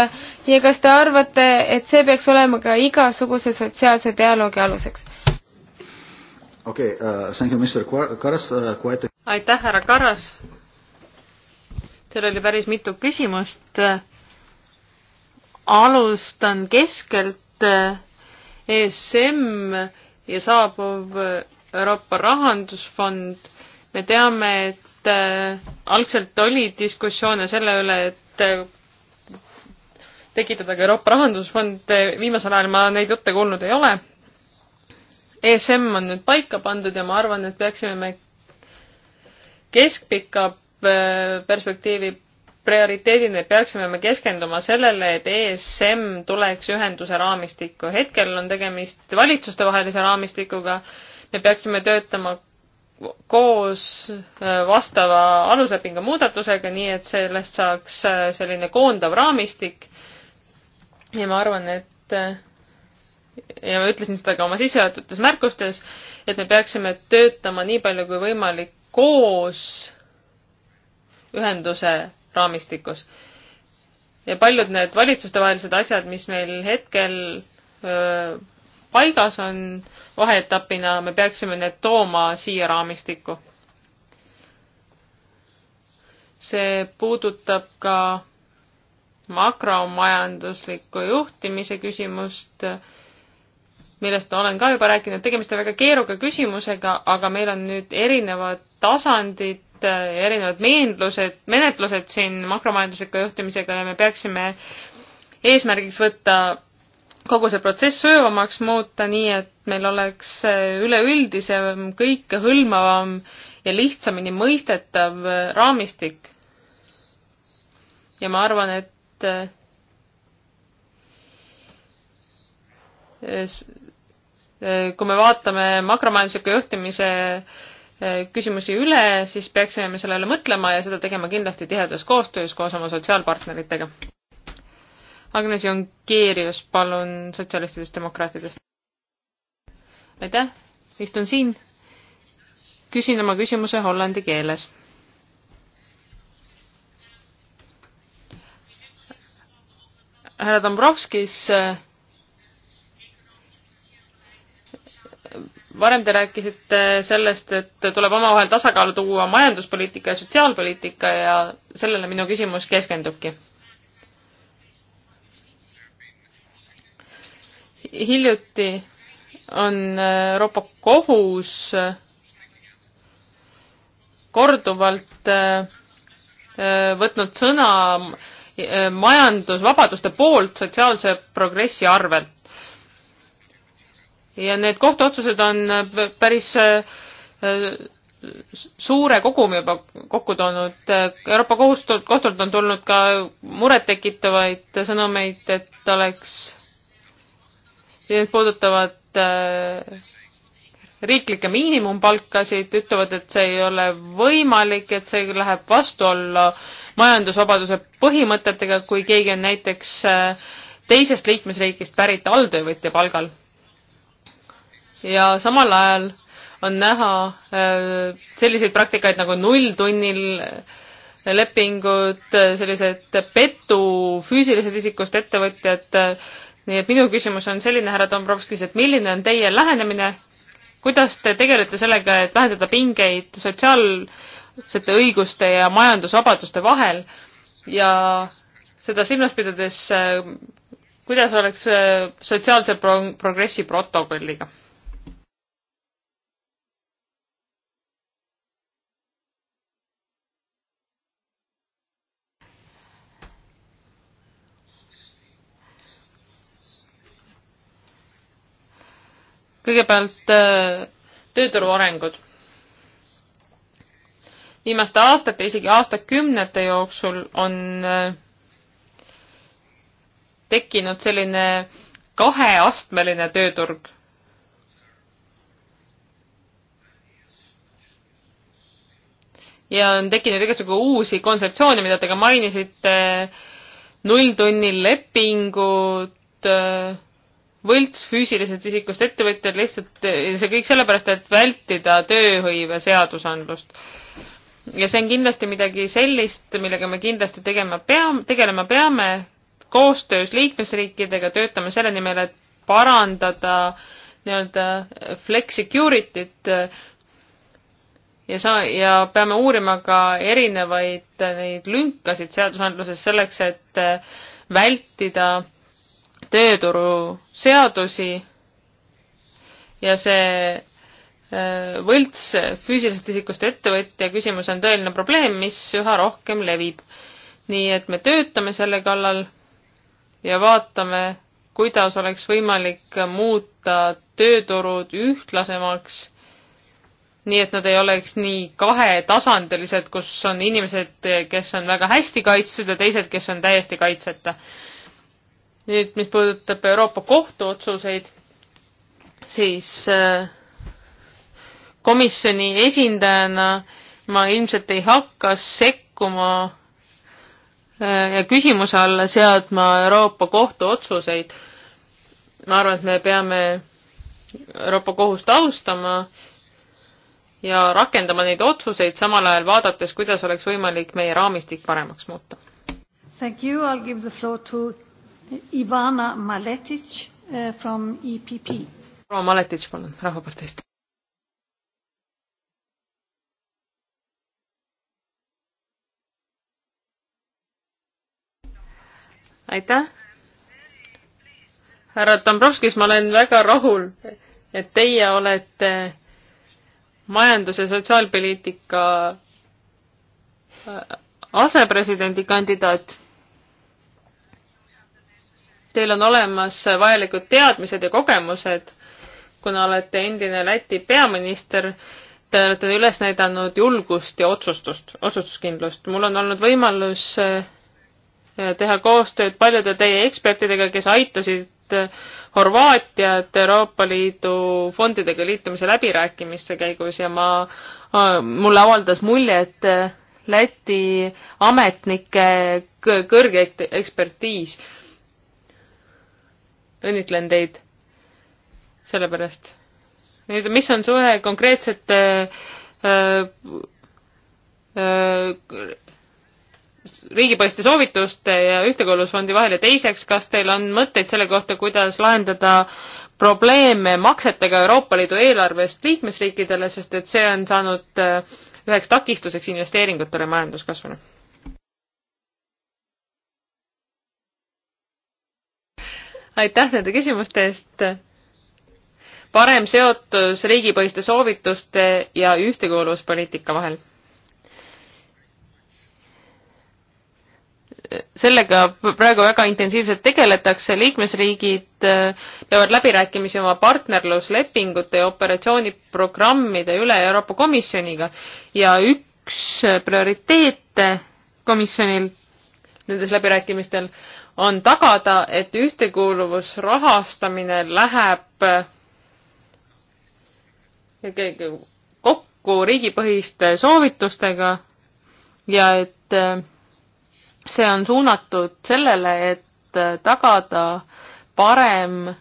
ja kas te arvate, et see peaks olema ka igasuguse sotsiaalse dialoogi aluseks? okei okay, uh,, thank you, Mr Karas uh,, quite a... aitäh, härra Karas! Teil oli päris mitu küsimust. alustan keskelt. Uh, ESM ja saabuv Euroopa Rahandusfond. me teame, et uh, algselt oli diskussioone selle üle, et uh, tekitada ka Euroopa Rahandusfond, viimasel ajal ma neid jutte kuulnud ei ole, ESM on nüüd paika pandud ja ma arvan, et peaksime me keskpika äh, perspektiivi prioriteedina peaksime me keskenduma sellele, et ESM tuleks ühenduse raamistikku. hetkel on tegemist valitsustevahelise raamistikuga. me peaksime töötama koos äh, vastava aluslepingu muudatusega, nii et sellest saaks äh, selline koondav raamistik. ja ma arvan, et ja ma ütlesin seda ka oma sissejuhatavates märkustes, et me peaksime töötama nii palju kui võimalik koos ühenduse raamistikus. ja paljud need valitsustevahelised asjad, mis meil hetkel öö, paigas on vaheetapina, me peaksime need tooma siia raamistikku. see puudutab ka makromajandusliku juhtimise küsimust millest olen ka juba rääkinud, tegemist on väga keeruka küsimusega, aga meil on nüüd erinevad tasandid, erinevad meendlused, menetlused siin makromajandusliku juhtimisega ja me peaksime eesmärgiks võtta kogu see protsess sujuvamaks muuta, nii et meil oleks üleüldisem, kõikehõlmavam ja lihtsamini mõistetav raamistik. ja ma arvan, et Äh, kui me vaatame makromajandusliku juhtimise äh, küsimusi üle, siis peaksime me sellele mõtlema ja seda tegema kindlasti tihedas koostöös koos oma sotsiaalpartneritega. Agnes Jongeerius, palun, sotsialistidest, demokraatidest. aitäh, istun siin. küsin oma küsimuse hollandi keeles. härra Dombrovskis äh, varem te rääkisite sellest, et tuleb omavahel tasakaalu tuua majanduspoliitika ja sotsiaalpoliitika ja sellele minu küsimus keskendubki. hiljuti on Euroopa Kohus korduvalt äh, võtnud sõna äh, majandusvabaduste poolt sotsiaalse progressi arvelt ja need kohtuotsused on äh, päris äh, äh, suure kogumi juba kokku toonud. Euroopa kohustult, kohtult on tulnud ka murettekitavaid sõnumeid, et oleks, need puudutavad riiklikke miinimumpalkasid, ütlevad, et see ei ole võimalik, et see läheb vastuollu majandusvabaduse põhimõtetega, kui keegi on näiteks teisest liikmesriigist pärit alltöövõtja palgal ja samal ajal on näha äh, selliseid praktikaid nagu nulltunnil äh, lepingud, äh, sellised petu füüsilisest isikust ettevõtjad. nii et minu küsimus on selline, härra Dombrovskis, et milline on teie lähenemine, kuidas te tegelete sellega, et vähendada pingeid sotsiaalsete õiguste ja majandusvabaduste vahel ja seda silmas pidades, kuidas oleks sotsiaalse pro progressi protokolliga? kõigepealt äh, tööturu arengud. viimaste aastate, isegi aastakümnete jooksul on äh, tekkinud selline kaheastmeline tööturg. ja on tekkinud igasugu uusi kontseptsioone, mida te ka mainisite, nulltunnilepingud, äh, võlts füüsilisest isikust ettevõtjad lihtsalt, see kõik sellepärast, et vältida tööhõive seadusandlust. ja see on kindlasti midagi sellist, millega me kindlasti tegema peame, tegelema peame, koostöös liikmesriikidega töötame selle nimel, et parandada nii-öelda flex security't ja sa-, ja peame uurima ka erinevaid neid lünkasid seadusandluses selleks, et vältida tööturuseadusi ja see äh, võlts füüsilisest isikust ettevõtja küsimus on tõeline probleem, mis üha rohkem levib. nii et me töötame selle kallal ja vaatame, kuidas oleks võimalik muuta tööturud ühtlasemaks, nii et nad ei oleks nii kahetasandilised, kus on inimesed, kes on väga hästi kaitstud ja teised, kes on täiesti kaitseta nüüd, mis puudutab Euroopa Kohtu otsuseid, siis äh, komisjoni esindajana ma ilmselt ei hakka sekkuma äh, ja küsimuse alla seadma Euroopa Kohtu otsuseid. ma arvan, et me peame Euroopa Kohust austama ja rakendama neid otsuseid, samal ajal vaadates, kuidas oleks võimalik meie raamistik paremaks muuta. Thank you, I will give the floor to Ivana Maletic eh, from EPP. proua Maletic, palun, Rahvaparteist. aitäh. härra Dombrovskis, ma olen väga rahul, et teie olete majandus- ja sotsiaalpoliitika äh, asepresidendi kandidaat Teil on olemas vajalikud teadmised ja kogemused, kuna olete endine Läti peaminister, te olete üles näidanud julgust ja otsustust, otsustuskindlust. mul on olnud võimalus eh, teha koostööd paljude teie ekspertidega, kes aitasid eh, Horvaatiat Euroopa Liidu fondidega liitumise läbirääkimiste käigus ja ma, eh, mulle avaldas mulje, et Läti ametnike kõrge ekspertiis õnnitlen teid sellepärast. nüüd, mis on suhe konkreetsete äh, äh, riigipoiste soovituste ja ühtekuuluvusfondi vahel ja teiseks, kas teil on mõtteid selle kohta, kuidas lahendada probleeme maksetega Euroopa Liidu eelarvest liikmesriikidele, sest et see on saanud äh, üheks takistuseks investeeringutele majanduskasvule? aitäh nende küsimuste eest. parem seotus riigipõhiste soovituste ja ühtekuuluvuspoliitika vahel. sellega praegu väga intensiivselt tegeletakse, liikmesriigid äh, peavad läbirääkimisi oma partnerluslepingute ja operatsiooniprogrammide üle Euroopa Komisjoniga ja üks prioriteete komisjonil nendes läbirääkimistel äh, on tagada, et ühtekuuluvusrahastamine läheb kokku riigipõhiste soovitustega ja et see on suunatud sellele, et tagada parem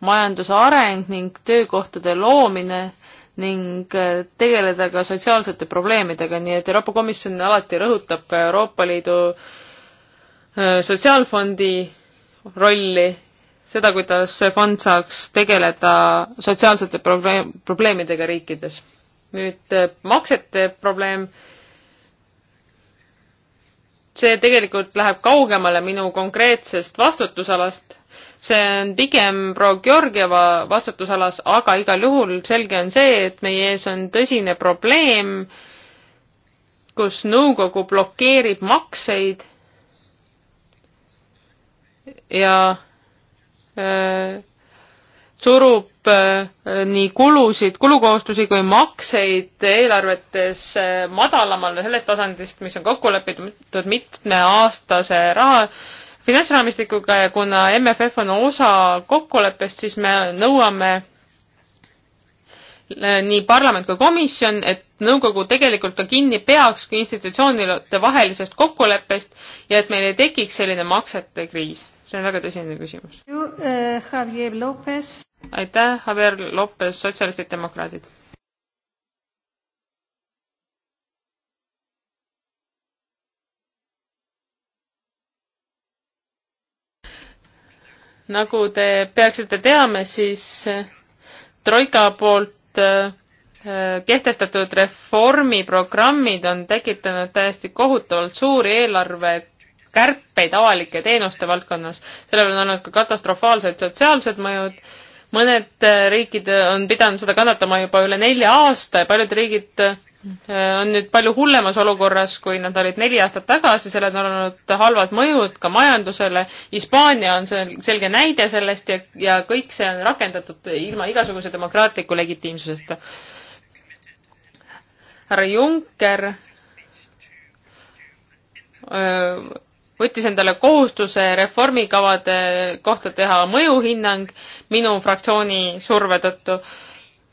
majanduse areng ning töökohtade loomine ning tegeleda ka sotsiaalsete probleemidega, nii et Euroopa Komisjon alati rõhutab ka Euroopa Liidu Äh, sotsiaalfondi rolli, seda, kuidas see fond saaks tegeleda sotsiaalsete probleem, probleemidega riikides. nüüd äh, maksete probleem, see tegelikult läheb kaugemale minu konkreetsest vastutusalast, see on pigem proua Georgieva vastutusalas, aga igal juhul selge on see, et meie ees on tõsine probleem, kus nõukogu blokeerib makseid ja äh, surub äh, nii kulusid, kulukohustusi kui makseid eelarvetes äh, madalamale sellest tasandist, mis on kokku lepitud mitmeaastase raha finantsraamistikuga ja kuna MFF on osa kokkuleppest, siis me nõuame äh, nii parlament kui komisjon, et nõukogu tegelikult ka kinni peaks kui institutsioonide vahelisest kokkuleppest ja et meil ei tekiks selline maksete kriis see on väga tõsine küsimus. Eh, aitäh, Javier Lopez, sotsialistid, demokraadid. nagu te peaksite teame, siis eh, Troika poolt eh, kehtestatud reformiprogrammid on tekitanud täiesti kohutavalt suuri eelarve kärpeid avalike teenuste valdkonnas, sellel on olnud ka katastrofaalsed sotsiaalsed mõjud, mõned äh, riigid äh, on pidanud seda kannatama juba üle nelja aasta ja paljud riigid äh, on nüüd palju hullemas olukorras, kui nad olid neli aastat tagasi, sellel on olnud halvad mõjud ka majandusele. Hispaania on sel-, selge näide sellest ja, ja kõik see on rakendatud ilma igasuguse demokraatliku legitiimsuseta. härra Juncker öö, võttis endale kohustuse reformikavade kohta teha mõjuhinnang minu fraktsiooni surve tõttu.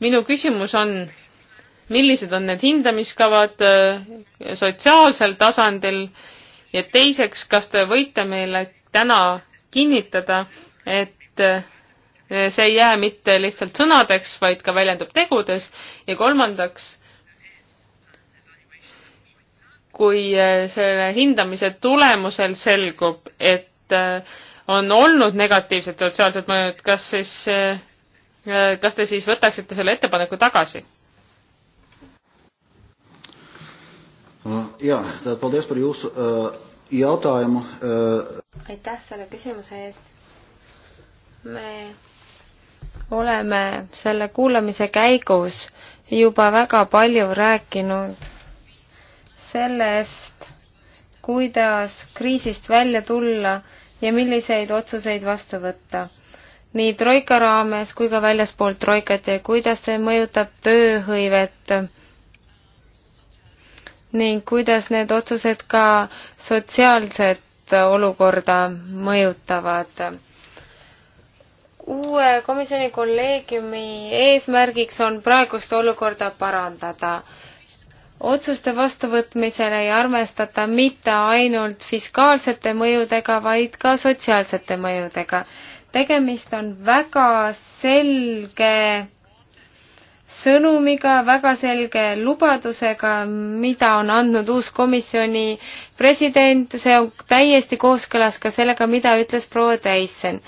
minu küsimus on, millised on need hindamiskavad äh, sotsiaalsel tasandil ja teiseks, kas te võite meile täna kinnitada, et äh, see ei jää mitte lihtsalt sõnadeks, vaid ka väljendub tegudes ja kolmandaks kui eh, selle hindamise tulemusel selgub, et eh, on olnud negatiivsed sotsiaalsed mõjud, kas siis, eh, kas te siis võtaksite selle ettepaneku tagasi? Ah, jaa, tähendab, paldies par jūsu äh, jautājumu. Äh, aitäh selle küsimuse eest. me oleme selle kuulamise käigus juba väga palju rääkinud sellest, kuidas kriisist välja tulla ja milliseid otsuseid vastu võtta. nii Troika raames kui ka väljaspool Troikat ja kuidas see mõjutab tööhõivet ning kuidas need otsused ka sotsiaalset olukorda mõjutavad. uue komisjoni kolleegiumi eesmärgiks on praegust olukorda parandada otsuste vastuvõtmisel ei arvestata mitte ainult fiskaalsete mõjudega, vaid ka sotsiaalsete mõjudega. tegemist on väga selge sõnumiga, väga selge lubadusega, mida on andnud uus komisjoni president, see on täiesti kooskõlas ka sellega, mida ütles proua Tyson.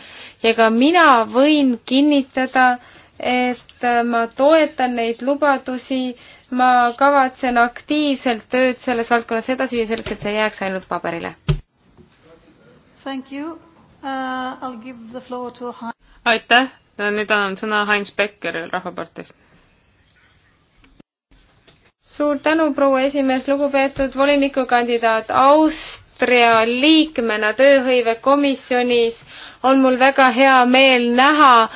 ja ka mina võin kinnitada, et ma toetan neid lubadusi, ma kavatsen aktiivselt tööd selles valdkonnas edasi viia, selleks et see ei jääks ainult paberile. Uh, to... aitäh, nüüd annan sõna Heinz Beckeril Rahvapartist. suur tänu, proua esimees, lugupeetud volinikukandidaat, aust Austria liikmena tööhõivekomisjonis on mul väga hea meel näha,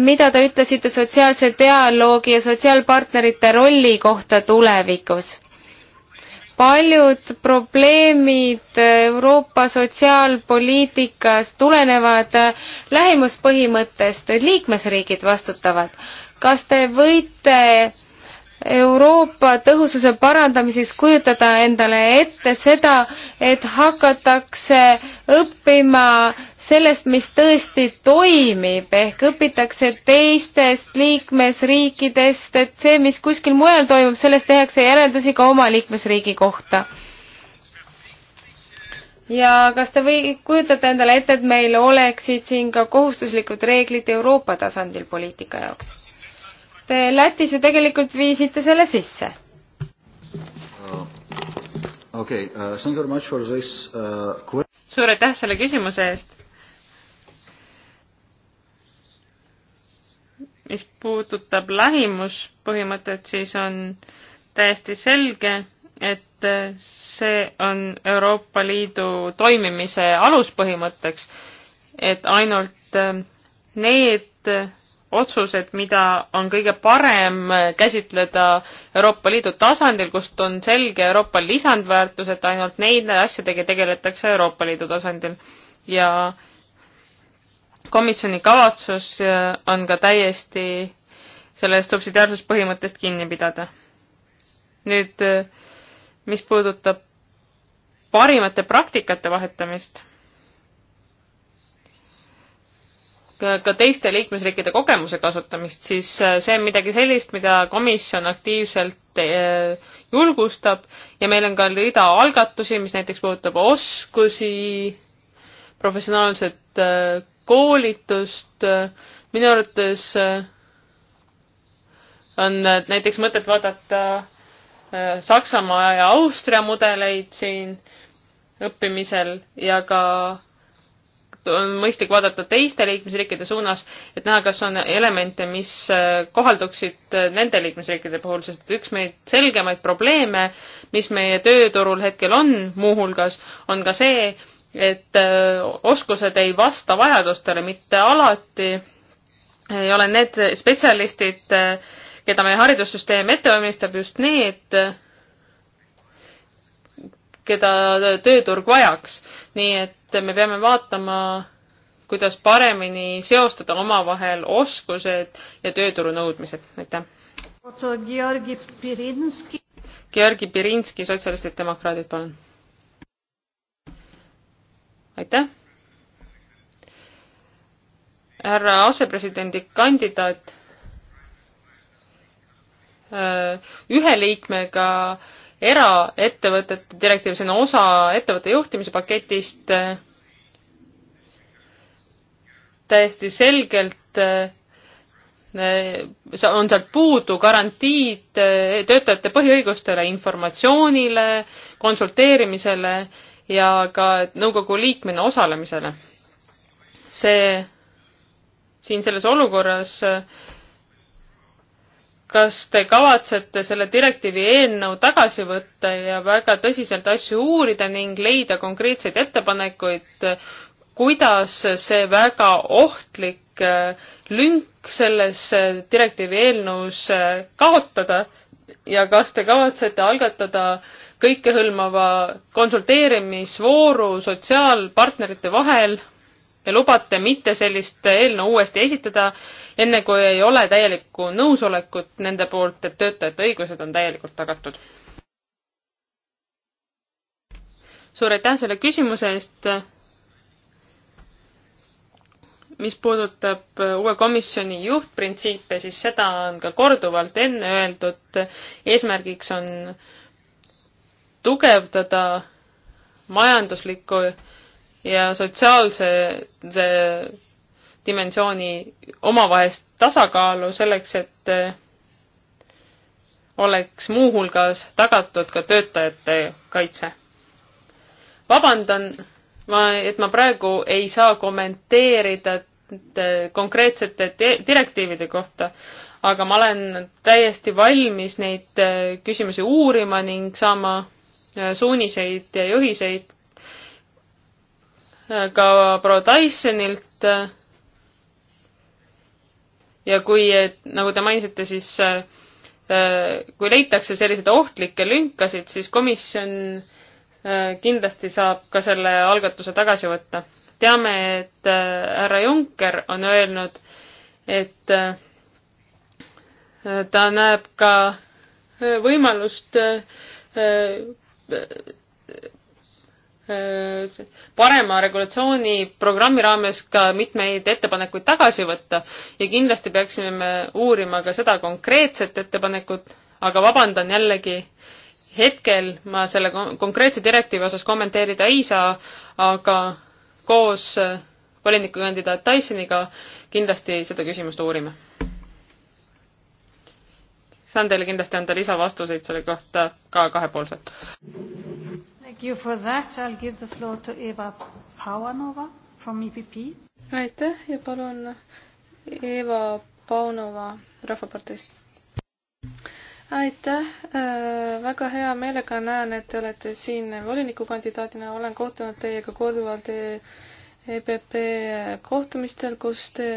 mida te ütlesite sotsiaalse dialoogi ja sotsiaalpartnerite rolli kohta tulevikus? paljud probleemid Euroopa sotsiaalpoliitikas tulenevad lähimuspõhimõttest, et liikmesriigid vastutavad. kas te võite Euroopa tõhususe parandamiseks kujutada endale ette seda, et hakatakse õppima sellest, mis tõesti toimib, ehk õpitakse teistest liikmesriikidest, et see, mis kuskil mujal toimub, sellest tehakse järeldusi ka oma liikmesriigi kohta. ja kas te või kujutate endale ette, et meil oleksid siin ka kohustuslikud reeglid Euroopa tasandil poliitika jaoks? Te Lätis ju tegelikult viisite selle sisse oh. Okay, uh, uh suur aitäh selle küsimuse eest. mis puudutab lähimuspõhimõtet, siis on täiesti selge, et see on Euroopa Liidu toimimise aluspõhimõtteks, et ainult äh, need otsused, mida on kõige parem käsitleda Euroopa Liidu tasandil, kust on selge Euroopa lisandväärtus, et ainult neid asjadega tegeletakse Euroopa Liidu tasandil ja äh, komisjoni kavatsus äh, on ka täiesti sellest subsidiaarsuspõhimõttest kinni pidada. nüüd, äh, mis puudutab parimate praktikate vahetamist, ka teiste liikmesriikide kogemuse kasutamist, siis äh, see on midagi sellist, mida komisjon aktiivselt julgustab ja meil on ka rida algatusi, mis näiteks puudutab oskusi, professionaalset koolitust, minu arvates äh, on äh, näiteks mõtet vaadata äh, Saksamaa ja Austria mudeleid siin õppimisel ja ka on mõistlik vaadata teiste liikmesriikide suunas, et näha, kas on elemente, mis kohalduksid nende liikmesriikide puhul, sest üks meid selgemaid probleeme, mis meie tööturul hetkel on muuhulgas, on ka see, et äh, oskused ei vasta vajadustele mitte alati, ei ole need spetsialistid, äh, keda meie haridussüsteem ette valmistab, just need, keda tööturg vajaks. nii et me peame vaatama, kuidas paremini seostada omavahel oskused ja tööturu nõudmised. aitäh. Georgi Pirinski. Georgi Pirinski, sotsialistid, demokraadid, palun aitäh! härra asepresidendi kandidaat, äh, ühe liikmega eraettevõtete direktiiv, see on osa ettevõtte juhtimise paketist, äh, täiesti selgelt äh, on sealt puudu garantiid töötajate põhiõigustele, informatsioonile, konsulteerimisele ja ka nõukogu liikmena osalemisele. see, siin selles olukorras kas te kavatsete selle direktiivi eelnõu tagasi võtta ja väga tõsiselt asju uurida ning leida konkreetseid ettepanekuid, kuidas see väga ohtlik eh, lünk selles eh, direktiivi eelnõus eh, kaotada ja kas te kavatsete algatada kõikehõlmava konsulteerimisvooru sotsiaalpartnerite vahel ja lubate mitte sellist eelnõu uuesti esitada, enne kui ei ole täielikku nõusolekut nende poolt, et töötajate õigused on täielikult tagatud. suur aitäh selle küsimuse eest, mis puudutab uue komisjoni juhtprintsiipe, siis seda on ka korduvalt enne öeldud, eesmärgiks on äh, tugevdada majanduslikku ja sotsiaalse dimensiooni omavahelist tasakaalu selleks, et eh, oleks muuhulgas tagatud ka töötajate kaitse. vabandan, ma, et ma praegu ei saa kommenteerida eh, konkreetsete direktiivide kohta, aga ma olen täiesti valmis neid eh, küsimusi uurima ning saama suuniseid ja juhiseid ka proua Dysonilt. ja kui, nagu te mainisite, siis äh, kui leitakse selliseid ohtlikke lünkasid, siis komisjon äh, kindlasti saab ka selle algatuse tagasi võtta. teame, et äh, härra Juncker on öelnud, et ta näeb ka võimalust parema regulatsiooni programmi raames ka mitmeid ettepanekuid tagasi võtta ja kindlasti peaksime me uurima ka seda konkreetset ettepanekut, aga vabandan jällegi, hetkel ma selle konkreetse direktiivi osas kommenteerida ei saa, aga koos volinikukandidaat Tysoniga kindlasti seda küsimust uurime saan teile kindlasti anda lisavastuseid selle kohta ka kahepoolselt. Thank you for that, I will give the floor to Eva Pauanova from EPP. aitäh ja palun Eva Paunova Rahvaparteist. aitäh, äh, väga hea meelega näen, et te olete siin volinikukandidaadina, olen kohtunud teiega korduvalt EPP kohtumistel, kus te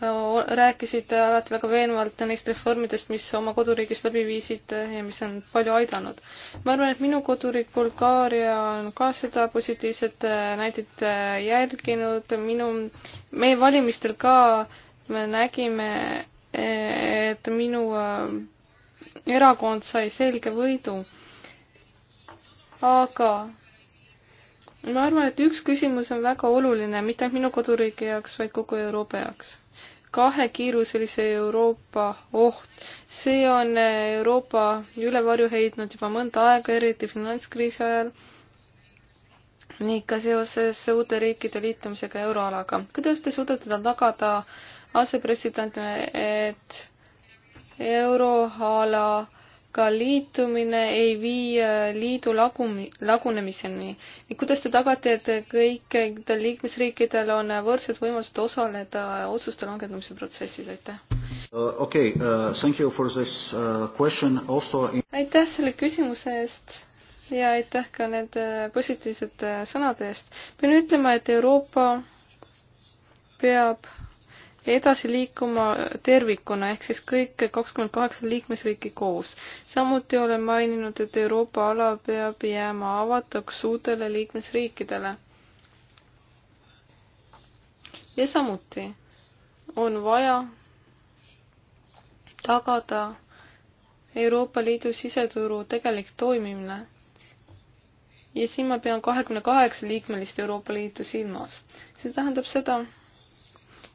Äh, rääkisid alati väga veenvalt neist reformidest, mis oma koduriigis läbi viisid äh, ja mis on palju aidanud. ma arvan, et minu koduriik Bulgaaria on ka seda positiivset äh, näidet jälginud, minu, meie valimistel ka me nägime, et minu erakond sai selge võidu. aga ma arvan, et üks küsimus on väga oluline, mitte ainult minu koduriigi jaoks, vaid kogu Euroopa jaoks kahekiiruselise Euroopa oht. see on eh, Euroopa üle varju heitnud juba mõnda aega, eriti finantskriisi ajal ning ka seoses uute riikide liitumisega euroalaga. kuidas te suudate tagada asepresidendile, et euroala ka liitumine ei vii äh, liidu lagum-, lagunemiseni. kuidas te tagate, et kõikidel liikmesriikidel on võrdsed võimalused osaleda otsuste langetamise protsessis, aitäh uh,? Okay, uh, thank you for this uh, question also in... aitäh selle küsimuse eest ja aitäh ka nende positiivsete sõnade eest. pean ütlema, et Euroopa peab edasi liikuma tervikuna, ehk siis kõik kakskümmend kaheksa liikmesriiki koos. samuti olen maininud, et Euroopa ala peab jääma avatuks uutele liikmesriikidele. ja samuti on vaja tagada Euroopa Liidu siseturu tegelik toimimine. ja siin ma pean kahekümne kaheksa liikmelist Euroopa Liitu silmas. see tähendab seda,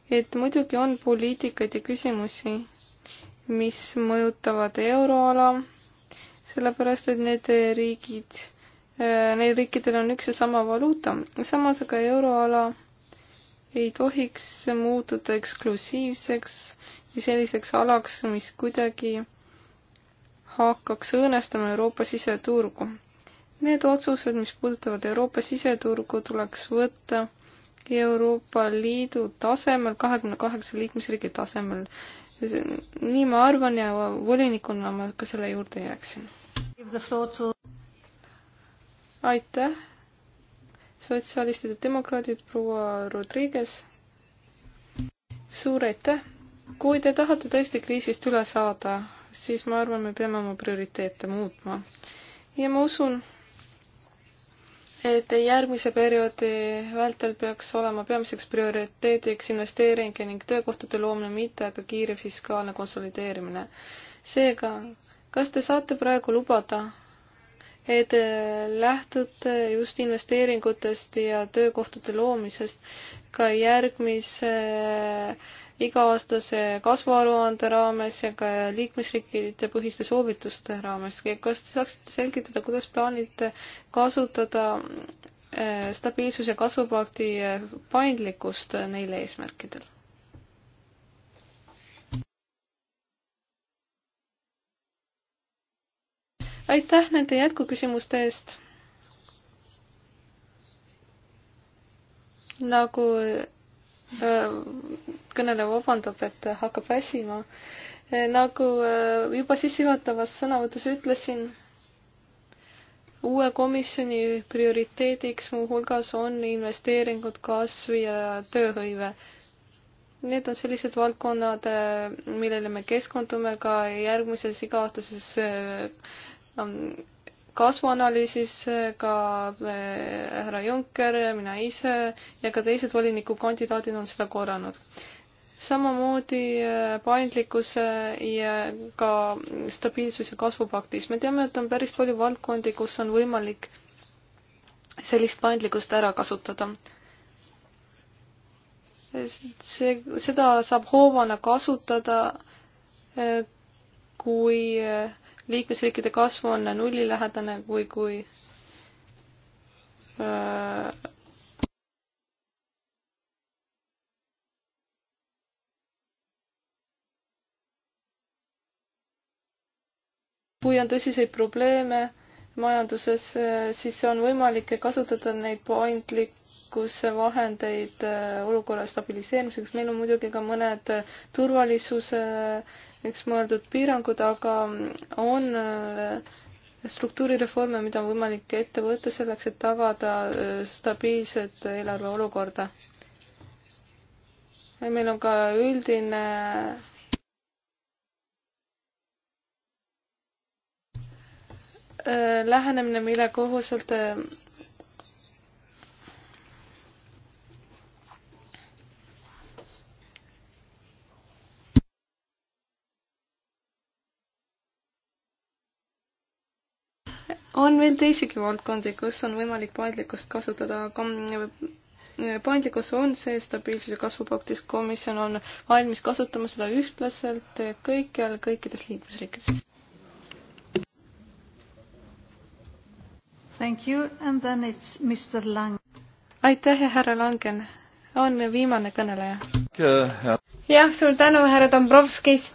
et muidugi on poliitikaid ja küsimusi, mis mõjutavad euroala, sellepärast et need riigid, äh, neil riikidel on üks ja sama valuuta, samas aga euroala ei tohiks muutuda eksklusiivseks ja selliseks alaks, mis kuidagi hakkaks õõnestama Euroopa siseturgu. Need otsused, mis puudutavad Euroopa siseturgu, tuleks võtta Euroopa Liidu tasemel, kahekümne kaheksa liikmesriigi tasemel. nii ma arvan ja volinikuna ma ka selle juurde jääksin. aitäh, sotsialistid ja demokraadid, proua Rodriguez. suur aitäh. kui te tahate tõesti kriisist üle saada, siis ma arvan, me peame oma prioriteete muutma. ja ma usun, et järgmise perioodi vältel peaks olema peamiseks prioriteediks investeering ning töökohtade loomine, mitte aga kiire fiskaalne konsolideerimine. seega, kas te saate praegu lubada, et lähtute just investeeringutest ja töökohtade loomisest ka järgmise äh, iga-aastase kasvuaruande raames ja ka liikmesriikide põhiste soovituste raames. kas te saaksite selgitada, kuidas plaanite kasutada eh, stabiilsus- ja kasvupakti eh, paindlikkust neil eesmärkidel? aitäh nende jätkuküsimuste eest. nagu Äh, kõneleja vabandab, et hakkab väsima. Äh, nagu äh, juba sissejuhatavas sõnavõtus ütlesin, uue komisjoni prioriteediks muuhulgas on investeeringud kasvu ja tööhõive. Need on sellised valdkonnad, millele me keskendume ka järgmises iga-aastases kasvuanalüüsis ka eh, härra Juncker, mina ise ja ka teised volinikukandidaadid on seda korranud. samamoodi eh, paindlikkuse ja ka stabiilsus- ja kasvupaktis. me teame, et on päris palju valdkondi, kus on võimalik sellist paindlikkust ära kasutada. see, seda saab hoovana kasutada, eh, kui äh, liikmesriikide kasv on nullilähedane, kui, kui äh, öö, kui on tõsiseid probleeme majanduses, äh, siis on võimalik kasutada neid paindlikkuse vahendeid äh, olukorra stabiliseerimiseks. meil on muidugi ka mõned äh, turvalisuseks mõeldud piirangud, aga mm, on struktuurireforme, mida on võimalik ette võtta selleks, et tagada stabiilset eelarve olukorda. meil on ka üldine Äh, lähenemine, mille kohuselt äh, on veel teisigi valdkondi, kus on võimalik paindlikkust kasutada, aga äh, paindlikkus on see stabiilsuse kasvupaktis, komisjon on valmis kasutama seda ühtlaselt kõikjal, kõikides liikmesriikides Thank you and then it's Mr Lang. aitäh ja härra Langen on viimane kõneleja. jah, suur tänu, härra Dombrovskis.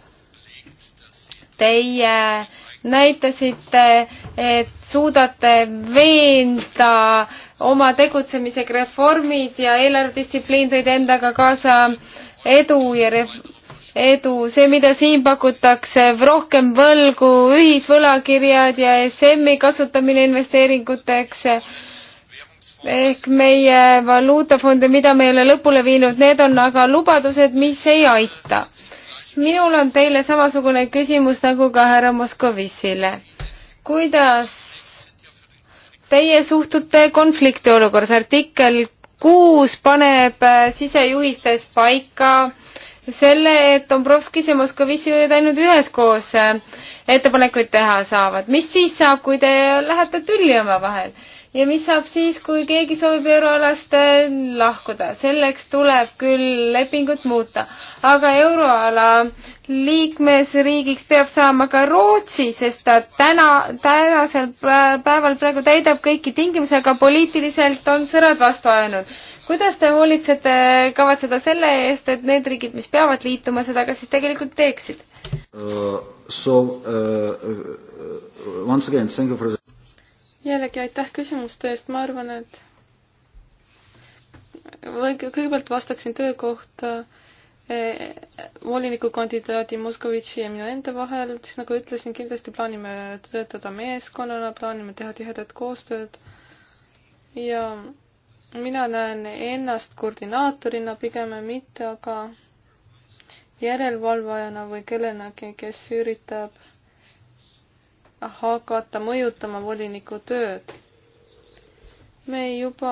Teie näitasite, et suudate veenda oma tegutsemisega reformid ja eelarvedistsipliin tõid endaga kaasa edu ja ref-, edu, see, mida siin pakutakse, rohkem võlgu, ühisvõlakirjad ja ESM-i kasutamine investeeringuteks ehk meie valuutafonde, mida me ei ole lõpule viinud, need on aga lubadused, mis ei aita. minul on teile samasugune küsimus nagu ka härra Moskovissile. kuidas teie suhtute konfliktiolukorras? artikkel kuus paneb sisejuhistes paika äh, selle, et Dombrovskis ja Moskovitši võivad ainult üheskoos äh, ettepanekuid teha saavad. mis siis saab, kui te lähete tülli omavahel? ja mis saab siis, kui keegi soovib euroalast äh, lahkuda? selleks tuleb küll lepingut muuta, aga euroala liikmesriigiks peab saama ka Rootsi, sest ta täna, tänasel päeval praegu täidab kõiki tingimusi, aga poliitiliselt on sõrad vastu ajanud kuidas te hoolitsete, kavatseda selle eest, et need riigid, mis peavad liituma, seda ka siis tegelikult teeksid uh,? So uh, uh once again, thank you for the jällegi aitäh küsimuste eest, ma arvan, et või kõigepealt vastaksin töökohta e, volinikukandidaadi Moskovitši ja minu enda vahel, siis nagu ütlesin, kindlasti plaanime töötada meeskonnana, plaanime teha tihedat koostööd ja mina näen ennast koordinaatorina pigem mitte, aga järelevalvajana või kellenagi, kes üritab hakata mõjutama voliniku tööd. me juba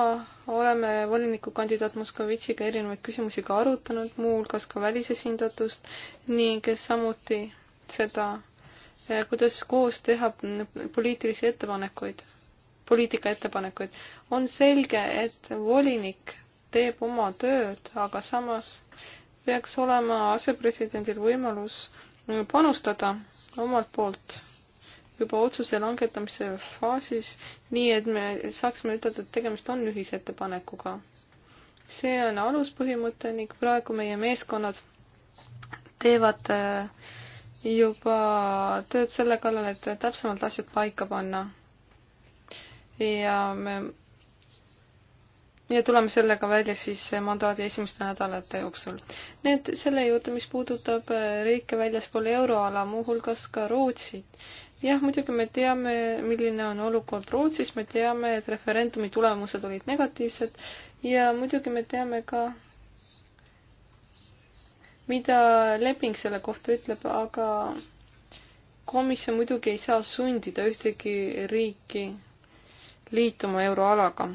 oleme volinikukandidaat Moskovitšiga erinevaid küsimusi ka arutanud, muuhulgas ka välisesindatust ning samuti seda, kuidas koos teha poliitilisi ettepanekuid poliitikaettepanekuid. on selge, et volinik teeb oma tööd, aga samas peaks olema asepresidendil võimalus panustada omalt poolt juba otsuse langetamise faasis, nii et me saaksime ütelda, et tegemist on ühisettepanekuga. see on aluspõhimõte ning praegu meie meeskonnad teevad äh, juba tööd selle kallal, et täpsemalt asjad paika panna ja me ja tuleme sellega välja siis mandaadi esimeste nädalate jooksul. Need selle juurde, mis puudutab äh, riike väljaspool euroala, muuhulgas ka Rootsit. jah, muidugi me teame, milline on olukord Rootsis, me teame, et referendumi tulemused olid negatiivsed ja muidugi me teame ka, mida leping selle kohta ütleb, aga komisjon muidugi ei saa sundida ühtegi riiki liituma euroalaga.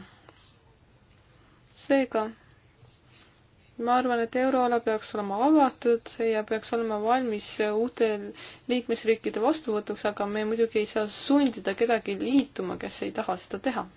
seega ma arvan, et euroala peaks olema avatud ja peaks olema valmis uute liikmesriikide vastuvõtuks, aga me muidugi ei saa sundida kedagi liituma, kes ei taha seda teha